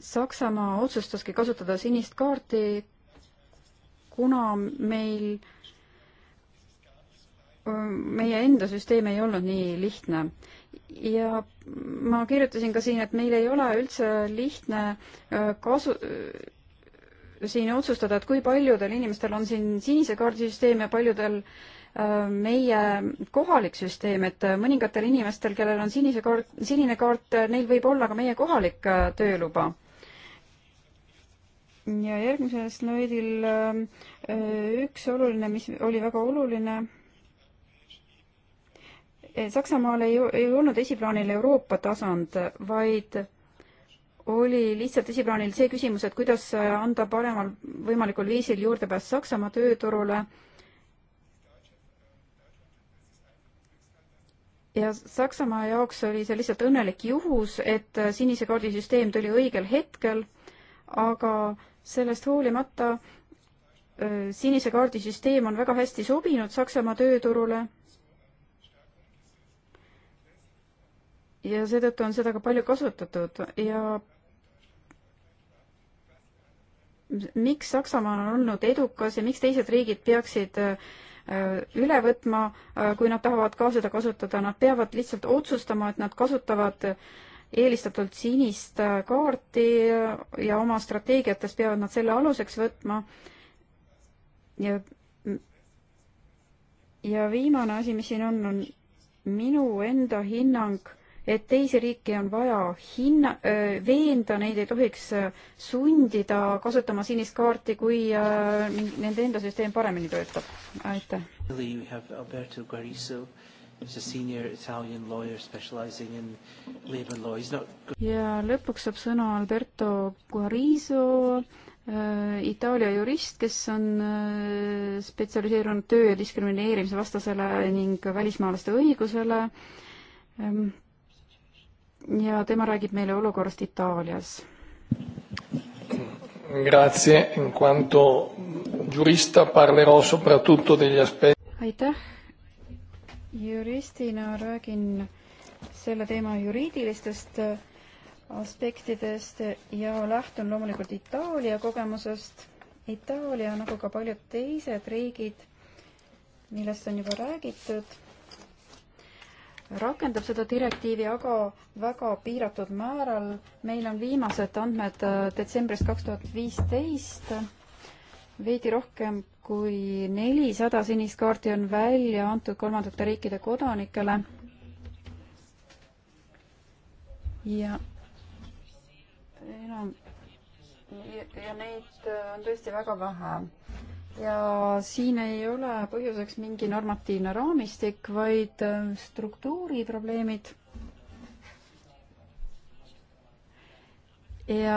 Saksamaa otsustaski kasutada sinist kaarti, kuna meil, meie enda süsteem ei olnud nii lihtne ja ma kirjutasin ka siin, et meil ei ole üldse lihtne äh, kasu, äh, siin otsustada, et kui paljudel inimestel on siin sinise kaardi süsteem ja paljudel äh, meie kohalik süsteem, et mõningatel inimestel, kellel on sinise kaart, sinine kaart, neil võib olla ka meie kohalik tööluba. ja järgmisel slaidil üks oluline, mis oli väga oluline Eh, Saksamaal ei, ei olnud esiplaanil Euroopa tasand, vaid oli lihtsalt esiplaanil see küsimus, et kuidas anda paremal võimalikul viisil juurdepääs Saksamaa tööturule. ja Saksamaa jaoks oli see lihtsalt õnnelik juhus, et sinise kaardi süsteem tuli õigel hetkel, aga sellest hoolimata eh, sinise kaardi süsteem on väga hästi sobinud Saksamaa tööturule ja seetõttu on seda ka palju kasutatud ja miks Saksamaa on olnud edukas ja miks teised riigid peaksid äh, üle võtma, äh, kui nad tahavad ka seda kasutada, nad peavad lihtsalt otsustama, et nad kasutavad eelistatult sinist äh, kaarti ja oma strateegiates peavad nad selle aluseks võtma. ja, ja viimane asi, mis siin on, on minu enda hinnang et teisi riike on vaja hinna, veenda, neid ei tohiks sundida kasutama sinist kaarti, kui nende enda süsteem paremini töötab. aitäh. We have Alberto Guariso He's a senior Italian lawyer specializing in labor law. He's not ja lõpuks saab sõna Alberto Guariso, Itaalia jurist, kes on spetsialiseerunud töö ja diskrimineerimise vastasele ning välismaalaste õigusele ja tema räägib meile olukorrast Itaalias. Grazie, in quanto giurista parlerò soprattutto degli aspetti. aitäh, juristina räägin selle teema juriidilistest aspektidest ja lähtun loomulikult Itaalia kogemusest. Itaalia, nagu ka paljud teised riigid, millest on juba räägitud rakendab seda direktiivi, aga väga piiratud määral. meil on viimased andmed äh, detsembrist kaks tuhat viisteist. veidi rohkem kui nelisada sinist kaarti on välja antud kolmandate riikide kodanikele. ja enam ja, ja neid äh, on tõesti väga vähe ja siin ei ole põhjuseks mingi normatiivne raamistik, vaid äh, struktuuriprobleemid. ja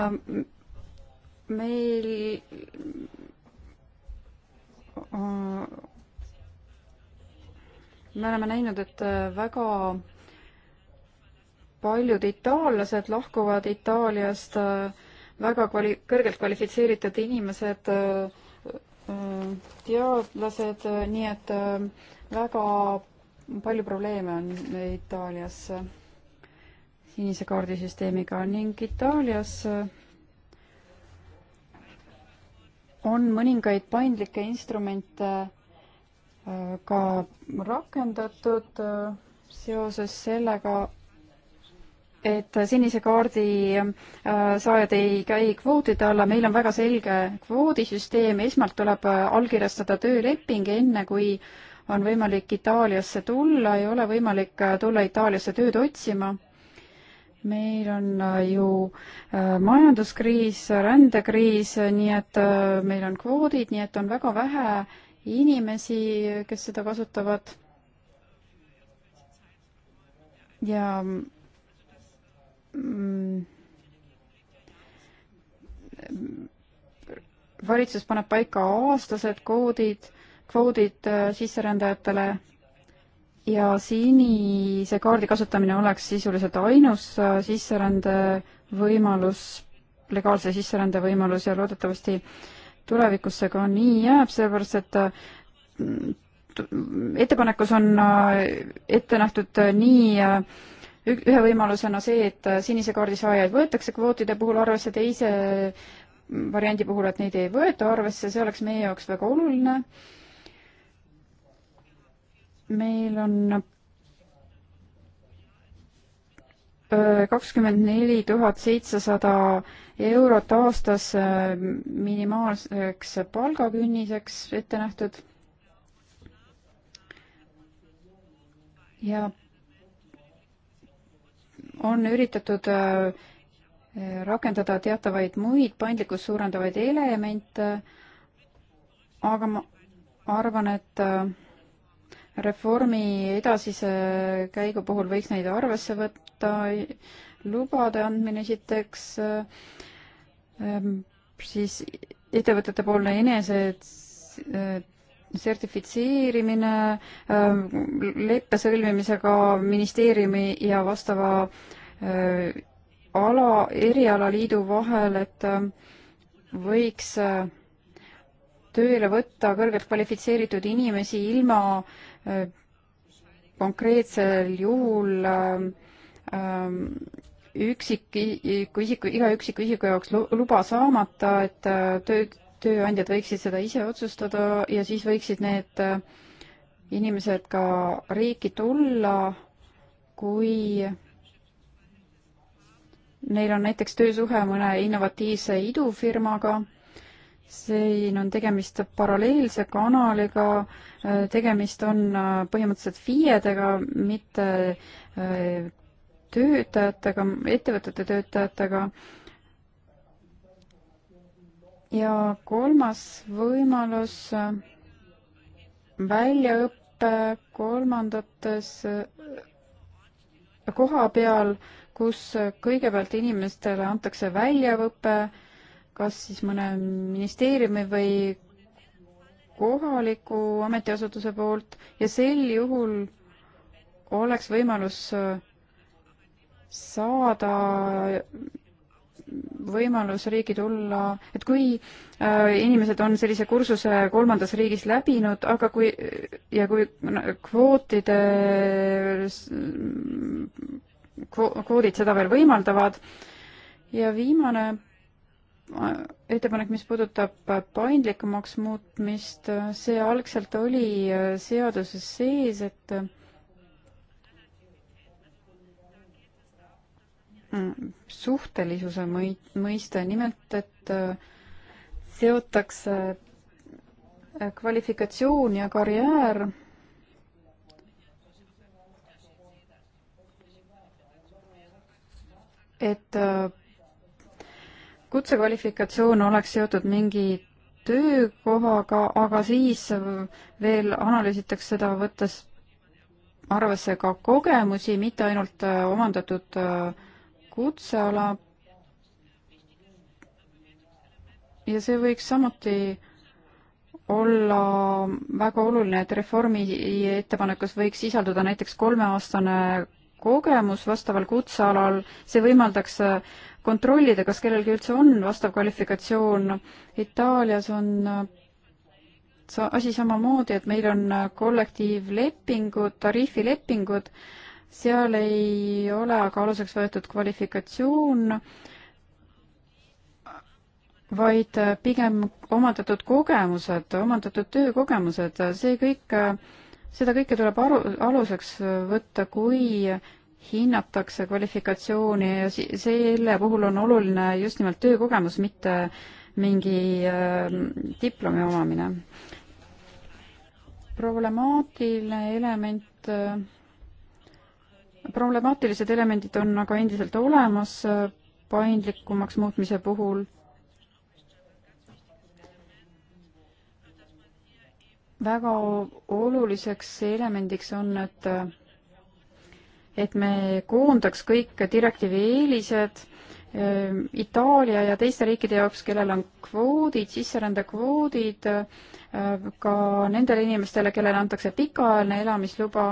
meil äh, me oleme näinud, et äh, väga paljud itaallased lahkuvad Itaaliast, väga kvali-, kõrgelt kvalifitseeritud inimesed äh, Äh, teadlased, äh, nii et äh, väga palju probleeme on Itaalias sinise kaardisüsteemiga ning Itaalias on mõningaid paindlikke instrumente ka rakendatud seoses sellega, et sinise kaardi äh, saajad ei käi kvootide alla, meil on väga selge kvoodisüsteem, esmalt tuleb äh, allkirjastada tööleping, enne kui on võimalik Itaaliasse tulla, ei ole võimalik äh, tulla Itaaliasse tööd otsima. meil on ju majanduskriis, rändekriis, nii et meil on kvoodid, nii et on väga vähe inimesi, kes seda kasutavad. ja Mm. valitsus paneb paika aastased koodid, kvoodid äh, sisserändajatele ja sinise kaardi kasutamine oleks sisuliselt ainus äh, sisserände võimalus, legaalse sisserände võimalus ja loodetavasti tulevikus see ka nii jääb, sellepärast et äh, ettepanekus on ette nähtud nii ühe võimalusena see, et äh, sinise kaardi saajaid võetakse kvootide puhul arvesse, teise mm, variandi puhul, et neid ei võeta arvesse, see oleks meie jaoks väga oluline. meil on äh, kakskümmend neli tuhat seitsesada eurot aastas äh, minimaalseks palgakünniseks ette nähtud. ja on üritatud äh, rakendada teatavaid muid paindlikkust suurendavaid elemente, aga ma arvan, et äh, reformi edasise käigu puhul võiks neid arvesse võtta, lubade andmine esiteks, äh, ähm, siis ettevõtete poolne enese sertifitseerimine, ähm, leppe sõlmimisega ministeeriumi ja vastava äh, ala, erialaliidu vahel, et äh, võiks äh, tööle võtta kõrgelt kvalifitseeritud inimesi ilma konkreetsel juhul üksik, kui isiku, iga üksiku isiku jaoks luba saamata, et tööd tööandjad võiksid seda ise otsustada ja siis võiksid need äh, inimesed ka riiki tulla, kui neil on näiteks töösuhe mõne innovatiivse idufirmaga, siin on tegemist paralleelse kanaliga, äh, tegemist on äh, põhimõtteliselt FIE-dega, mitte töötajatega, ettevõtete töötajatega ja kolmas võimalus äh, väljaõppe kolmandates äh, koha peal, kus äh, kõigepealt inimestele antakse väljaõpe, kas siis mõne ministeeriumi või kohaliku ametiasutuse poolt ja sel juhul oleks võimalus saada võimalus riigi tulla, et kui äh, inimesed on sellise kursuse kolmandas riigis läbinud, aga kui ja kui kvootide, kvoodid seda veel võimaldavad ja viimane äh, ettepanek, mis puudutab paindlikumaks muutmist, see algselt oli äh, seaduses sees, et suhtelisuse mõiste, nimelt et äh, seotakse äh, kvalifikatsioon ja karjäär et äh, kutsekvalifikatsioon oleks seotud mingi töökohaga, aga siis veel analüüsitakse seda, võttes arvesse ka kogemusi, mitte ainult omandatud äh, kutseala ja see võiks samuti olla väga oluline, et reformi ettepanekus võiks sisalduda näiteks kolmeaastane kogemus vastaval kutsealal, see võimaldaks kontrollida, kas kellelgi üldse on vastav kvalifikatsioon. Itaalias on asi samamoodi, et meil on kollektiivlepingud, tariifilepingud, seal ei ole aga aluseks võetud kvalifikatsioon, vaid pigem omandatud kogemused, omandatud töökogemused, see kõik, seda kõike tuleb aru, aluseks võtta, kui hinnatakse kvalifikatsiooni ja selle puhul on oluline just nimelt töökogemus, mitte mingi äh, diplomi omamine. problemaatiline element äh, problemaatilised elemendid on aga endiselt olemas paindlikumaks muutmise puhul. väga oluliseks elemendiks on, et et me koondaks kõik direktiivi eelised ehm, Itaalia ja teiste riikide jaoks, kellel on kvoodid, sisserändekvoodid, ehm, ka nendele inimestele, kellele antakse pikaajaline elamisluba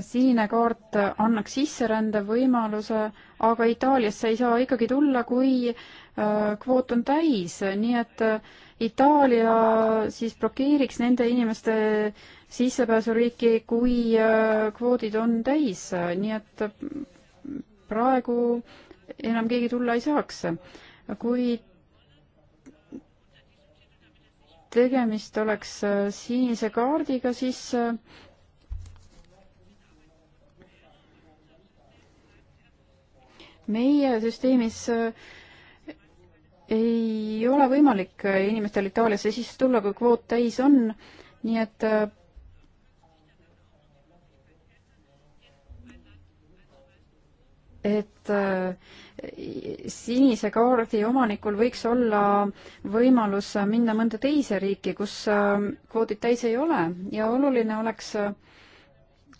sinine kaart annaks sisserände võimaluse, aga Itaaliasse ei saa ikkagi tulla, kui äh, kvoot on täis, nii et äh, Itaalia siis blokeeriks nende inimeste sissepääsu riiki, kui äh, kvoodid on täis, nii et praegu enam keegi tulla ei saaks. kui tegemist oleks sinise kaardiga, siis meie süsteemis äh, ei ole võimalik inimestel Itaaliasse sisse tulla, kui kvoot täis on, nii et äh, et äh, sinise kaardi omanikul võiks olla võimalus minna mõnda teise riiki, kus kvoodid täis ei ole ja oluline oleks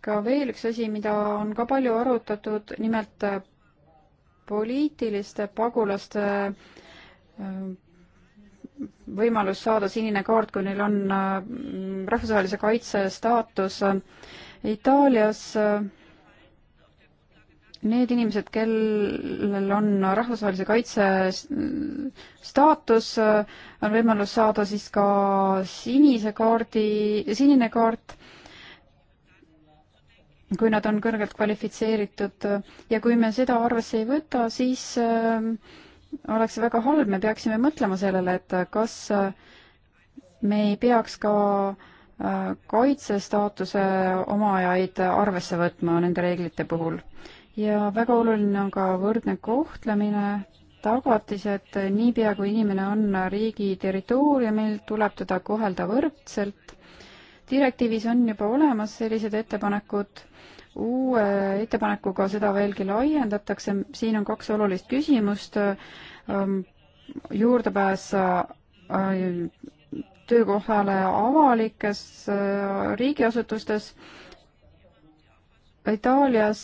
ka veel üks asi, mida on ka palju arutatud, nimelt poliitiliste pagulaste äh, võimalus saada sinine kaart, kui neil on äh, rahvusvahelise kaitse staatus. Itaalias äh, need inimesed, kellel on rahvusvahelise kaitse staatus, on võimalus saada siis ka sinise kaardi, sinine kaart kui nad on kõrgelt kvalifitseeritud ja kui me seda arvesse ei võta, siis ähm, oleks see väga halb, me peaksime mõtlema sellele, et kas äh, me ei peaks ka äh, kaitsestaatuse omajaid arvesse võtma nende reeglite puhul. ja väga oluline on ka võrdne kohtlemine, tagatised, niipea kui inimene on riigi territooriumil, tuleb teda kohelda võrdselt direktiivis on juba olemas sellised ettepanekud, uue ettepanekuga seda veelgi laiendatakse, siin on kaks olulist küsimust, ähm, juurdepääs äh, töökohale avalikes äh, riigiasutustes, Itaalias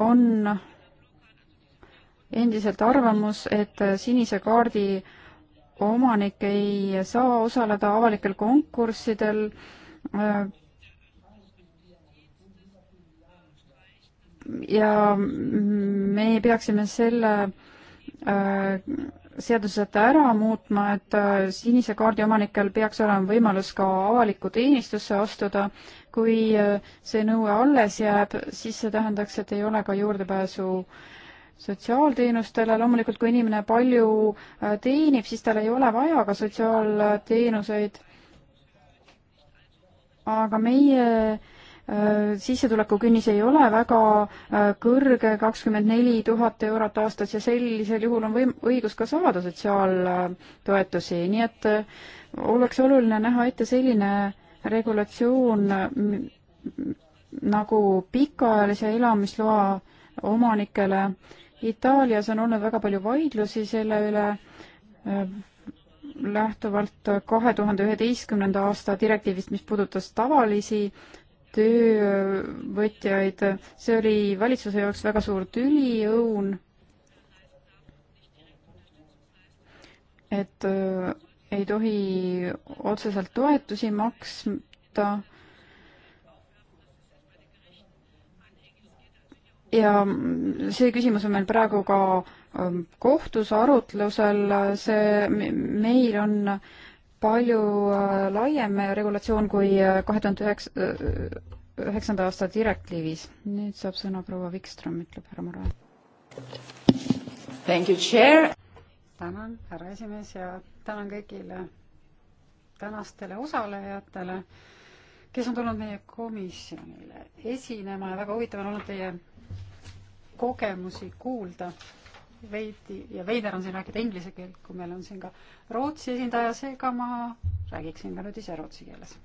on endiselt arvamus, et sinise kaardi omanik ei saa osaleda avalikel konkurssidel äh, Äh, ja me peaksime selle äh, seadusete ära muutma, et äh, sinise kaardi omanikel peaks olema võimalus ka avalikku teenistusse astuda. kui see nõue alles jääb, siis see tähendaks, et ei ole ka juurdepääsu sotsiaalteenustele, loomulikult kui inimene palju teenib, siis tal ei ole vaja ka sotsiaalteenuseid aga meie äh, sissetulekukünnis ei ole väga äh, kõrge, kakskümmend neli tuhat eurot aastas ja sellisel juhul on võim-, õigus ka saada sotsiaaltoetusi, nii et äh, oleks oluline näha ette selline regulatsioon nagu pikaajalise elamisloa omanikele. Itaalias on olnud väga palju vaidlusi selle üle, lähtuvalt kahe tuhande üheteistkümnenda aasta direktiivist, mis puudutas tavalisi töövõtjaid, see oli valitsuse jaoks väga suur tüliõun, et äh, ei tohi otseselt toetusi maksta ja see küsimus on meil praegu ka äh, Ehm, kohtus arutlusel, äh, see meil on palju äh, laiem äh, regulatsioon kui kahe tuhande üheksa, üheksanda aasta direktiivis. nüüd saab sõna proua Vikström, ütleb härra Mure. tänan, härra esimees ja tänan kõigile tänastele osalejatele, kes on tulnud meie komisjonile esinema ja väga huvitav on olnud teie kogemusi kuulda veidi ja veider on siin rääkida inglise keelt, kui meil on siin ka Rootsi esindaja, seega ma räägiksin ka nüüd ise rootsi keeles.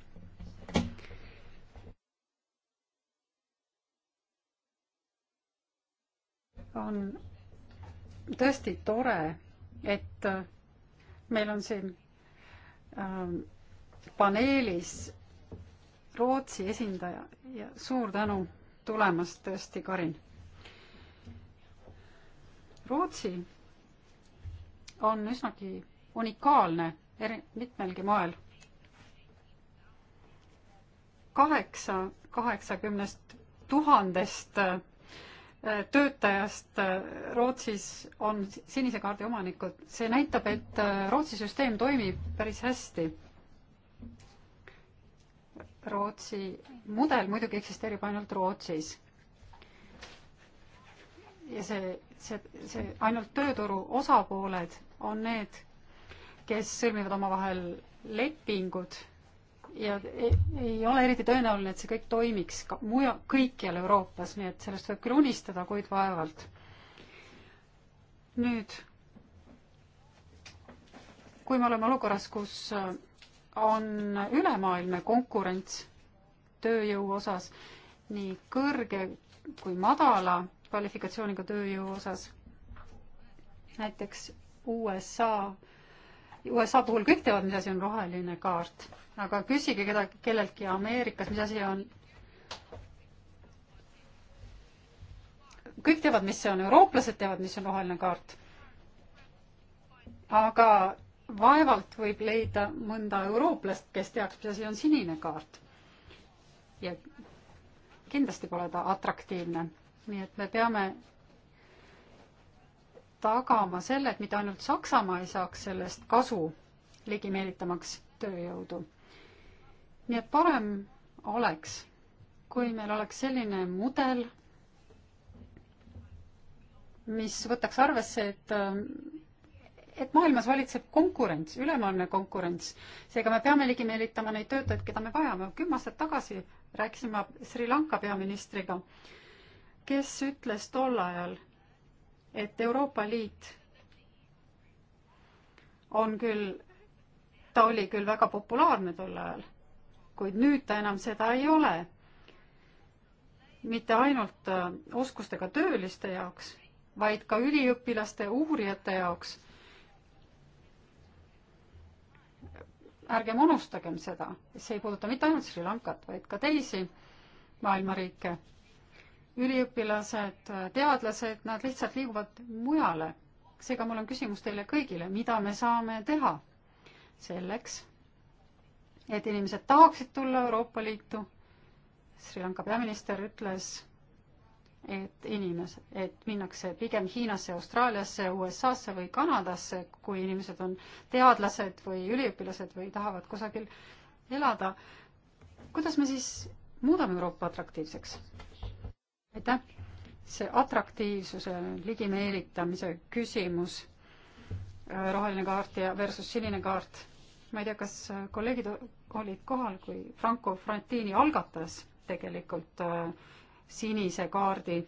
on tõesti tore, et äh, meil on siin ähm, paneelis Rootsi esindaja ja suur tänu tulemast tõesti, Karin Rootsi on üsnagi unikaalne eri, mitmelgi moel. kaheksa kaheksakümnest tuhandest äh, töötajast äh, Rootsis on sinise kaardi omanikud. see näitab, et äh, Rootsi süsteem toimib päris hästi. Rootsi mudel muidugi eksisteerib ainult Rootsis ja see, see, see ainult tööturu osapooled on need, kes sõlmivad omavahel lepingud ja ei, ei ole eriti tõenäoline, et see kõik toimiks ka muja, kõikjal Euroopas, nii et sellest võib küll unistada, kuid vaevalt. nüüd, kui me oleme olukorras, kus äh, on ülemaailmne konkurents tööjõu osas nii kõrge kui madala kvalifikatsiooniga tööjõu osas. näiteks USA, USA puhul kõik teavad, mis asi on roheline kaart, aga küsige keda, kelleltki Ameerikas, mis asi on kõik teavad, mis see on, eurooplased teavad, mis on roheline kaart. aga vaevalt võib leida mõnda eurooplast, kes teaks, mis asi on sinine kaart. ja kindlasti pole ta atraktiivne nii et me peame tagama selle, et mitte ainult Saksamaa ei saaks sellest kasu, ligi meelitamaks tööjõudu. nii et parem oleks, kui meil oleks selline mudel, mis võtaks arvesse, et et maailmas valitseb konkurents, ülemaailmne konkurents. seega me peame ligi meelitama neid töötajaid, keda me vajame. kümme aastat tagasi rääkisin ma Sri Lanka peaministriga äh, kes ütles tol ajal, et Euroopa Liit on küll, ta oli küll väga populaarne tol ajal, kuid nüüd ta enam seda ei ole. mitte ainult äh, oskustega tööliste jaoks, vaid ka üliõpilaste, uurijate jaoks ärgem unustagem seda, see ei puuduta mitte ainult Sri Lankat, vaid ka teisi maailma riike üliõpilased, teadlased, nad lihtsalt liiguvad mujale. seega mul on küsimus teile kõigile, mida me saame teha selleks, et inimesed tahaksid tulla Euroopa Liitu. Sri Lanka peaminister ütles, et inimesed, et minnakse pigem Hiinasse, Austraaliasse, USA-sse või Kanadasse, kui inimesed on teadlased või üliõpilased või tahavad kusagil elada. kuidas me siis muudame Euroopa atraktiivseks? aitäh! see atraktiivsuse ligimeelitamise küsimus, äh, roheline kaart ja versus sinine kaart, ma ei tea, kas äh, kolleegid olid kohal, kui Franco Frantini algatas tegelikult äh, sinise kaardi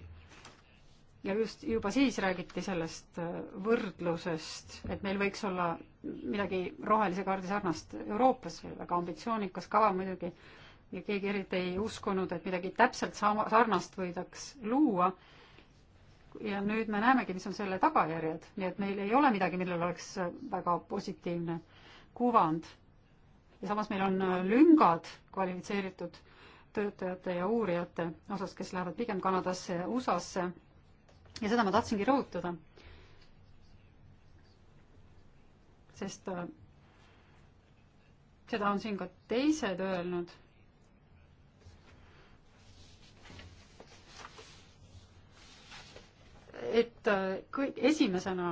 ja just juba siis räägiti sellest äh, võrdlusest, et meil võiks olla midagi rohelise kaardi sarnast Euroopas, väga ambitsioonikas kava muidugi, ja keegi eriti ei uskunud, et midagi täpselt sama, sarnast võidaks luua. ja nüüd me näemegi, mis on selle tagajärjed, nii et meil ei ole midagi, millel oleks väga positiivne kuvand. ja samas meil on lüngad kvalifitseeritud töötajate ja uurijate osas, kes lähevad pigem Kanadasse ja USA-sse. ja seda ma tahtsingi rõhutada. sest äh, seda on siin ka teised öelnud et äh, kõik esimesena,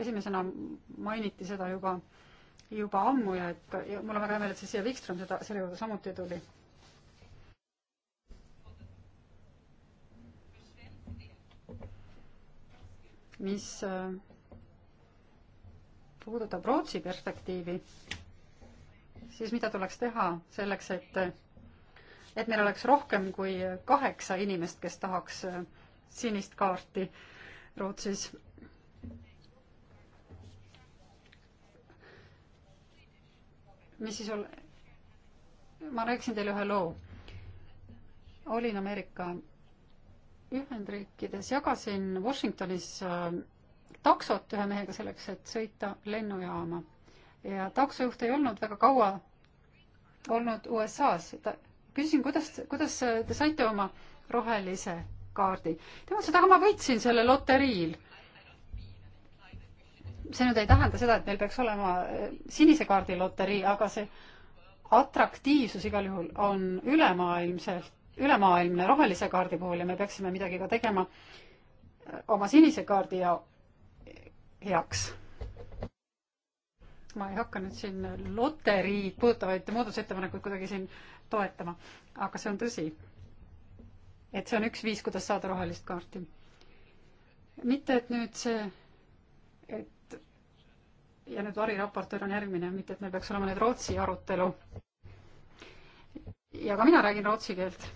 esimesena mainiti seda juba, juba ammu ja et ja mul on väga hea meel, et see Siia Vikström seda, selle juurde samuti tuli. mis äh, puudutab Rootsi perspektiivi, siis mida tuleks teha selleks, et, et meil oleks rohkem kui kaheksa inimest, kes tahaks äh, sinist kaarti Rootsis. mis siis ol-, ma rääkisin teile ühe loo. olin Ameerika Ühendriikides, jagasin Washingtonis äh, taksot ühe mehega selleks, et sõita lennujaama. ja taksojuht ei olnud väga kaua olnud USA-s. ta, küsisin, kuidas, kuidas äh, te saite oma rohelise kaardi. tema ütles, et aga ma võitsin selle loteriil. see nüüd ei tähenda seda, et meil peaks olema eh, sinise kaardi loterii, aga see atraktiivsus igal juhul on ülemaailmselt, ülemaailmne rohelise kaardi puhul ja me peaksime midagi ka tegema eh, oma sinise kaardi ja eh, heaks. ma ei hakka nüüd siin loteriid puudutavaid muudatusettepanekuid kuidagi siin toetama, aga see on tõsi et see on üks viis, kuidas saada rohelist kaarti. mitte, et nüüd see, et ja nüüd variraportöör on järgmine, mitte et meil peaks olema nüüd Rootsi arutelu. ja ka mina räägin rootsi keelt.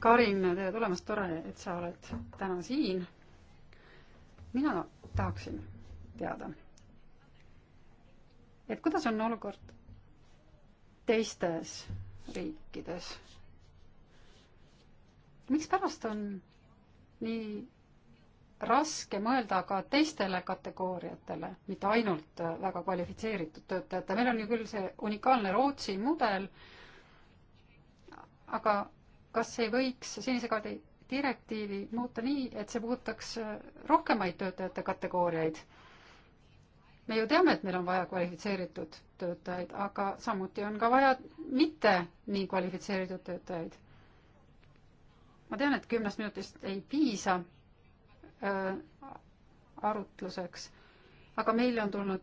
Karin, tere tulemast, tore, et sa oled täna siin. mina tahaksin teada, et kuidas on olukord teistes riikides mikspärast on nii raske mõelda ka teistele kategooriatele, mitte ainult äh, väga kvalifitseeritud töötajate, meil on ju küll see unikaalne Rootsi mudel, aga kas ei võiks senise kaardi direktiivi muuta nii, et see puudutaks äh, rohkemaid töötajate kategooriaid? me ju teame, et meil on vaja kvalifitseeritud töötajaid, aga samuti on ka vaja mitte nii kvalifitseeritud töötajaid ma tean, et kümnest minutist ei piisa äh, arutluseks, aga meile on tulnud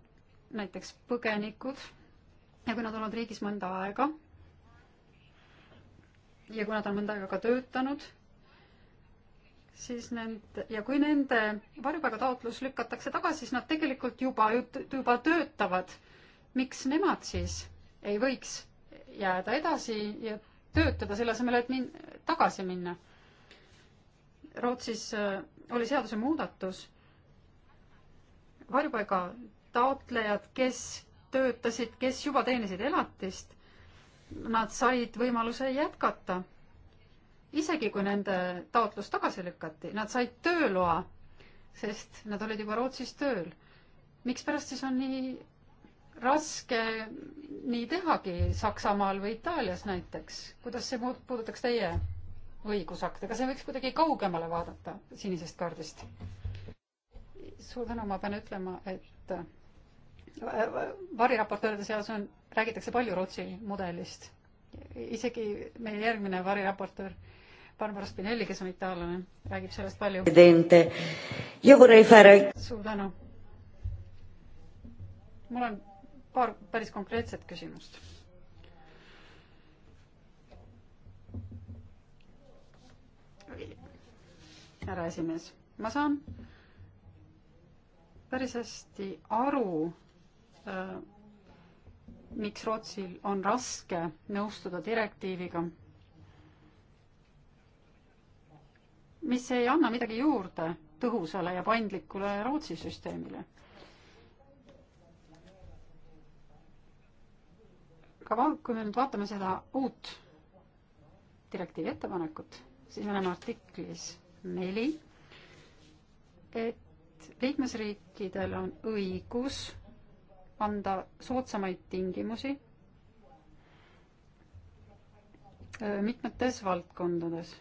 näiteks põgenikud ja kui nad on olnud riigis mõnda aega ja kui nad on mõnda aega ka töötanud, siis nende ja kui nende varjupaigataotlus lükatakse tagasi, siis nad tegelikult juba, juba töötavad. miks nemad siis ei võiks jääda edasi ja töötada selle asemel, et min-, tagasi minna? Rootsis äh, oli seadusemuudatus, varjupaiga taotlejad, kes töötasid, kes juba teenisid elatist, nad said võimaluse jätkata. isegi kui nende taotlus tagasi lükati, nad said tööloa, sest nad olid juba Rootsis tööl. mikspärast siis on nii raske nii tehagi Saksamaal või Itaalias näiteks, kuidas see muud puudutaks teie õigusakte, kas ei võiks kuidagi kaugemale vaadata sinisest kaardist? suur tänu, ma pean ütlema, et äh, äh, variraportööride seas on, räägitakse palju Rootsi mudelist. isegi meie järgmine variraportöör Barbara Spinelli, kes on itaallane, räägib sellest palju. suur tänu. mul on paar päris konkreetset küsimust härra esimees. ma saan päris hästi aru äh,, miks Rootsil on raske nõustuda direktiiviga, mis ei anna midagi juurde tõhusale ja paindlikule Rootsi süsteemile aga kui me nüüd vaatame seda uut direktiivi ettepanekut, siis me oleme artiklis neli, et liikmesriikidel on õigus anda soodsamaid tingimusi äh, mitmetes valdkondades.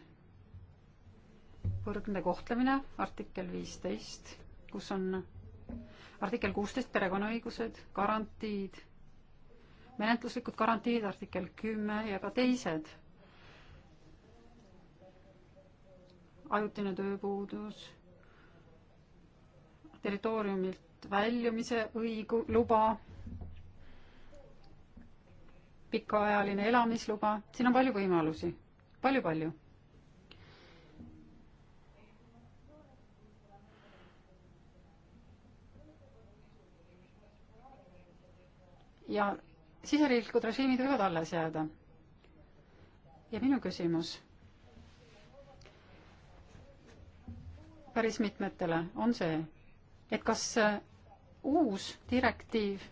võrdne kohtlemine, artikkel viisteist, kus on artikkel kuusteist perekonnaõigused, garantiid, menetluslikud garantiid, artikkel kümme ja ka teised ajutine tööpuudus, territooriumilt väljumise õigu-, luba, pikaajaline elamisluba, siin on palju võimalusi palju,, palju-palju. ja siseriiklikud režiimid võivad alles jääda. ja minu küsimus päris mitmetele, on see, et kas äh, uus direktiiv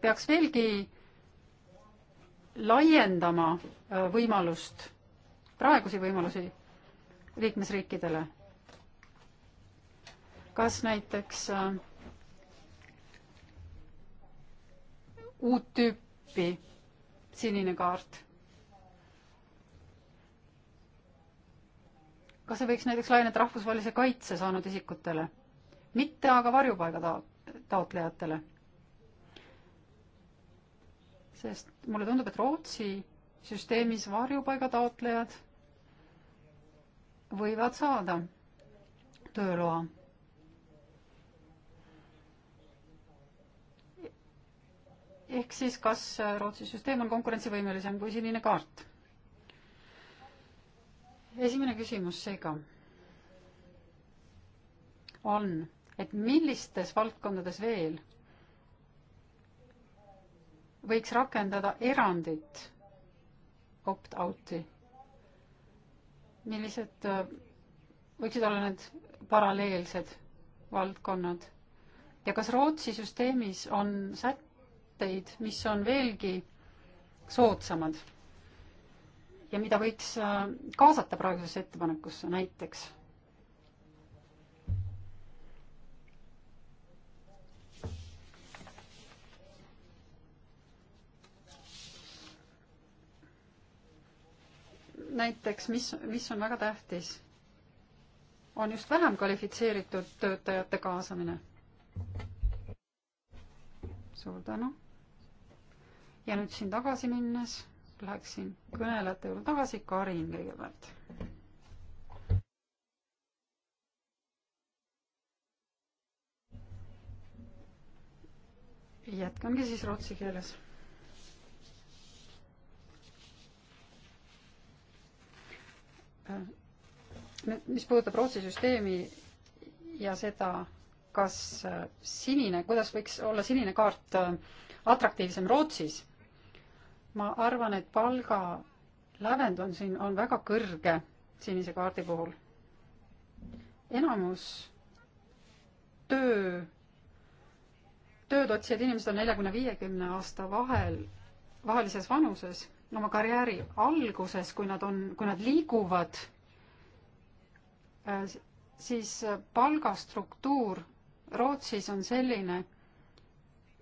peaks veelgi laiendama äh, võimalust, praegusi võimalusi liikmesriikidele. kas näiteks äh, uut tüüpi sinine kaart kas see võiks näiteks laieneda rahvusvahelise kaitse saanud isikutele, mitte aga varjupaiga ta-, taotlejatele? sest mulle tundub, et Rootsi süsteemis varjupaiga taotlejad võivad saada tööloa. ehk siis, kas Rootsi süsteem on konkurentsivõimelisem kui sinine kaart? esimene küsimus seega on, et millistes valdkondades veel võiks rakendada erandit opt-out'i? millised äh, võiksid olla need paralleelsed valdkonnad ja kas Rootsi süsteemis on sätteid, mis on veelgi soodsamad? ja mida võiks äh, kaasata praegusesse ettepanekusse näiteks? näiteks, mis, mis on väga tähtis, on just vähem kvalifitseeritud töötajate kaasamine. suur tänu. ja nüüd siin tagasi minnes läheksin kõnelejate juurde tagasi, Karin kõigepealt. jätkamegi siis rootsi keeles. nüüd, mis puudutab Rootsi süsteemi ja seda, kas sinine, kuidas võiks olla sinine kaart atraktiivsem Rootsis ma arvan, et palga lävend on siin, on väga kõrge sinise kaardi puhul. enamus töö, tööd otsivad inimesed on neljakümne, viiekümne aasta vahel, vahelises vanuses, oma karjääri alguses, kui nad on, kui nad liiguvad, äh, siis palgastruktuur Rootsis on selline,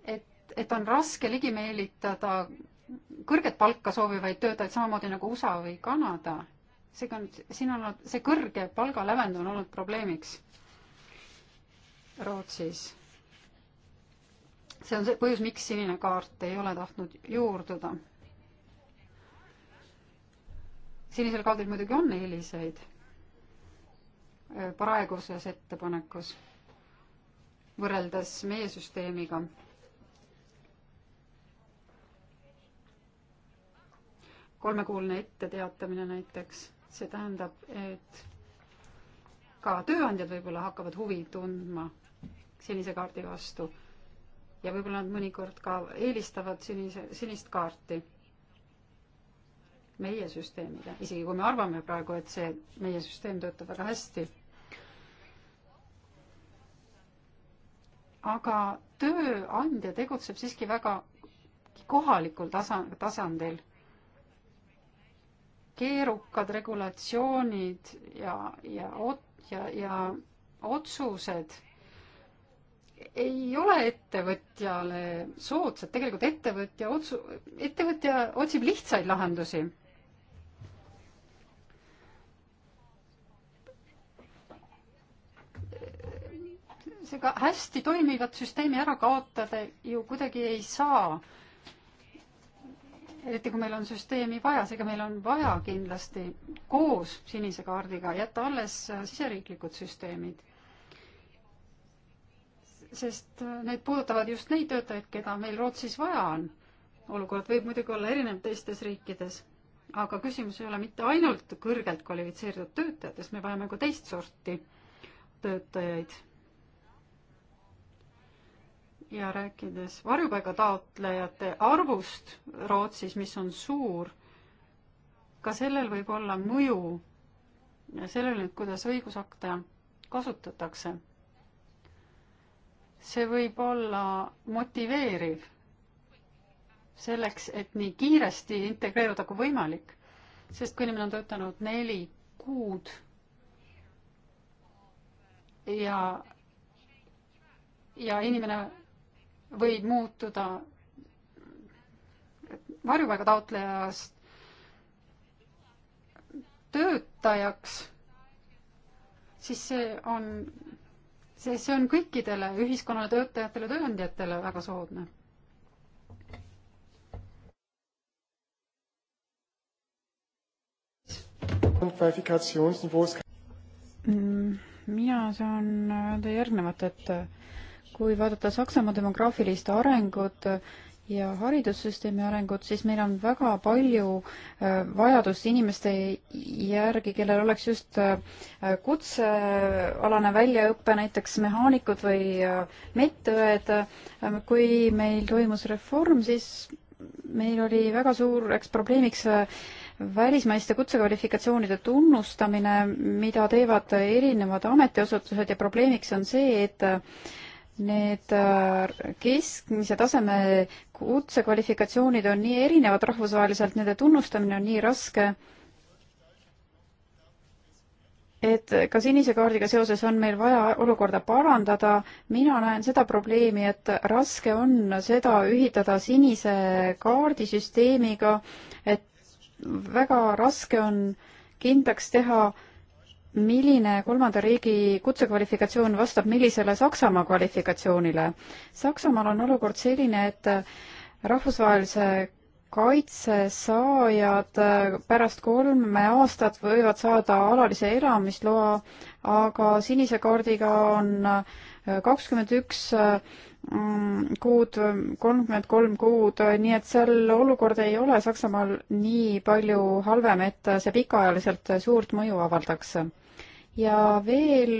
et, et on raske ligi meelitada kõrget palka soovivaid töötajaid samamoodi nagu USA või Kanada. seega on, siin on olnud, see kõrge palgalävend on olnud probleemiks Rootsis. see on see põhjus, miks sinine kaart ei ole tahtnud juurduda. sinisel kaardil muidugi on eeliseid äh, praeguses ettepanekus võrreldes meie süsteemiga kolmekuuline etteteatamine näiteks, see tähendab, et ka tööandjad võib-olla hakkavad huvi tundma sinise kaardi vastu ja võib-olla nad mõnikord ka eelistavad sinise, sinist kaarti meie süsteemile, isegi kui me arvame praegu, et see meie süsteem töötab väga hästi. aga tööandja tegutseb siiski väga kohalikul tasa, tasandil keerukad regulatsioonid ja, ja, ja, ja otsused ei ole ettevõtjale soodsad, tegelikult ettevõtja otsu-, ettevõtja otsib lihtsaid lahendusi. seega hästi toimivat süsteemi ära kaotada ju kuidagi ei saa eriti kui meil on süsteemi vaja, seega meil on vaja kindlasti koos sinise kaardiga jätta alles äh, siseriiklikud süsteemid. sest äh, need puudutavad just neid töötajaid, keda meil Rootsis vaja on. olukord võib muidugi olla erinev teistes riikides, aga küsimus ei ole mitte ainult kõrgelt kvalifitseeritud töötajates, me vajame ka teist sorti töötajaid ja rääkides varjupaiga taotlejate arvust Rootsis, mis on suur, ka sellel võib olla mõju sellele, kuidas õigusakte kasutatakse. see võib olla motiveeriv selleks, et nii kiiresti integreeruda kui võimalik, sest kui inimene on töötanud neli kuud ja, ja inimene võib muutuda varjupaiga taotlejast töötajaks, siis see on, see, see on kõikidele ühiskonnale, töötajatele, tööandjatele väga soodne. Mm, mina saan öelda järgnevat, et kui vaadata Saksamaa demograafilist arengut ja haridussüsteemi arengut, siis meil on väga palju äh, vajadust inimeste järgi, kellel oleks just äh, kutsealane väljaõpe, näiteks mehaanikud või äh, medõed. Ähm, kui meil toimus reform, siis meil oli väga suureks probleemiks välismaiste kutsekvalifikatsioonide tunnustamine, mida teevad erinevad ametiasutused ja probleemiks on see, et need äh, keskmise taseme kutsekvalifikatsioonid on nii erinevad rahvusvaheliselt, nende tunnustamine on nii raske, et ka sinise kaardiga seoses on meil vaja olukorda parandada. mina näen seda probleemi, et raske on seda ühitada sinise kaardisüsteemiga, et väga raske on kindlaks teha äh, milline kolmanda riigi kutsekvalifikatsioon vastab millisele Saksamaa kvalifikatsioonile. Saksamaal on olukord selline, et rahvusvahelise kaitse saajad pärast kolme aastat võivad saada alalise elamisloa, aga sinise kaardiga on kakskümmend üks Mm, kuud, kolmkümmend kolm kuud, nii et seal olukord ei ole Saksamaal nii palju halvem, et see pikaajaliselt suurt mõju avaldaks. ja veel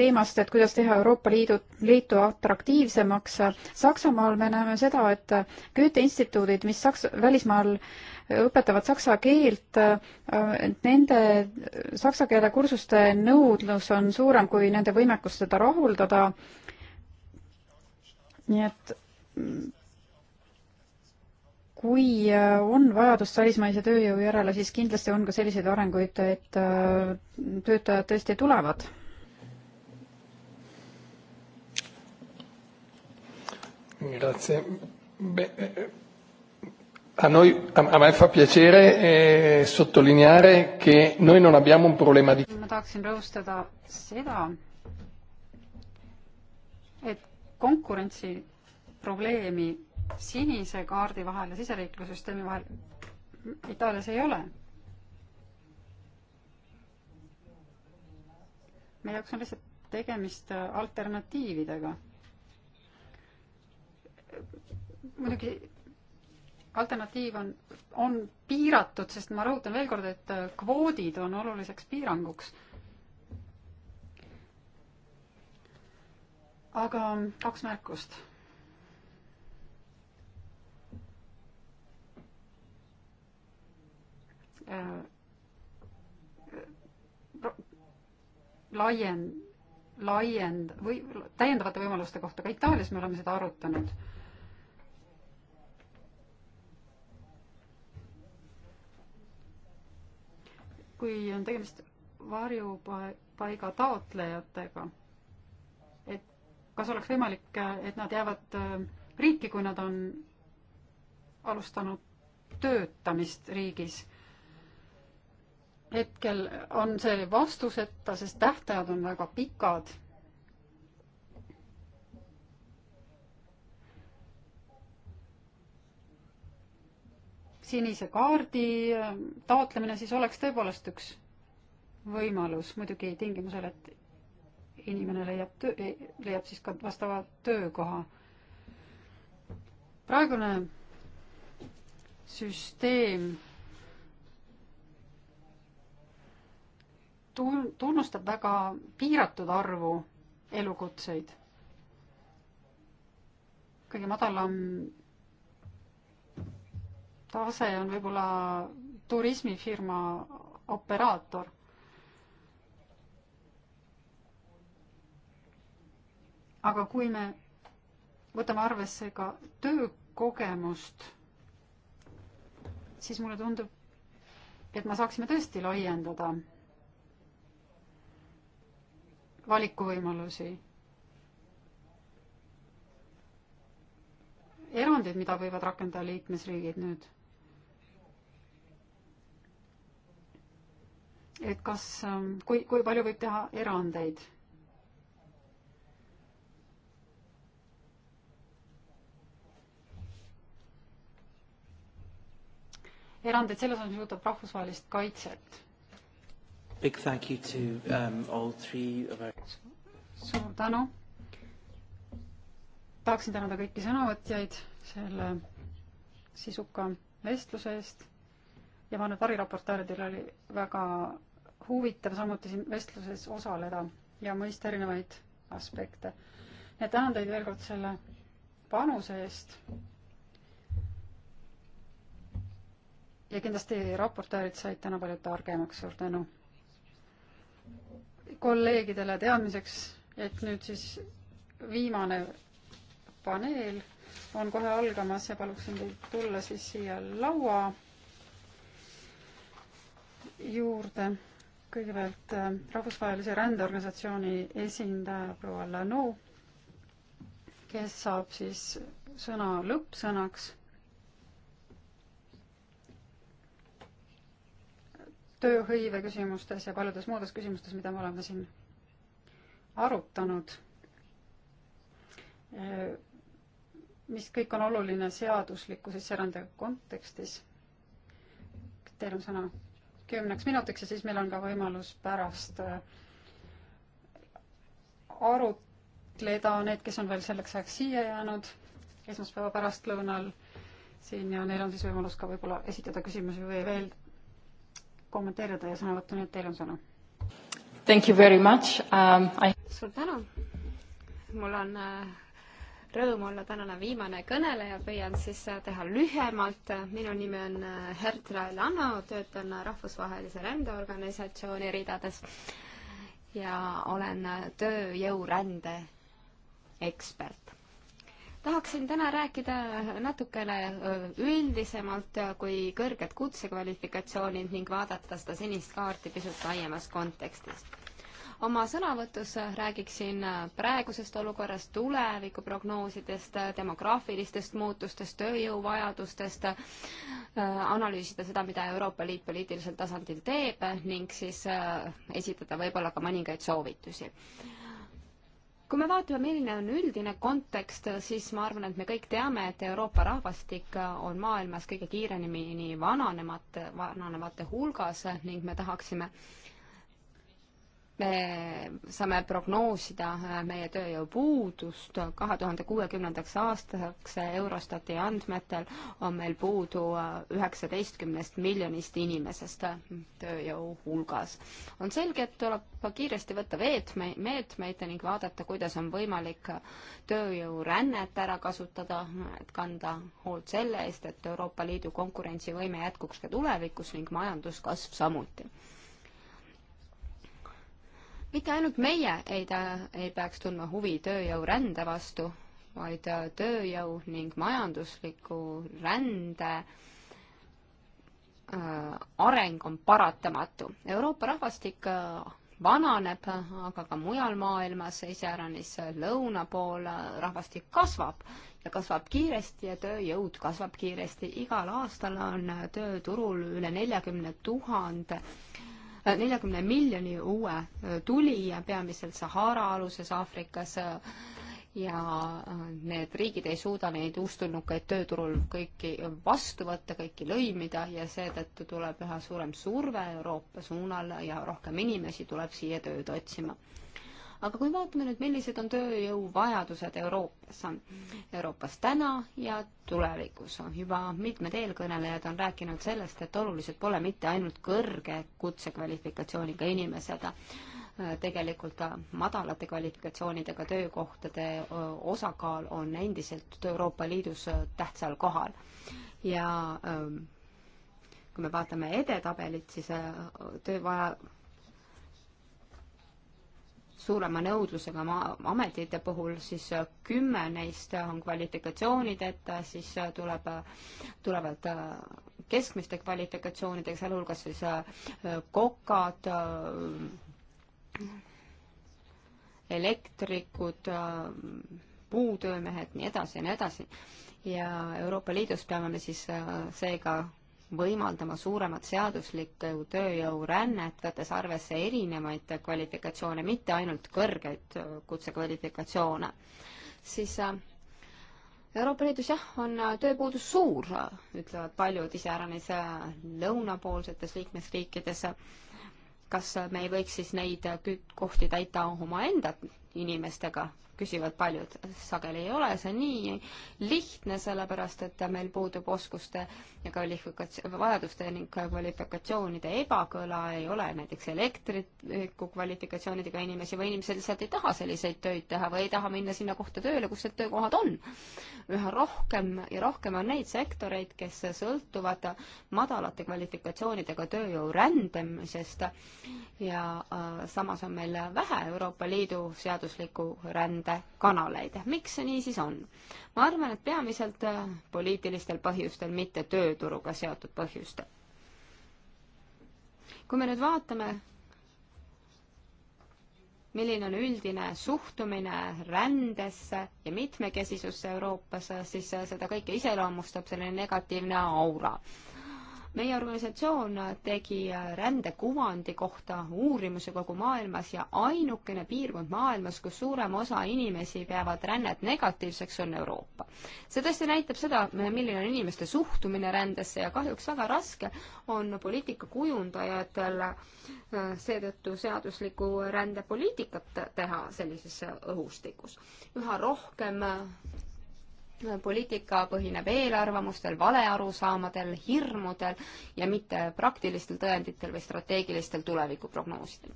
teemast, et kuidas teha Euroopa Liidu, liitu atraktiivsemaks. Saksamaal me näeme seda, et Goethe-instituudid, mis Saks-, välismaal õpetavad saksa keelt, nende saksa keele kursuste nõudlus on suurem kui nende võimekus seda rahuldada nii et mm, kui äh, on vajadust välismaise tööjõu järele, siis kindlasti on ka selliseid arenguid, et äh, töötajad tõesti tulevad. Grazie. A noi, a me fa piacere eh, sottolineare che noi non abbiamo un problema di... Ma tahaksin rõhustada seda, et konkurentsiprobleemi sinise kaardi vahel ja siseriiklussüsteemi vahel Itaalias ei ole. meie jaoks on lihtsalt tegemist alternatiividega. muidugi alternatiiv on, on piiratud, sest ma rõhutan veel kord, et kvoodid on oluliseks piiranguks aga kaks märkust. Äh, äh, laiend, laiend või täiendavate võimaluste kohta, ka Itaalias me oleme seda arutanud kui on tegemist varjupaiga taotlejatega, kas oleks võimalik, et nad jäävad äh, riiki, kui nad on alustanud töötamist riigis? hetkel on see vastuseta, sest tähtajad on väga pikad. sinise kaardi äh, taotlemine siis oleks tõepoolest üks võimalus, muidugi tingimusel, et inimene leiab töö, leiab siis ka vastava töökoha. praegune süsteem tun-, tunnustab väga piiratud arvu elukutseid. kõige madalam tase on võib-olla turismifirma operaator aga kui me võtame arvesse ka töökogemust, siis mulle tundub, et me saaksime tõesti laiendada valikuvõimalusi. erandid, mida võivad rakendada liikmesriigid nüüd. et kas, ähm, kui, kui palju võib teha erandeid erandeid selles osas, mis puudutab rahvusvahelist kaitset. Big thank you to um, all three of our suur tänu. tahaksin tänada kõiki sõnavõtjaid selle sisuka vestluse eest ja ma arvan, et variraportööridel oli väga huvitav samuti siin vestluses osaleda ja mõista erinevaid aspekte. nii et tänan teid veel kord selle panuse eest ja kindlasti raportöörid said täna palju targemaks, suur tänu kolleegidele teadmiseks, et nüüd siis viimane paneel on kohe algamas ja paluksin teil tulla siis siia laua juurde. kõigepealt äh, Rahvusvahelise Rändeorganisatsiooni esindaja proua Lanou, kes saab siis sõna lõppsõnaks tööhõive küsimustes ja paljudes muudes küsimustes, mida me oleme siin arutanud. mis kõik on oluline seadusliku sisserände kontekstis. Teil on sõna kümneks minutiks ja siis meil on ka võimalus pärast äh, arutleda, need, kes on veel selleks ajaks siia jäänud, esmaspäeva pärastlõunal siin ja neil on siis võimalus ka võib-olla esitada küsimusi või veel kommenteerida teie sõnavõttu, nii et teil on sõna. Thank you very much um,. I... suur tänu. mul on äh, rõõm olla tänane viimane kõneleja, püüan siis äh, teha lühemalt. minu nimi on äh, Hertra Elano, töötan rahvusvahelise rändeorganisatsiooni ridades ja olen tööjõurände ekspert tahaksin täna rääkida natukene äh, üldisemalt kui kõrged kutsekvalifikatsioonid ning vaadata seda sinist kaarti pisut laiemas kontekstis. oma sõnavõtus räägiksin äh, praegusest olukorrast, tulevikuprognoosidest, äh, demograafilistest muutustest, tööjõuvajadustest, analüüsida seda, mida Euroopa Liit poliitilisel tasandil teeb ning siis esitada võib-olla ka mõningaid soovitusi kui me vaatame, milline on üldine kontekst, siis ma arvan, et me kõik teame, et Euroopa rahvastik on maailmas kõige kiiremini vananevate, vananevate hulgas ning me tahaksime äh, me saame prognoosida äh, meie tööjõupuudust, kahe tuhande kuuekümnendaks aastaks äh, Eurostati andmetel on meil puudu äh, üheksateistkümnest miljonist inimesest tööjõu hulgas. on selge, et tuleb kiiresti võtta veetme, meetmeid ning vaadata, kuidas on võimalik tööjõurännet ära kasutada, et kanda hoolt selle eest, et Euroopa Liidu konkurentsivõime jätkuks ka tulevikus ning majanduskasv samuti mitte ainult meie ei ta-, ei peaks tundma huvi tööjõu rände vastu, vaid äh, tööjõu ning majandusliku rände äh, areng on paratamatu. Euroopa rahvastik äh, vananeb, aga ka mujal maailmas, iseäranis äh, lõuna pool, äh, rahvastik kasvab ja kasvab kiiresti ja tööjõud kasvab kiiresti. igal aastal on tööturul üle neljakümne tuhande neljakümne miljoni uue tulija, peamiselt Sahara-aluses Aafrikas ja need riigid ei suuda neid uustulnukaid tööturul kõiki vastu võtta, kõiki lõimida ja seetõttu tuleb üha suurem surve Euroopa suunal ja rohkem inimesi tuleb siia tööd otsima aga kui vaatame nüüd, millised on tööjõuvajadused Euroopas, Euroopas täna ja tulevikus, juba mitmed eelkõnelejad on rääkinud sellest, et olulised pole mitte ainult kõrge kutsekvalifikatsiooniga inimesed, äh, tegelikult madalate kvalifikatsioonidega töökohtade osakaal on endiselt Euroopa Liidus tähtsal kohal. ja kui me vaatame edetabelit, siis töövaja, suurema nõudlusega maa, ametite puhul, siis äh, kümme neist äh, on kvalifikatsioonideta, siis äh, tuleb, tulevad keskmiste kvalifikatsioonidega, sealhulgas siis kokad, elektrikud, puutöömehed, nii edasi ja nii edasi. ja Euroopa Liidus peame me siis seega võimaldama suuremat seaduslikku tööjõurännet, võttes arvesse erinevaid kvalifikatsioone, mitte ainult kõrgeid kutsekvalifikatsioone, siis äh, Euroopa Liidus jah, on äh, tööpuudus suur, äh, ütlevad paljud iseäranis lõunapoolsetes liikmesriikides. kas me ei võiks siis neid kohti täita omaenda inimestega, küsivad paljud. sageli ei ole see nii lihtne, sellepärast et meil puudub oskuste ja kvalifikats-, vajaduste ning kvalifikatsioonide ebakõla, ei ole näiteks elektriku kvalifikatsioonidega inimesi või inimesed lihtsalt ei taha selliseid töid teha või ei taha minna sinna kohta tööle, kus need töökohad on. üha rohkem ja rohkem on neid sektoreid, kes sõltuvad madalate kvalifikatsioonidega tööjõu rändamisest ja äh, samas on meil vähe Euroopa Liidu seaduslikku rände nende kanaleid. miks see nii siis on? ma arvan, et peamiselt äh, poliitilistel põhjustel, mitte tööturuga seotud põhjustel. kui me nüüd vaatame, milline on üldine suhtumine rändesse ja mitmekesisusse Euroopas, siis äh, seda kõike iseloomustab selline negatiivne aura meie organisatsioon tegi äh, rändekuvandi kohta uurimuse kogu maailmas ja ainukene piirkond maailmas, kus suurem osa inimesi peavad rännet negatiivseks, on Euroopa. see tõesti näitab seda, milline on inimeste suhtumine rändesse ja kahjuks väga raske on poliitika kujundajatel äh, seetõttu seaduslikku rändepoliitikat teha sellises õhustikus. üha rohkem äh, poliitika põhineb eelarvamustel, valearusaamadel, hirmudel ja mitte praktilistel tõenditel või strateegilistel tulevikuprognoosidel.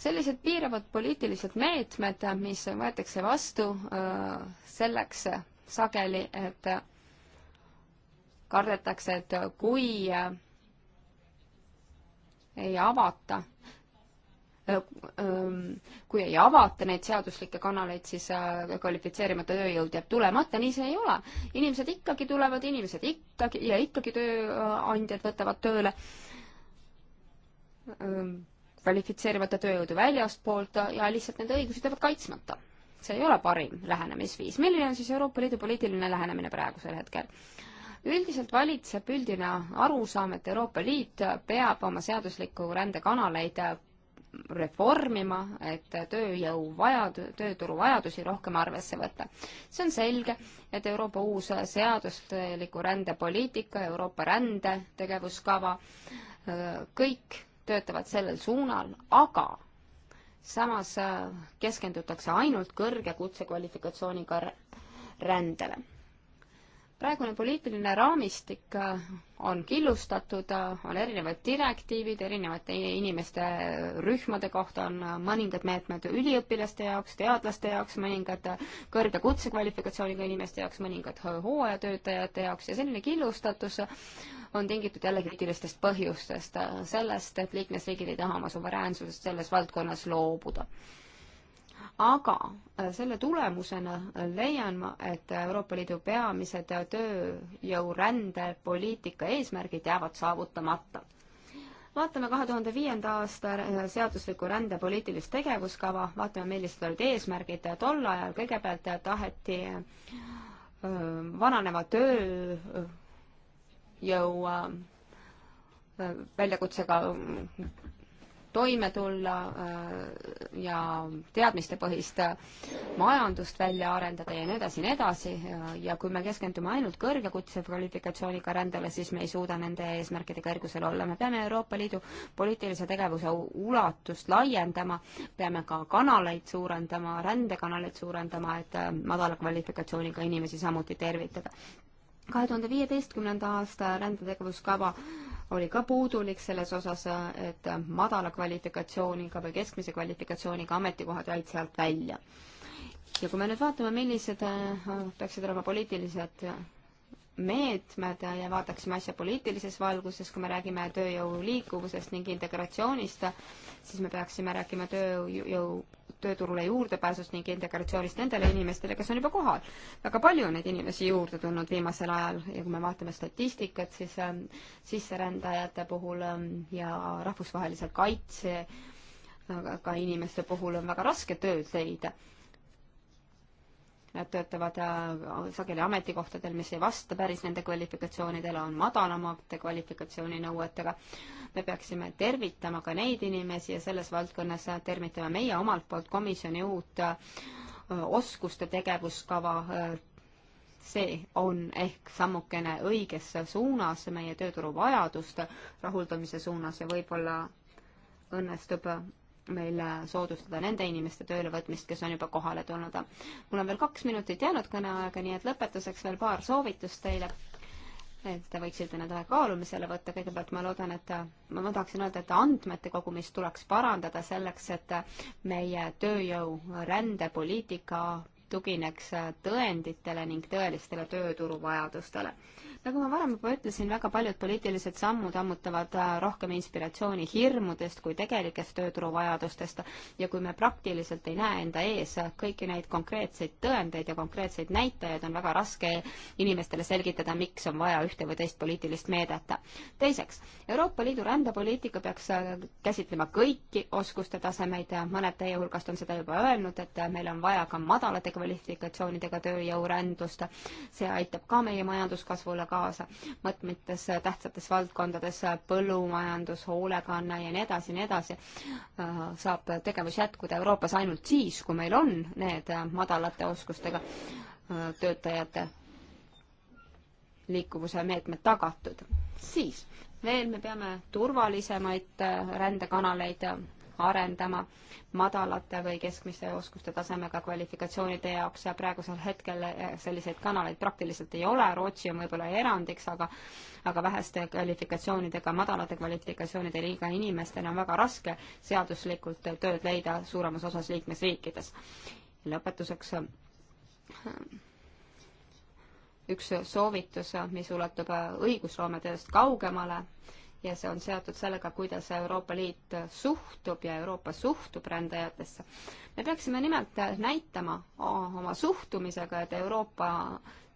sellised piiravad poliitilised meetmed, mis võetakse vastu äh, selleks sageli, et kardetakse, et kui äh, ei avata Äh, ähm, kui ei avata neid seaduslikke kanaleid, siis äh, kvalifitseerimata tööjõud jääb tulemata, nii see ei ole. inimesed ikkagi tulevad, inimesed ikkagi ja ikkagi tööandjad võtavad tööle ähm, kvalifitseerimata tööjõudu väljastpoolt ja lihtsalt nende õigused jäävad kaitsmata. see ei ole parim lähenemisviis. milline on siis Euroopa Liidu poliitiline lähenemine praegusel hetkel? üldiselt valitseb üldine arusaam, et Euroopa Liit peab oma seaduslikku rändekanaleid reformima, et tööjõu vajad-, tööturu vajadusi rohkem arvesse võtta. see on selge, et Euroopa uus seadusliku rändepoliitika, Euroopa rändetegevuskava, kõik töötavad sellel suunal, aga samas keskendutakse ainult kõrge kutsekvalifikatsiooniga rändele. praegune poliitiline raamistik on killustatud, on erinevad direktiivid erinevate inimeste rühmade kohta, on mõningad meetmed üliõpilaste jaoks, teadlaste jaoks, mõningad kõrge kutsekvalifikatsiooniga inimeste jaoks, mõningad hooajatöötajate jaoks ja selline killustatus on tingitud jälle kriitilistest põhjustest, sellest, et liikmesriigid ei taha oma suveräänsusest selles valdkonnas loobuda aga äh, selle tulemusena leian ma, et Euroopa Liidu peamised tööjõurände poliitika eesmärgid jäävad saavutamata. vaatame kahe tuhande viienda aasta seadusliku rände poliitilist tegevuskava, vaatame, millised olid eesmärgid tol ajal, kõigepealt taheti äh, vananeva tööjõu äh, väljakutsega toime tulla äh, ja teadmistepõhist äh, majandust välja arendada ja nii edasi ja nii edasi ja kui me keskendume ainult kõrgekutse kvalifikatsiooniga rändele, siis me ei suuda nende eesmärkide kõrgusel olla. me peame Euroopa Liidu poliitilise tegevuse ulatust laiendama, peame ka kanaleid suurendama, rändekanaleid suurendama, et äh, madala kvalifikatsiooniga inimesi samuti tervitada kahe tuhande viieteistkümnenda aasta rändetegevuskava oli ka puudulik selles osas, et madala kvalifikatsiooniga või keskmise kvalifikatsiooniga ametikohad jäid sealt välja. ja kui me nüüd vaatame, millised äh, peaksid olema poliitilised meetmed ja vaataksime asja poliitilises valguses, kui me räägime tööjõu liikuvusest ning integratsioonist, siis me peaksime rääkima tööjõu, tööturule juurdepääsust ning integratsioonist nendele inimestele, kes on juba kohal. väga palju on neid inimesi juurde tulnud viimasel ajal ja kui me vaatame statistikat, siis äh, sisserändajate puhul äh, ja rahvusvahelise kaitse äh, ka inimeste puhul on väga raske tööd leida Nad töötavad äh, sageli ametikohtadel, mis ei vasta päris nende kvalifikatsioonidele, on madalamate kvalifikatsiooninõuetega. me peaksime tervitama ka neid inimesi ja selles valdkonnas tervitame meie omalt poolt komisjoni uut äh, oskuste tegevuskava. see on ehk sammukene õiges suunas meie tööturu vajaduste rahuldamise suunas ja võib-olla õnnestub meil soodustada nende inimeste töölevõtmist, kes on juba kohale tulnud. mul on veel kaks minutit jäänud kõneaega, nii et lõpetuseks veel paar soovitust teile. et te võiksite need ühe kaalumisele võtta, kõigepealt ma loodan, et ma, ma tahaksin öelda, et andmete kogumist tuleks parandada selleks, et meie tööjõu rändepoliitika tugineks tõenditele ning tõelistele tööturu vajadustele. nagu ma varem juba ütlesin, väga paljud poliitilised sammud ammutavad äh, rohkem inspiratsiooni hirmudest kui tegelikest tööturu vajadustest ja kui me praktiliselt ei näe enda ees kõiki neid konkreetseid tõendeid ja konkreetseid näitajaid, on väga raske inimestele selgitada, miks on vaja ühte või teist poliitilist meedet. teiseks, Euroopa Liidu rändepoliitika peaks äh, käsitlema kõiki oskuste tasemeid, mõned teie hulgast on seda juba öelnud, et äh, meil on vaja ka madala tegu-, kvalifikatsioonidega tööjõurändust. see aitab ka meie majanduskasvule kaasa mõtmetes tähtsates valdkondades, põllumajandus, hoolekanne ja nii edasi, nii edasi, saab tegevus jätkuda Euroopas ainult siis, kui meil on need madalate oskustega töötajate liikuvuse meetmed tagatud. siis veel me peame turvalisemaid rändekanaleid arendama madalate või keskmiste oskuste tasemega kvalifikatsioonide jaoks ja praegusel hetkel eh, selliseid kanaleid praktiliselt ei ole, Rootsi on võib-olla erandiks, aga aga väheste kvalifikatsioonidega, madalate kvalifikatsioonidega inimestel on väga raske seaduslikult tööd leida suuremas osas liikmesriikides. lõpetuseks eh, üks soovitus, mis ulatub õigusloometööst kaugemale, ja see on seotud sellega, kuidas Euroopa Liit suhtub ja Euroopa suhtub rändajatesse. me peaksime nimelt näitama oma suhtumisega, et Euroopa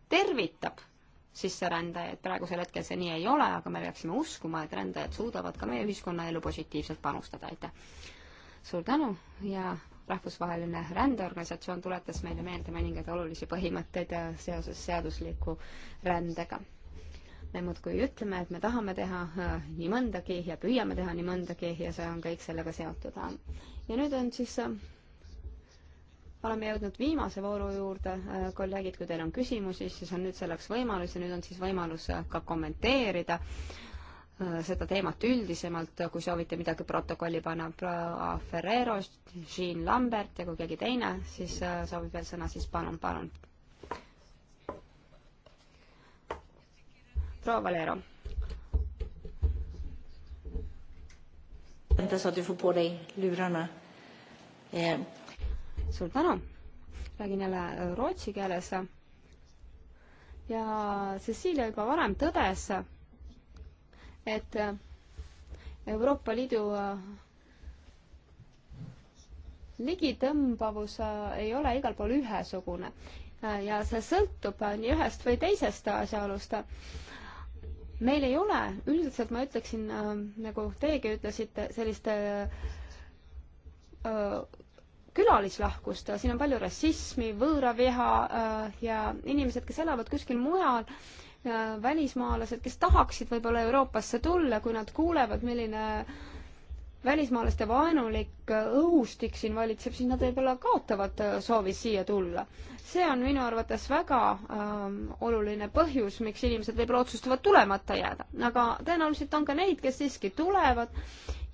tervitab sisserändajaid, praegusel hetkel see nii ei ole, aga me peaksime uskuma, et rändajad suudavad ka meie ühiskonnaelu positiivselt panustada, aitäh! suur tänu ja rahvusvaheline rändeorganisatsioon tuletas meile meelde mõningaid olulisi põhimõtteid äh, seoses seadusliku rändega me muudkui ütleme, et me tahame teha äh, nii mõndagi ja püüame teha nii mõndagi ja see on kõik sellega seotud. ja nüüd on siis, äh, oleme jõudnud viimase vooru juurde, äh, kolleegid, kui teil on küsimusi, siis on nüüd selleks võimalus ja nüüd on siis võimalus ka kommenteerida seda teemat üldisemalt, kui soovite midagi protokolli panna, Ferrero, Jean Lambert ja kui keegi teine, siis soovib veel sõna, siis palun, palun proua Valero. Eh. suur tänu, räägin jälle rootsi keeles. ja Cecilia juba varem tõdes, et Euroopa Liidu äh, ligitõmbavus äh, ei ole igal pool ühesugune äh, ja see sõltub nii ühest või teisest asjaolust meil ei ole, üldiselt ma ütleksin äh,, nagu teiegi ütlesite, sellist äh, äh, külalislahkust, siin on palju rassismi, võõraviha äh, ja inimesed, kes elavad kuskil mujal, äh, välismaalased, kes tahaksid võib-olla Euroopasse tulla, kui nad kuulevad, milline äh, välismaalaste vaenulik äh, õhustik siin valitseb, siis nad võib-olla kaotavad äh, soovi siia tulla. see on minu arvates väga ähm, oluline põhjus, miks inimesed võib-olla otsustavad tulemata jääda. aga tõenäoliselt on ka neid, kes siiski tulevad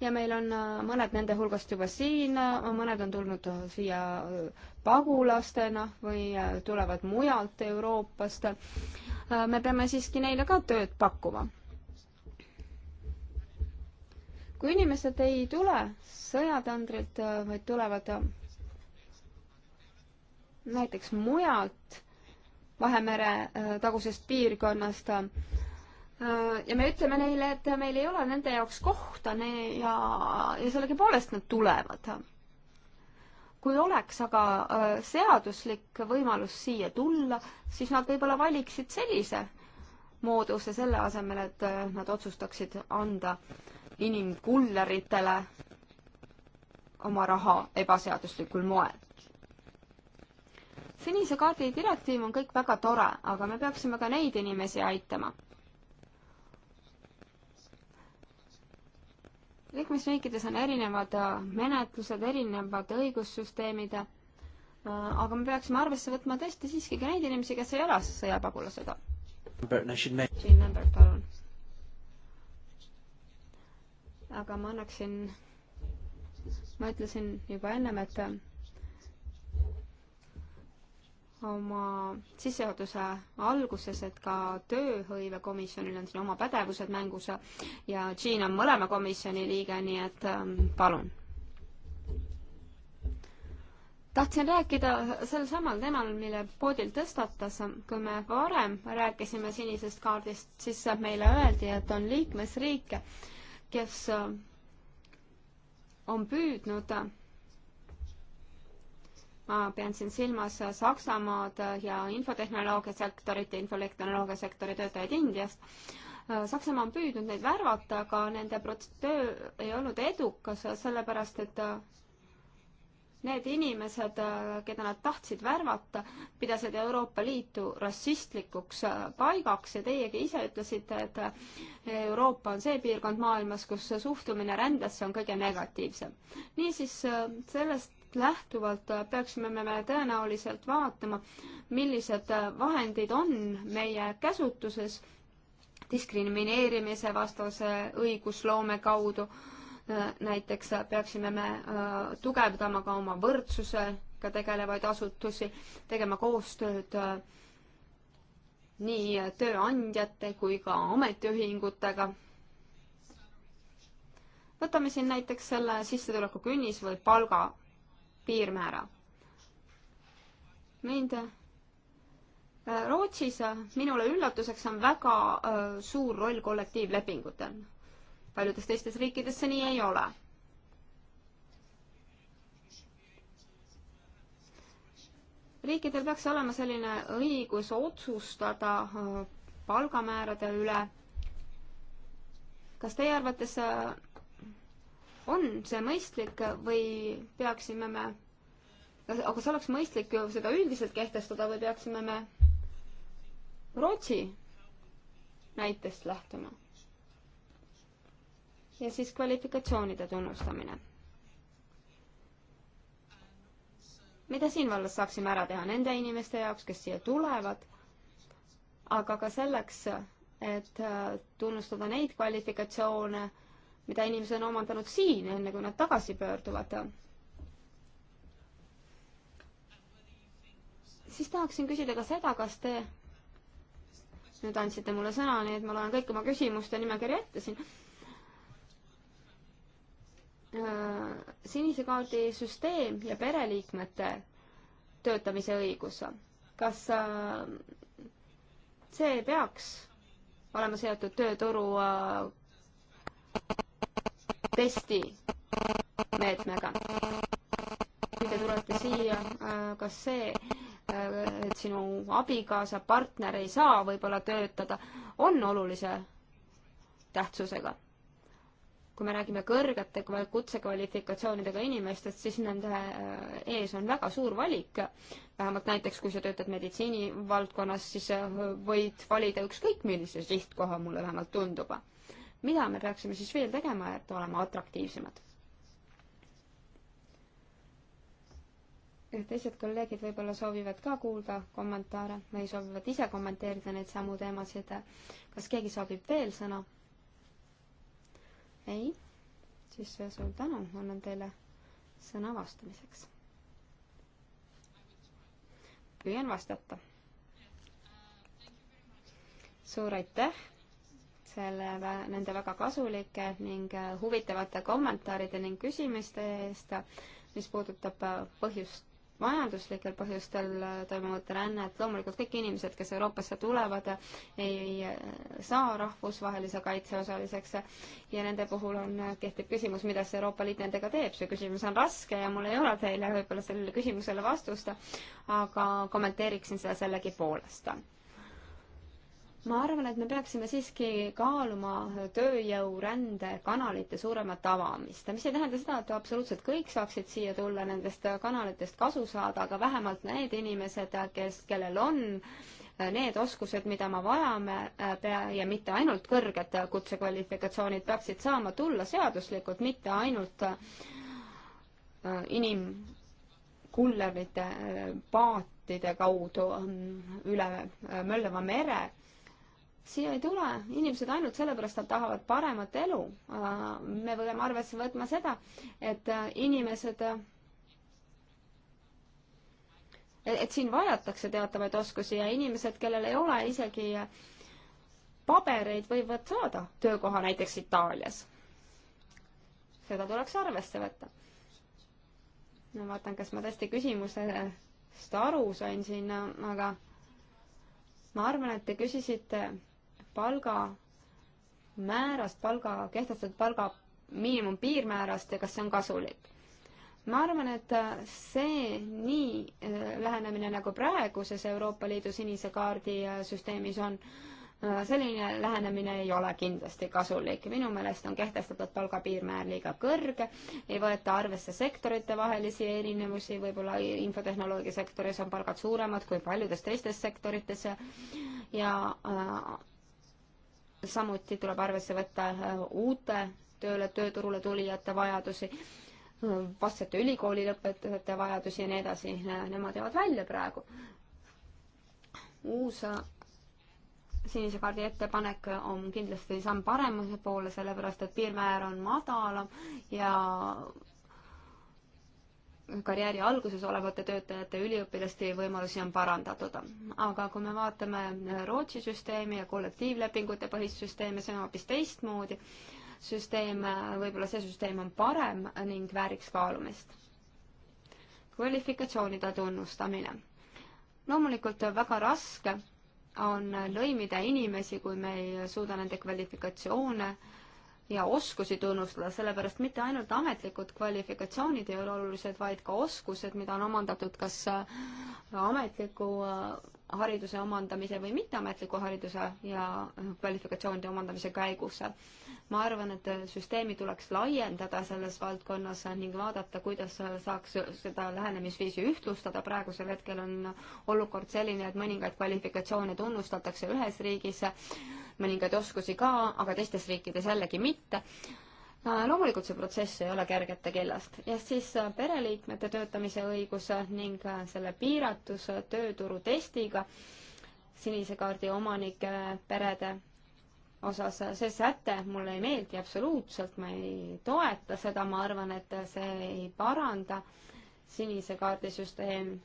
ja meil on äh, mõned nende hulgast juba siin äh,, mõned on tulnud äh, siia äh, pagulastena või tulevad mujalt Euroopast. me peame siiski neile ka tööd pakkuma kui inimesed ei tule sõjatandrilt, äh, vaid tulevad äh, näiteks mujalt Vahemere äh, tagusest piirkonnast ja me ütleme neile, et meil ei ole nende jaoks kohta ne- ja, ja sellegipoolest nad tulevad. kui oleks aga seaduslik võimalus siia tulla, siis nad võib-olla valiksid sellise mooduse selle asemel, et nad otsustaksid anda äh, inimkulleritele oma raha ebaseaduslikul moel. sinise kaardi direktiiv on kõik väga tore, aga me peaksime ka neid inimesi aitama. liikmesriikides on erinevad äh, menetlused, erinevad õigussüsteemid, äh, aga me peaksime arvesse võtma tõesti siiski ka neid inimesi, kes ei ela sõjapagulasega. Jean Lambert, palun aga ma annaksin, ma ütlesin juba ennem, et oma sissejuhatuse alguses, et ka tööhõivekomisjonil on siin oma pädevused mängus ja Jean on mõlema komisjoni liige, nii et ähm, palun tahtsin rääkida sel samal teemal, mille poodil tõstatas, kui me varem rääkisime sinisest kaardist, siis meile öeldi, et on liikmesriike, kes äh, on püüdnud ma pean siin silmas äh, Saksamaad äh, ja infotehnoloogiasektorit ja infotehnoloogiasektori töötajaid Indiast. Saksamaa on püüdnud neid värvata, aga nende töö ei olnud edukas, sellepärast et need inimesed, keda nad tahtsid värvata, pidasid Euroopa Liitu rassistlikuks äh, paigaks ja teiegi ise ütlesite, et äh, Euroopa on see piirkond maailmas, kus suhtumine rändesse on kõige negatiivsem. niisiis äh, sellest lähtuvalt peaksime me tõenäoliselt vaatama, millised vahendid on meie käsutuses diskrimineerimise vastase õigusloome kaudu näiteks peaksime me äh, tugevdama ka oma võrdsusega tegelevaid asutusi, tegema koostööd äh, nii tööandjate kui ka ametiühingutega. võtame siin näiteks selle sissetuleku künnis või palga piirmäära. mind äh, Rootsis minule üllatuseks on väga suur roll kollektiivlepingutel paljudes teistes riikides see nii ei ole. riikidel peaks olema selline õigus otsustada äh, palgamäärade üle. kas teie arvates äh, on see mõistlik või peaksime me, aga kas oleks mõistlik seda üldiselt kehtestada või peaksime me Rootsi näitest lähtuma? ja siis kvalifikatsioonide tunnustamine. mida siin vallas saaksime ära teha nende inimeste jaoks, kes siia tulevad, aga ka selleks, et äh, tunnustada neid kvalifikatsioone, mida inimesed on omandanud siin, enne kui nad tagasi pöörduvad. siis tahaksin küsida ka seda, kas te nüüd andsite mulle sõna, nii et ma loen kõik oma küsimuste nimekirja ette siin Äh, sinise kaardi süsteem ja pereliikmete töötamise õigus, kas äh, see peaks olema seotud tööturu äh, testi meetmega? kui te tulete siia, kas see, et sinu abikaasa, partner ei saa võib-olla töötada, on olulise tähtsusega? kui me räägime kõrgete kutsekvalifikatsioonidega inimestest, siis nende äh, ees on väga suur valik. vähemalt näiteks, kui sa töötad meditsiinivaldkonnas, siis äh, võid valida ükskõik millise sihtkoha, mulle vähemalt tundub. mida me peaksime siis veel tegema, et olema atraktiivsemad? teised kolleegid võib-olla soovivad ka kuulda kommentaare või soovivad ise kommenteerida neid samu teemasid. kas keegi soovib veel sõna? ei, siis äh, suur tänu, annan teile sõna vastamiseks. püüan vastata. suur aitäh selle, nende väga kasulike ning äh, huvitavate kommentaaride ning küsimuste eest, mis puudutab äh, põhjust majanduslikel põhjustel äh, toimuvat rännet, loomulikult kõik inimesed, kes Euroopasse tulevad, äh, ei äh, saa rahvusvahelise kaitse osaliseks ja nende puhul on, kehtib küsimus, mida siis Euroopa Liit nendega teeb, see küsimus on raske ja mul ei ole teile võib-olla sellele küsimusele vastust, aga kommenteeriksin seda sellegipoolest ma arvan, et me peaksime siiski kaaluma tööjõurände kanalite suuremat avamist, mis ei tähenda seda, et absoluutselt kõik saaksid siia tulla, nendest kanalitest kasu saada, aga vähemalt need inimesed, kes, kellel on need oskused, mida me vajame, ja mitte ainult kõrged kutsekvalifikatsioonid, peaksid saama tulla seaduslikult, mitte ainult äh, inimkullerite äh, paatide kaudu ähm, üle äh, möllava mere siia ei tule inimesed ainult sellepärast, nad tahavad paremat elu. me peame arvesse võtma seda, et inimesed, et siin vajatakse teatavaid oskusi ja inimesed, kellel ei ole isegi pabereid, võivad saada töökoha näiteks Itaalias. seda tuleks arvesse võtta. ma vaatan, kas ma tõesti küsimusest aru sain siin, aga ma arvan, et te küsisite palga määrast, palga, kehtestatud palga miinimumpiirmäärast ja kas see on kasulik. ma arvan, et see nii äh, lähenemine, nagu praeguses Euroopa Liidu sinise kaardi äh, süsteemis on, äh, selline lähenemine ei ole kindlasti kasulik. minu meelest on kehtestatud palgapiirmäär liiga kõrge, ei võeta arvesse sektoritevahelisi erinevusi, võib-olla infotehnoloogia sektoris on palgad suuremad kui paljudes teistes sektorites ja äh, samuti tuleb arvesse võtta äh, uute tööle, tööturule tulijate vajadusi, äh, vastsete ülikooli lõpetajate vajadusi ja nii edasi, äh, nemad jäävad välja praegu. uus sinise kaardi ettepanek on kindlasti samm paremuse poole, sellepärast et piirmäär on madalam ja karjääri alguses olevate töötajate üliõpilaste võimalusi on parandatud. aga kui me vaatame äh, Rootsi süsteemi ja kollektiivlepingute põhist süsteemi, see on hoopis teistmoodi süsteem, äh, võib-olla see süsteem on parem ning vääriks kaalumist. kvalifikatsioonide tunnustamine. loomulikult väga raske on lõimida inimesi, kui me ei suuda nende kvalifikatsioone äh, ja oskusi tunnustada, sellepärast mitte ainult ametlikud kvalifikatsioonid ei ole olulised, vaid ka oskused, mida on omandatud kas äh, ametliku äh, hariduse omandamise või mitteametliku hariduse ja äh, kvalifikatsioonide omandamise käigus. ma arvan, et süsteemi tuleks laiendada selles valdkonnas ning vaadata, kuidas saaks seda lähenemisviisi ühtlustada. praegusel hetkel on olukord selline, et mõningaid kvalifikatsioone tunnustatakse ühes riigis mõningaid oskusi ka, aga teistes riikides jällegi mitte loomulikult see protsess ei ole kergete kellast ja siis äh, pereliikmete töötamise õigus ning äh, selle piiratus äh, tööturu testiga sinise kaardi omanike perede osas, see säte mulle ei meeldi absoluutselt, ma ei toeta seda, ma arvan, et see ei paranda sinise kaardi süsteemi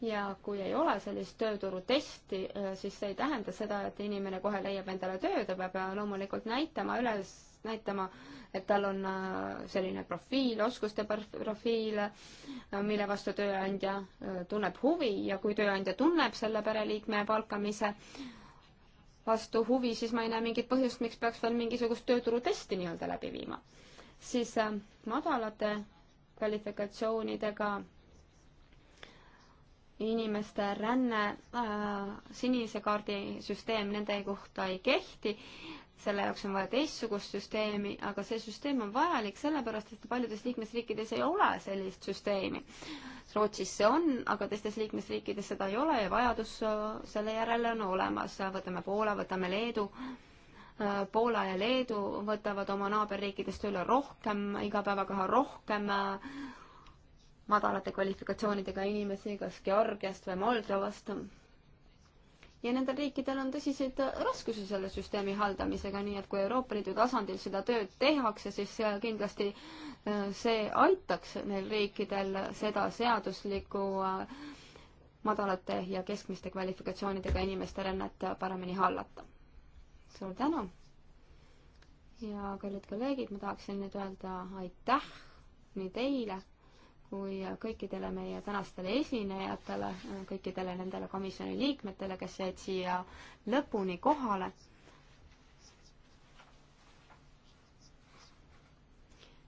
ja kui ei ole sellist tööturutesti, äh, siis see ei tähenda seda, et inimene kohe leiab endale töö, ta peab äh, loomulikult näitama üles, näitama, et tal on äh, selline profiil, oskuste profiil, mille vastu tööandja tunneb huvi ja kui tööandja tunneb selle pereliikme palkamise vastu huvi, siis ma ei näe mingit põhjust, miks peaks veel mingisugust tööturutesti nii-öelda läbi viima. siis madalate kvalifikatsioonidega inimeste ränne äh,, sinise kaardi süsteem nende kohta ei kehti, selle jaoks on vaja teistsugust süsteemi, aga see süsteem on vajalik sellepärast, et paljudes liikmesriikides ei ole sellist süsteemi. Rootsis see on, aga teistes liikmesriikides seda ei ole ja vajadus äh, selle järele on olemas, võtame Poola, võtame Leedu äh, Poola ja Leedu võtavad oma naaberriikidest üle rohkem, iga päevaga rohkem äh, madalate kvalifikatsioonidega inimesi kas Georgiast või Moldovast. ja nendel riikidel on tõsiseid raskusi selle süsteemi haldamisega, nii et kui Euroopa Liidu tasandil seda tööd tehakse, siis kindlasti äh, see aitaks neil riikidel seda seaduslikku äh, madalate ja keskmiste kvalifikatsioonidega inimeste rännet paremini hallata. suur tänu! ja kallid kolleegid, ma tahaksin nüüd öelda aitäh nii teile kui kõikidele meie tänastele esinejatele, kõikidele nendele komisjoni liikmetele, kes jäid siia lõpuni kohale.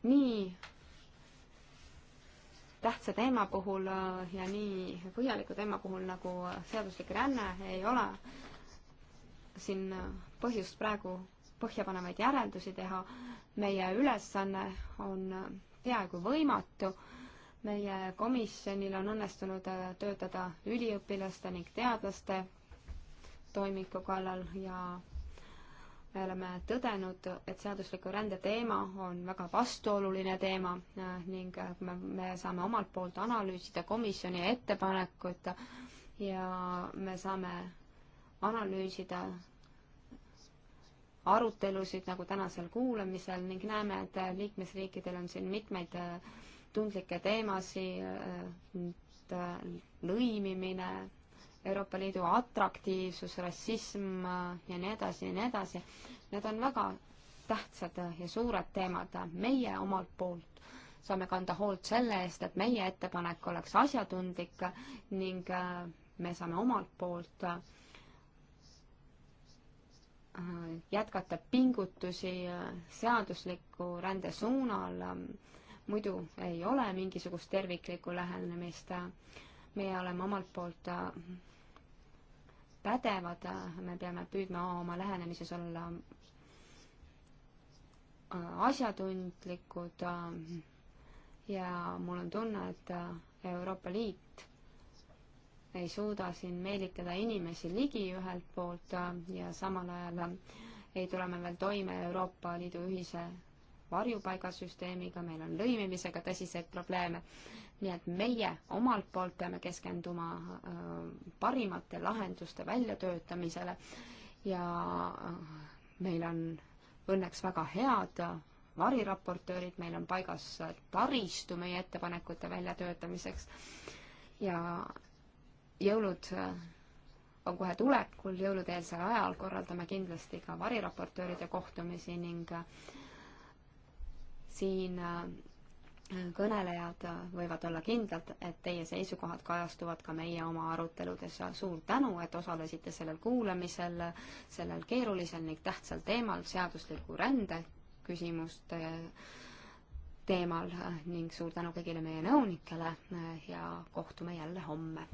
nii tähtsa teema puhul äh, ja nii põhjaliku teema puhul nagu seaduslik ränne ei ole siin äh, põhjust praegu põhjapanevaid järeldusi teha. meie ülesanne on äh, peaaegu võimatu meie komisjonil on õnnestunud äh, töötada üliõpilaste ning teadlaste toimiku kallal ja me oleme tõdenud, et seadusliku rände teema on väga vastuoluline teema äh, ning äh, me, me saame omalt poolt analüüsida komisjoni ettepanekut ja me saame analüüsida arutelusid nagu tänasel kuulamisel ning näeme, et liikmesriikidel on siin mitmeid äh, tundlikke teemasid, äh, lõimimine, Euroopa Liidu atraktiivsus, rassism äh, ja nii edasi ja nii edasi. Need on väga tähtsad äh, ja suured teemad. meie omalt poolt saame kanda hoolt selle eest, et meie ettepanek oleks asjatundlik ning me saame omalt poolt jätkata pingutusi seadusliku rände suunal muidu ei ole mingisugust terviklikku lähenemist. meie oleme omalt poolt äh, pädevad, äh, me peame püüdma oma lähenemises olla äh, asjatundlikud ja mul on tunne, et Euroopa Liit ei suuda siin meelitada inimesi ligi ühelt poolt ja samal ajal ei tule me veel toime Euroopa Liidu ühise varjupaigasüsteemiga, meil on lõimimisega tõsiseid probleeme. nii et meie omalt poolt peame keskenduma äh, parimate lahenduste väljatöötamisele ja äh, meil on õnneks väga head variraportöörid, meil on paigas taristu meie ettepanekute väljatöötamiseks ja jõulud äh, on kohe tulekul, jõuluteelsel ajal korraldame kindlasti ka variraportööride kohtumisi ning äh, siin äh, kõnelejad võivad olla kindlad, et teie seisukohad kajastuvad ka meie oma aruteludes. suur tänu, et osalesite sellel kuulamisel, sellel keerulisel ning tähtsal teemal, seadusliku rände küsimuste teemal äh, ning suur tänu kõigile meie nõunikele äh, ja kohtume jälle homme